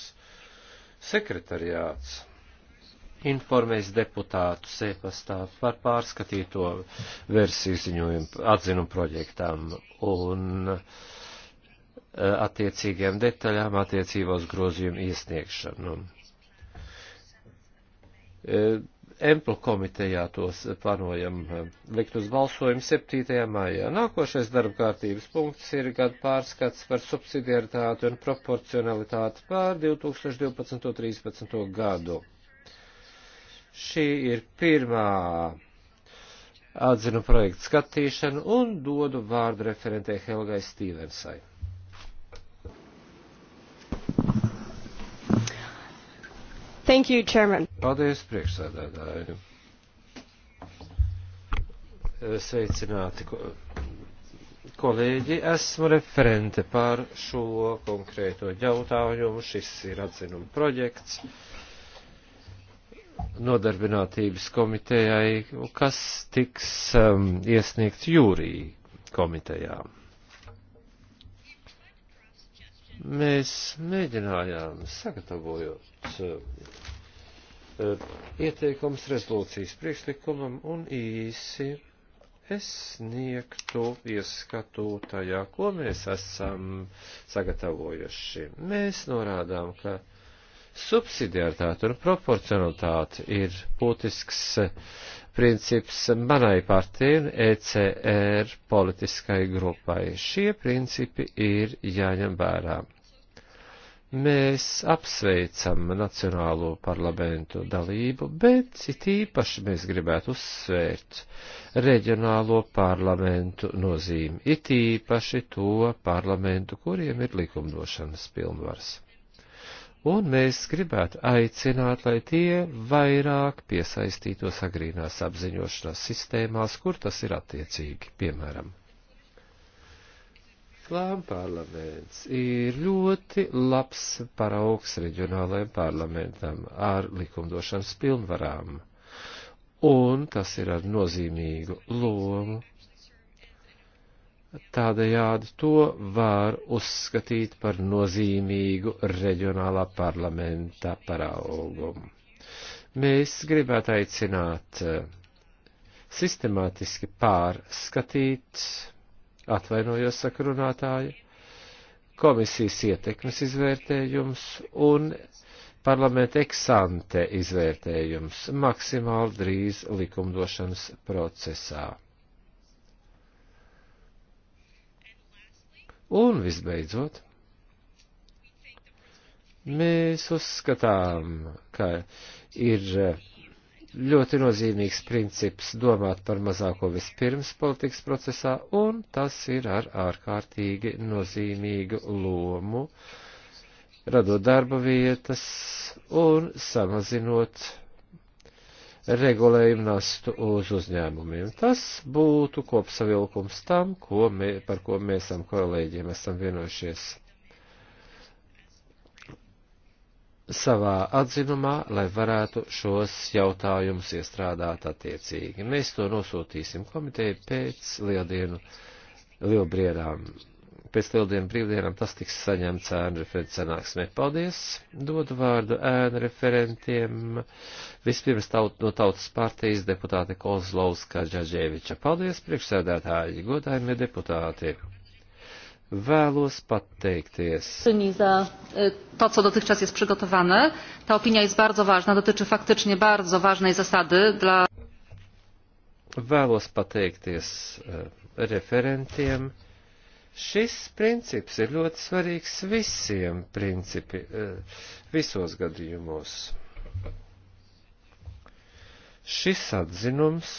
Sekretariāts informēs deputātu sēpastā par pārskatīto versiju ziņojumu atzinu projektām un e, attiecīgiem detaļām attiecībos grozījumu iesniegšanu. E, Emplu komitejā tos panojam e, likt uz balsojumu 7. maijā. Nākošais darba kārtības punkts ir gada pārskats par subsidiaritāti un proporcionalitāti pār 2012.13. gadu. Šī ir pirmā atzinu projektu skatīšana un dodu vārdu referentē Helgai Stīvensai. Thank you, Chairman. Paldies, priekšsēdētāji. Sveicināti, kolēģi. Esmu referente par šo konkrēto jautājumu. Šis ir atzinuma projekts. Uh, nodarbinātības komitejai, kas tiks um, iesniegts jūrī komitejā. Mēs mēģinājām sagatavojot uh, uh, ieteikums rezolūcijas priekšlikumam un īsi es sniegtu ieskatu tajā, ko mēs esam sagatavojuši. Mēs norādām, ka uh, Subsidiaritāte un proporcionalitāte ir būtisks eh, princips manai partijai un ECR politiskai grupai. Šie principi ir jāņem vērā. Mēs apsveicam Nacionālo parlamentu dalību, bet it īpaši mēs gribētu uzsvērt reģionālo parlamentu nozīmi, it īpaši to parlamentu, kuriem ir likumdošanas pilnvars. Un mēs gribētu aicināt, lai tie vairāk piesaistītos agrīnās apziņošanās sistēmās, kur tas ir attiecīgi, piemēram. Islām parlaments ir ļoti labs paraugs reģionālajiem parlamentam ar likumdošanas pilnvarām, un tas ir ar nozīmīgu lomu Tādējādi to var uzskatīt par nozīmīgu reģionālā parlamenta paraugumu. Mēs gribētu aicināt eh, sistemātiski pārskatīt, atvainojos sakrunātāju, komisijas ietekmes izvērtējums un parlamenta eksante izvērtējums maksimāli drīz likumdošanas procesā. Un visbeidzot, mēs uzskatām, ka ir ļoti nozīmīgs princips domāt par mazāko vispirms politikas procesā, un tas ir ar ārkārtīgi nozīmīgu lomu, radot darba vietas un samazinot regulējumu nastu uz uzņēmumiem. Tas būtu kopsavilkums tam, ko mē, par ko mēs esam kolēģiem esam vienojušies savā atzinumā, lai varētu šos jautājumus iestrādāt attiecīgi. Mēs to nosūtīsim komiteju pēc lieldienu lielbriedām pēc lieldienu brīvdienām tas tiks saņemts ēnu referents sanāksmē. Paldies! Dodu vārdu ēnu referentiem. Vispirms taut, no tautas partijas deputāte Kozlovska Džaģēviča. Paldies, priekšsēdētāji, godājumie deputāti! Vēlos pateikties. Za e, to, co dotychczas jest przygotowane. Ta opinia jest bardzo ważna, dotyczy faktycznie bardzo ważnej zasady dla. Vēlos pateikties e, referentiem Šis princips ir ļoti svarīgs visiem principi, e, visos gadījumos. Šis atzinums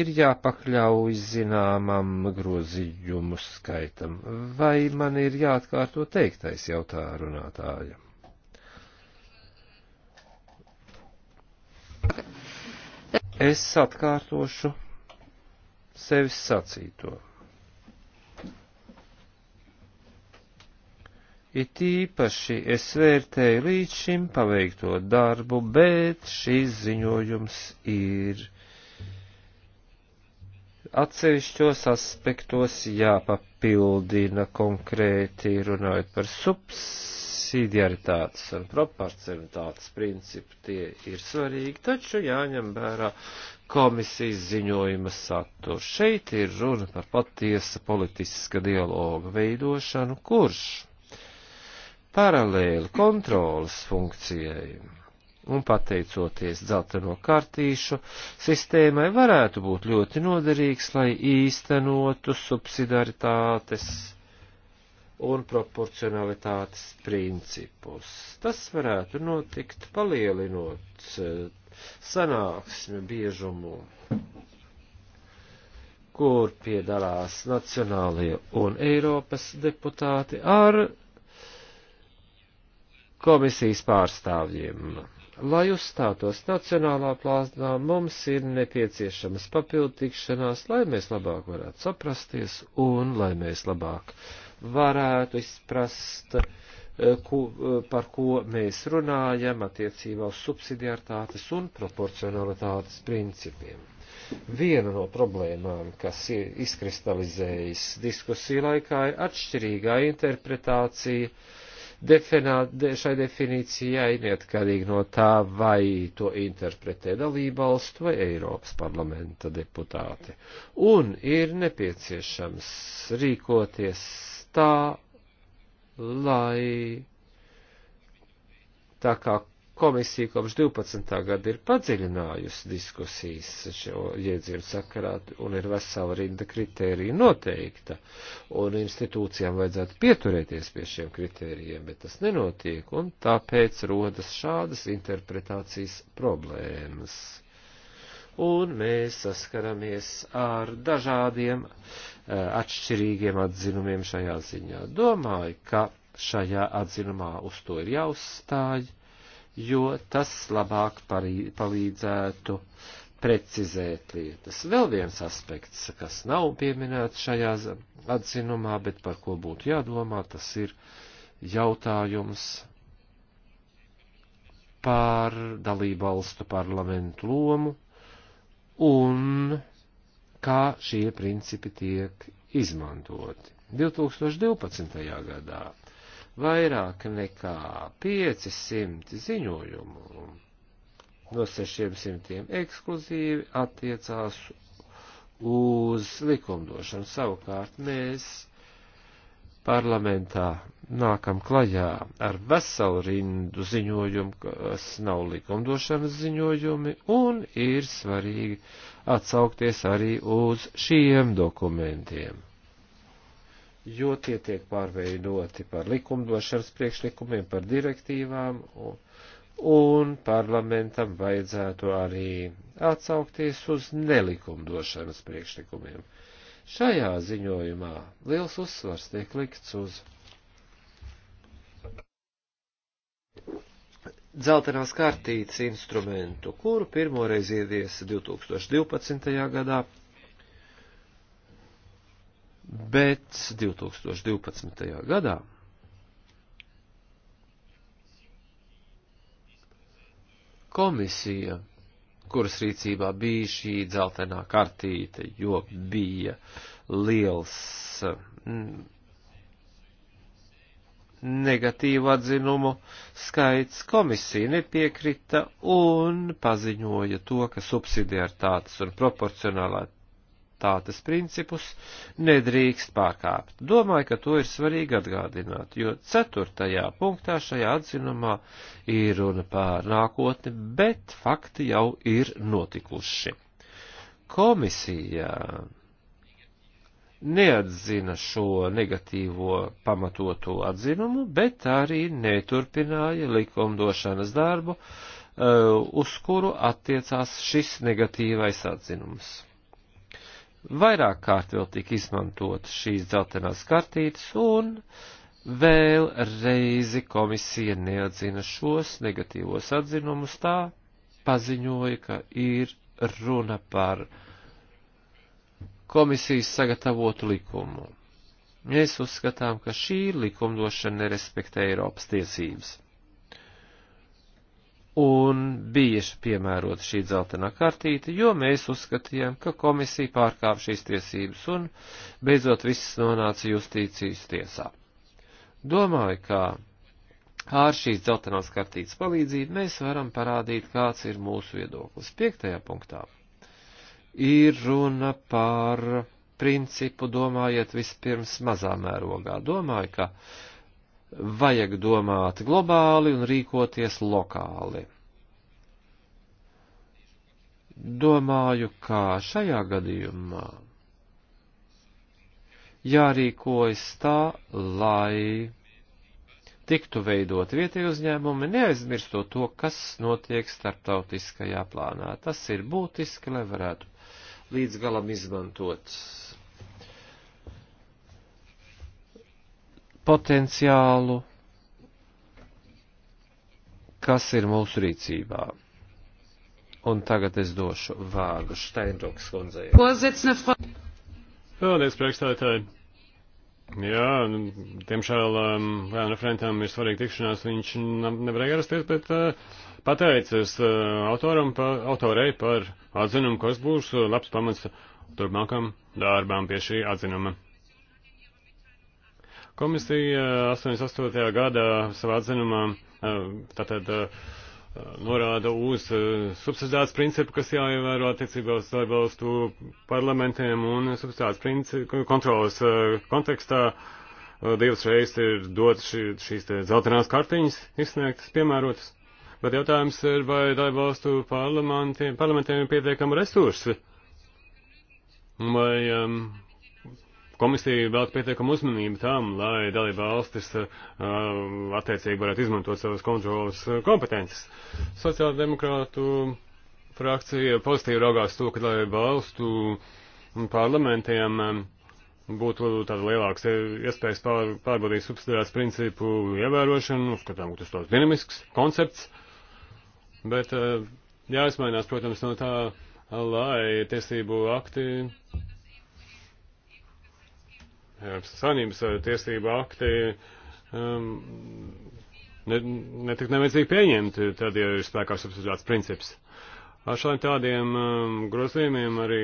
ir jāpakļauj zināmam grozījumu skaitam, vai man ir jāatkārto teiktais jautā runātāja. Es atkārtošu sevis sacīto. It īpaši es vērtēju līdz šim paveikto darbu, bet šis ziņojums ir atsevišķos aspektos jāpapildina konkrēti runājot par subs subsidiaritātes un proporcionitātes principi tie ir svarīgi, taču jāņem vērā komisijas ziņojuma saturs. Šeit ir runa par patiesa politiska dialoga veidošanu, kurš paralēli kontrolas funkcijai un pateicoties dzelteno kartīšu sistēmai varētu būt ļoti noderīgs, lai īstenotu subsidaritātes un proporcionalitātes principus. Tas varētu notikt palielinot eh, sanāksmi biežumu, kur piedalās nacionālie un Eiropas deputāti ar komisijas pārstāvjiem. Lai uzstātos nacionālā plāznā, mums ir nepieciešamas papildtikšanās, lai mēs labāk varētu saprasties un lai mēs labāk varētu izprast, eh, ku, eh, par ko mēs runājam attiecībā uz subsidiartātes un proporcionalitātes principiem. Viena no problēmām, kas izkristalizējas diskusiju laikā, ir atšķirīgā interpretācija definā, de, šai definīcijai neatkarīgi no tā, vai to interpretē dalībvalstu vai Eiropas parlamenta deputāti. Un ir nepieciešams rīkoties tā, lai tā kā komisija kopš 12. gada ir padziļinājusi diskusijas šo iedzienu sakarā un ir vesela rinda kritērija noteikta, un institūcijām vajadzētu pieturēties pie šiem kritērijiem, bet tas nenotiek, un tāpēc rodas šādas interpretācijas problēmas un mēs saskaramies ar dažādiem eh, atšķirīgiem atzinumiem šajā ziņā. Domāju, ka šajā atzinumā uz to ir jāuzstāj, jo tas labāk parī, palīdzētu precizēt lietas. Vēl viens aspekts, kas nav pieminēts šajā atzinumā, bet par ko būtu jādomā, tas ir jautājums par dalību valstu parlamentu lomu un kā šie principi tiek izmantoti. 2012. gadā vairāk nekā 500 ziņojumu no 600 ekskluzīvi attiecās uz likumdošanu. Savukārt mēs parlamentā nākam klajā ar veselu rindu ziņojumu, kas nav likumdošanas ziņojumi, un ir svarīgi atsaukties arī uz šiem dokumentiem, jo tie tiek pārveidoti par likumdošanas priekšlikumiem, par direktīvām, un, un parlamentam vajadzētu arī atsaukties uz nelikumdošanas priekšlikumiem Šajā ziņojumā liels uzsvars tiek likts uz dzeltenās kartītes instrumentu, kuru pirmoreiz ievies 2012. gadā, bet 2012. gadā komisija kuras rīcībā bija šī dzeltenā kartīte, jo bija liels mm, negatīvu atzinumu skaits komisija nepiekrita un paziņoja to, ka subsidiartātes un proporcionālā subsidaritātes principus nedrīkst pārkāpt. Domāju, ka to ir svarīgi atgādināt, jo ceturtajā punktā šajā atzinumā ir runa par nākotni, bet fakti jau ir notikuši. Komisija neatzina šo negatīvo pamatoto atzinumu, bet arī neturpināja likumdošanas darbu, uh, uz kuru attiecās šis negatīvais atzinums. Vairāk kārt vēl tika izmantot šīs dzeltenās kartītes un vēl reizi komisija neatzina šos negatīvos atzinumus tā paziņoja, ka ir runa par komisijas sagatavotu likumu. Mēs uzskatām, ka šī likumdošana nerespektē Eiropas tiesības un bija piemērota šī dzeltenā kartīte, jo mēs uzskatījām, ka komisija pārkāp šīs tiesības un beidzot viss nonāca justīcijas tiesā. Domāju, ka Ar šīs dzeltenās kartītes palīdzību mēs varam parādīt, kāds ir mūsu viedoklis. Piektajā punktā ir runa par principu domājiet vispirms mazā mērogā. Domāju, ka vajag domāt globāli un rīkoties lokāli. Domāju, kā šajā gadījumā jārīkojas tā, lai tiktu veidot vietie uzņēmumi, neaizmirstot to, kas notiek starptautiskajā plānā. Tas ir būtiski, lai varētu līdz galam izmantot potenciālu, kas ir mūsu rīcībā. Un tagad es došu vārdu Steindoks kundzei. Paldies, priekšstādātāji. Jā, nu, diemžēl um, referentam ir svarīga tikšanās, viņš nevarēja ierasties, bet uh, pateicis uh, autoram, pa, autorei par atzinumu, kas būs uh, labs pamats turpmākam darbām pie šī atzinuma. Komisija 88. Eh, gadā savā atzinumā eh, tātad eh, norāda uz subsidētas principu, kas jāievēro attiecībā uz atbalstu parlamentiem un subsidētas kontrolas kontekstā. Divas reizes ir dotas šī, šīs zeltainās kartiņas izsniegtas, piemērotas. Bet jautājums ir, vai dalībvalstu parlamentiem, parlamentiem ir pietiekama resursi? Vai um, komisija vēl pietiekam uzmanību tam, lai dalība valstis uh, eh, attiecīgi varētu izmantot savas kontrolas eh, kompetences. Sociāldemokrātu frakcija pozitīvi raugās to, ka dalība valstu parlamentiem um, būtu tāda lielāks iespējas pār, pārbaudīt subsidiārās principu ievērošanu, skatām, nu, ka tas tāds dinamisks koncepts, bet uh, jāizmainās, protams, no tā, lai tiesību akti saimnības eh, tiesība akti um, netik ne nevajadzīgi pieņemti, eh, tad, ja ir spēkā subsidēts princips. Ar šādiem tādiem um, grozījumiem arī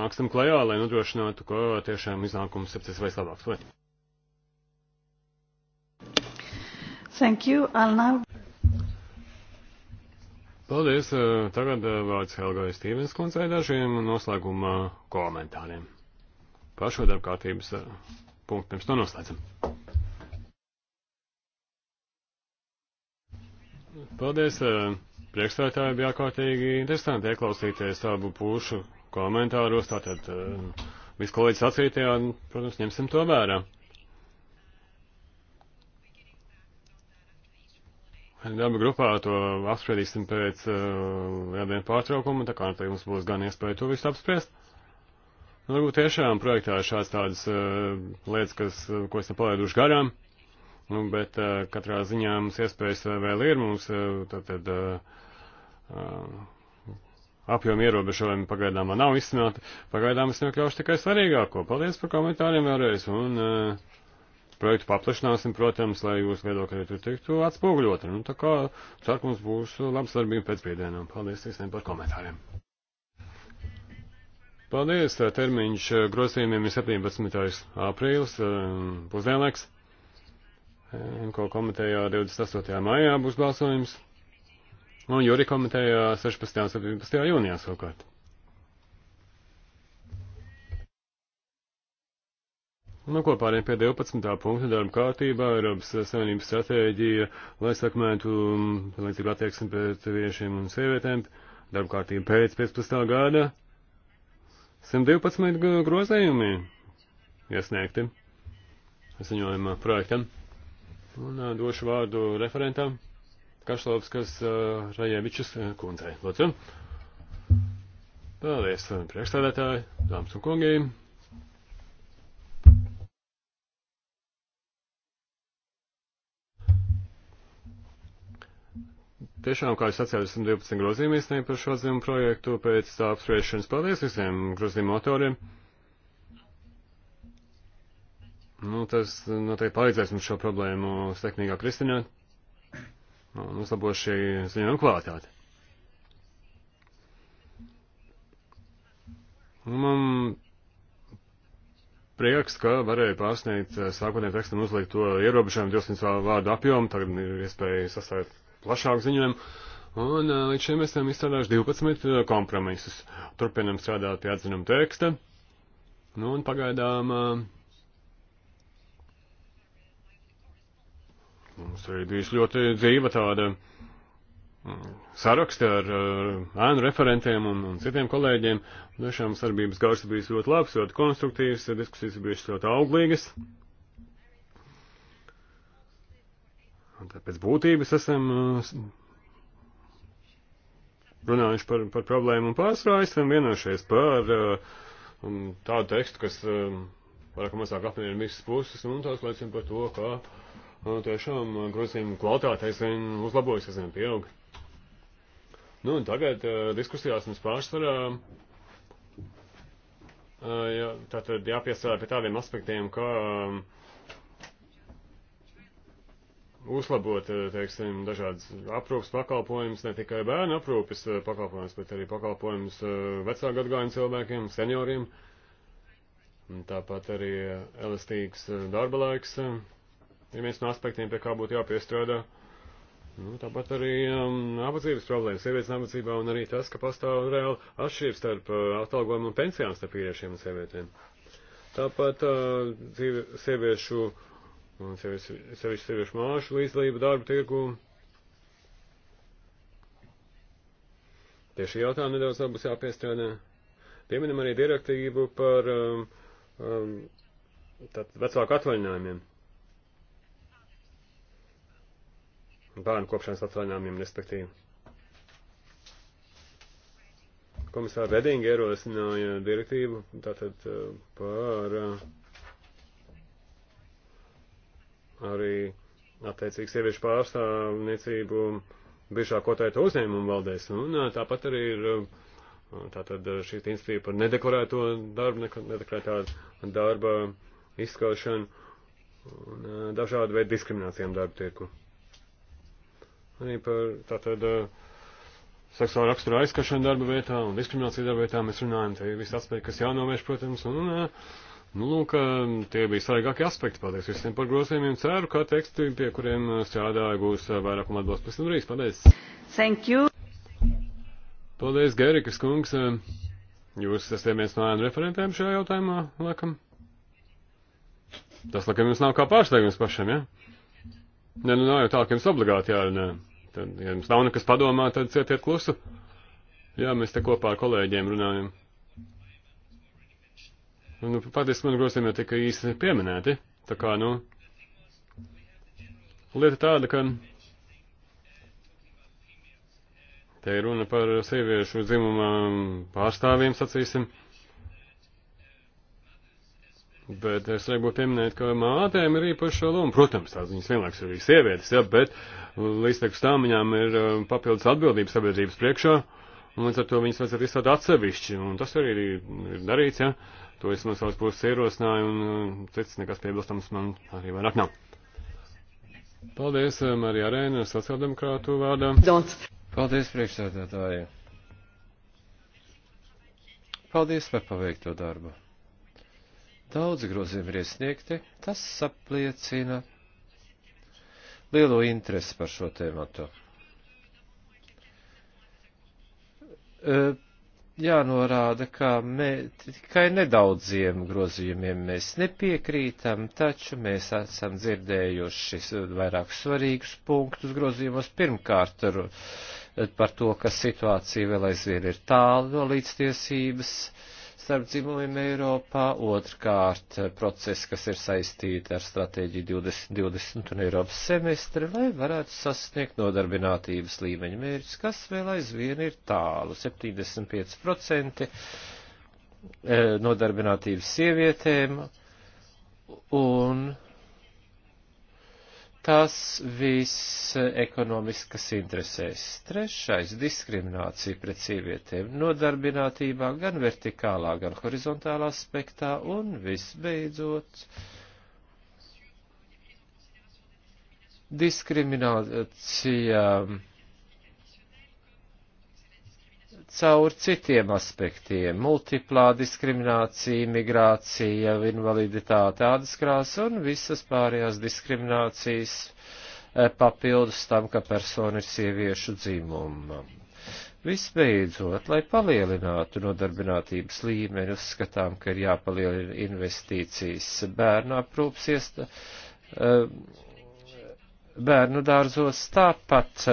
nāksim klajā, lai nodrošinātu, ka tiešām iznākums ir tas vai labāks. Vai? Thank you. I'll now... Paldies. Eh, tagad vārds Helgai Stīvens kundzei dažiem noslēguma komentāriem par šo darbkārtības eh, punktu pirms to noslēdzam. Paldies, eh, priekšstādātāji bija ārkārtīgi interesanti ieklausīties abu pušu komentāros, tātad eh, visu kolēģi sacītajā, protams, ņemsim to vērā. Darba grupā to apspriedīsim pēc uh, viena pārtraukuma, tā kā nu, tā jums būs gan iespēja to visu apspriest. Nu, varbūt tiešām projektā ir šāds tādas uh, lietas, kas, eh, ko esam palaiduši garām, nu, bet uh, katrā ziņā mums iespējas vēl ir, mums uh, tātad uh, apjomi ierobežojumi pagaidām man nav izcināti, pagaidām es nokļaušu tikai svarīgāko. Paldies par komentāriem vēlreiz, un uh, projektu paplašināsim, protams, lai jūs viedokļi tur tiktu atspoguļoti. Nu, tā kā ceru, mums būs labs darbība pēc brīdienām. Paldies visiem par komentāriem. Paldies, termiņš eh, grozījumiem ir 17. aprīlis, eh, pusdienlaiks. Ko komitējā 28. maijā būs balsojums. Un Juri komitējā 16. un 17. jūnijā savukārt. Nu, ko pārējiem pie 12. punkta darba kārtībā Eiropas Savienības stratēģija, lai sakmētu mm, līdzību attieksmi pret vīriešiem un sievietēm, darba kārtība pēc 15. gada. 112 grozējumi iesniegti ziņojuma projektam. Un uh, došu vārdu referentam Kašlovskas uh, Rajevičas kundzei. Lūdzu. Paldies, priekšstādātāji, dāmas un kungi. Tiešām, kā es atceros, esam 12 grozījumu iesniegt par šo atzīmu projektu pēc tā apspriešanas. Paldies visiem grozījumu autoriem. Nu, tas noteikti palīdzēs mums šo problēmu sekmīgāk risināt un uzlabos šī ziņojuma kvalitāti. Un nu, man prieks, ka varēja pārsniegt sākotnēji tekstam uzlikt to ierobežojumu 200 vārdu apjomu, tagad ir iespēja sastāvēt plašāku ziņojumu. Un līdz šim esam izstrādājuši 12 kompromisus. Turpinam strādāt pie atzinuma teksta. Nu, un pagaidām mums arī bijusi ļoti dzīva tāda saraksta ar ēnu referentiem un, un citiem kolēģiem. Dažām sarbības gars bijis ļoti labs, ļoti konstruktīvs, diskusijas bijušas ļoti auglīgas. Mm. Tāpēc būtības esam uh, runājuši par, par problēmu un pārsvarā esam vienojušies par uh, um, tādu tekstu, kas um, vairāk mazāk apmierina visas puses, un tās liecina par to, ka uh, tiešām grozījuma kvalitāte aizvien uzlabojas, aizvien pieauga. Nu, un tagad diskusijās mums pārsvarā jā, tātad jāpiestrādā pie tādiem aspektiem, ka uzlabot, eh, teiksim, dažādas aprūpas pakalpojumus, ne tikai bērnu aprūpas eh, pakalpojumus, bet arī pakalpojumus eh, vecāku atgājumu cilvēkiem, senioriem. Tāpat arī elastīgs darba laiks ir viens no aspektiem, pie kā būtu jāpiestrādā. Nu, tāpat arī um, nabadzības problēmas, sievietes nabadzībā un arī tas, ka pastāv reāli atšķirības starp uh, atalgojumu un pensijām starp vīriešiem un sievietēm. Tāpat uh, dzīve, sieviešu uh, un sevišķi sieviešu māšu līdzdalību darba tirgu. Tieši jautājumu nedaudz vēl būs jāpiestrādā. Pieminam arī direktīvu par um, um, vecāku atvaļinājumiem. Bērnu kopšanas atvaļinājumiem, respektīvi. Komisāra Redinga ierosināja direktīvu tātad uh, par uh, arī attiecīgi sieviešu pārstāvniecību biežāk kotēto uzņēmumu valdēs. Un tāpat arī ir tātad šī institīva par nedekorēto darbu, nedekorētā darba izskaušanu un dažādu veidu diskriminācijām darba tirku. Arī par tātad seksuālu raksturu aizskašanu darba vietā un diskrimināciju darba vietā mēs runājam. Tie ir visi aspekti, kas jānovērš, protams. Un, uh, Nu, lūk, tie bija svarīgākie aspekti. Paldies visiem par grozījumiem. Ceru, ka teksti, pie kuriem strādāju, gūs vairākumu atbalstu pēc tam drīz. Paldies! Thank you! Paldies, Gerikas kungs! Jūs esat viens no ēnu referentiem šajā jautājumā, laikam? Tas, laikam, jums nav kā pārsteigums pašam, ja? Nē, nu nav jau tā, ka jums obligāti jārunā. Tad, ja jums nav nekas padomā, tad cietiet klusu. Jā, mēs te kopā ar kolēģiem runājam. Nu, patiesi man grozījumi jau tika īsti pieminēti. Tā kā, nu, lieta tāda, ka te ir runa par sieviešu dzimumā pārstāvjiem, sacīsim. Bet es gribu pieminēt, ka mātēm ir īpaša loma. Protams, tās viņas vienlaikus ir arī sievietes, ja, bet līdztekus tam viņām ir um, papildus atbildības sabiedrības priekšā, un līdz ar to viņas vajadzētu izstāt atsevišķi, un tas arī ir darīts, ja. Uh, To es no savas puses ierosināju, un uh, cits nekas piebilstams man arī vairāk nav. Paldies, uh, Marija Arēna, sociāldemokrātu vārdā. Daudz. Paldies, priekšsēdētāji. Paldies par paveikto darbu. Daudz grozījumi ir iesniegti, tas apliecina lielo interesi par šo tēmatu. Uh, jānorāda, ka mē, tikai nedaudziem grozījumiem mēs nepiekrītam, taču mēs esam dzirdējuši vairāk svarīgus punktus grozījumos. Pirmkārt, par to, ka situācija vēl aizvien ir tālu no līdztiesības. Uh, starp dzimumiem Eiropā, otrkārt eh, process, kas ir saistīti ar stratēģiju 2020 un Eiropas semestri, lai varētu sasniegt nodarbinātības līmeņa mērķus, kas vēl aizvien ir tālu 75% eh, nodarbinātības sievietēm un Tas viss ekonomiskas interesēs. Trešais - diskriminācija pret sievietēm nodarbinātībā gan vertikālā, gan horizontālā aspektā un visbeidzot diskriminācija caur citiem aspektiem - multiplā diskriminācija, migrācija, invaliditāte, tādas krās un visas pārējās diskriminācijas eh, papildus tam, ka persona ir sieviešu dzimuma. Visbeidzot, lai palielinātu nodarbinātības līmeni, uzskatām, ka ir jāpalielina investīcijas bērnu aprūpas iesta, eh, bērnu dārzos, tāpat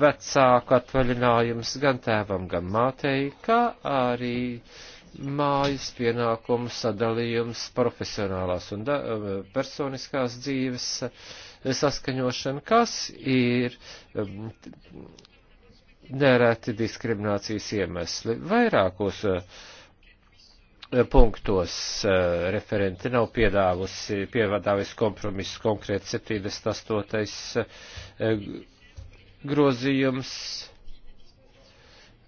vecāku atvaļinājums gan tēvam, gan mātei, kā arī mājas pienākumu sadalījums profesionālās un da, personiskās dzīves saskaņošana, kas ir um, nereti diskriminācijas iemesli. Vairākos uh, punktos uh, referenti nav piedāvusi, pievadāvis kompromisu konkrēti 78. Uh, grozījums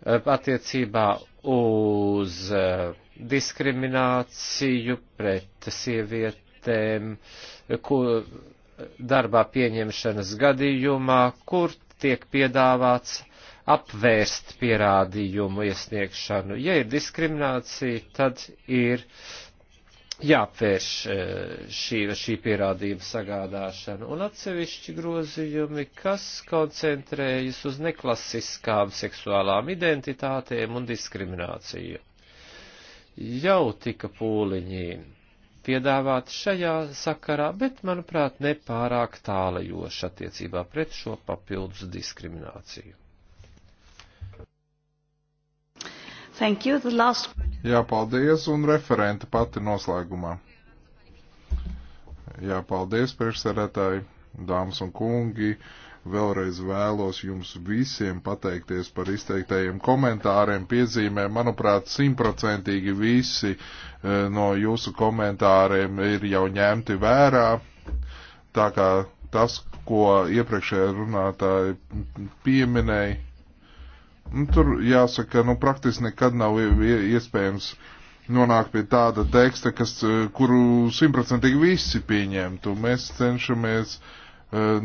eh, attiecībā uz eh, diskrimināciju pret sievietēm eh, ku, darbā pieņemšanas gadījumā, kur tiek piedāvāts apvērst pierādījumu iesniegšanu. Ja ir diskriminācija, tad ir jāapvērš e, šī, šī pierādījuma sagādāšana un atsevišķi grozījumi, kas koncentrējas uz neklasiskām seksuālām identitātēm un diskrimināciju. Jau tika pūliņi piedāvāt šajā sakarā, bet, manuprāt, nepārāk tālajoši attiecībā pret šo papildus diskrimināciju. Thank you. The last... Jā, paldies, un referente pati noslēgumā. Jā, paldies, priekšsēdētāji, dāmas un kungi. Vēlreiz vēlos jums visiem pateikties par izteiktajiem komentāriem, piezīmēm. Manuprāt, simtprocentīgi visi eh, no jūsu komentāriem ir jau ņemti vērā. Tā kā tas, ko iepriekšējā runātāja pieminēja, Un nu, tur jāsaka, nu praktiski nekad nav iespējams nonākt pie tāda teksta, kas, e, kuru simtprocentīgi visi pieņemtu. Mēs cenšamies e,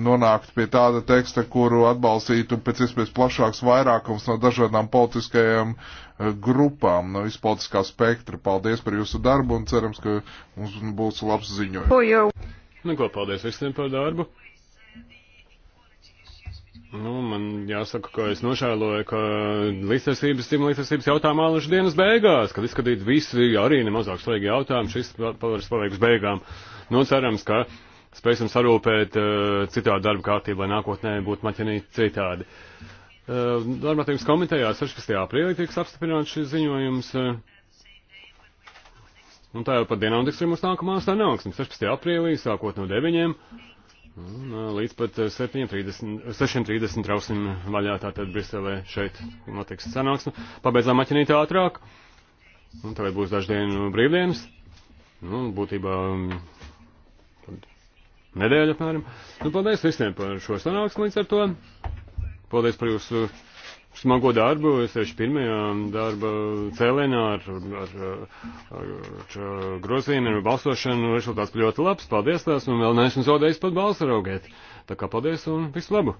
nonākt pie tāda teksta, kuru atbalstītu pēc iespējas plašāks vairākums no dažādām politiskajām e, grupām, no vispolitiskā spektra. Paldies par jūsu darbu un cerams, ka mums būs labs ziņojums. Nu, ko, paldies visiem par darbu. Nu, man jāsaka, ka es nožēloju, ka līdzsvarības, līdzsvarības jautājumā līdz nu, dienas beigās, kad izskatīt visi arī nemazāk svarīgi jautājumi, šis pavars paliks beigām. Nu, cerams, ka spēsim sarūpēt uh, citādu darbu kārtību, lai nākotnē būtu maķinīti citādi. Uh, eh, Darbātības komitejā 16. aprīlī tiks apstiprināts šis ziņojums. Uh, un tā jau pat dienā un tiks arī mūsu nākamā sanāksme 16. aprīlī, sākot no 9. Un, līdz pat 6.30 trausim vaļā tātad Briselē šeit notiks sanāksme. Pabeidzām maķinīt ātrāk. Un tagad būs daždienu brīvdienas. Nu, būtībā nedēļa apmēram. Nu, paldies visiem par šo sanāksmu līdz ar to. Paldies par jūsu smago darbu, es tieši pirmajā darba cēlēnā ar, ar, ar, ar grozījumiem, ar balsošanu, rezultāts bija ļoti labs. Paldies tās, un vēl neesmu zaudējis pat balsu raugēt. Tā kā paldies un visu labu!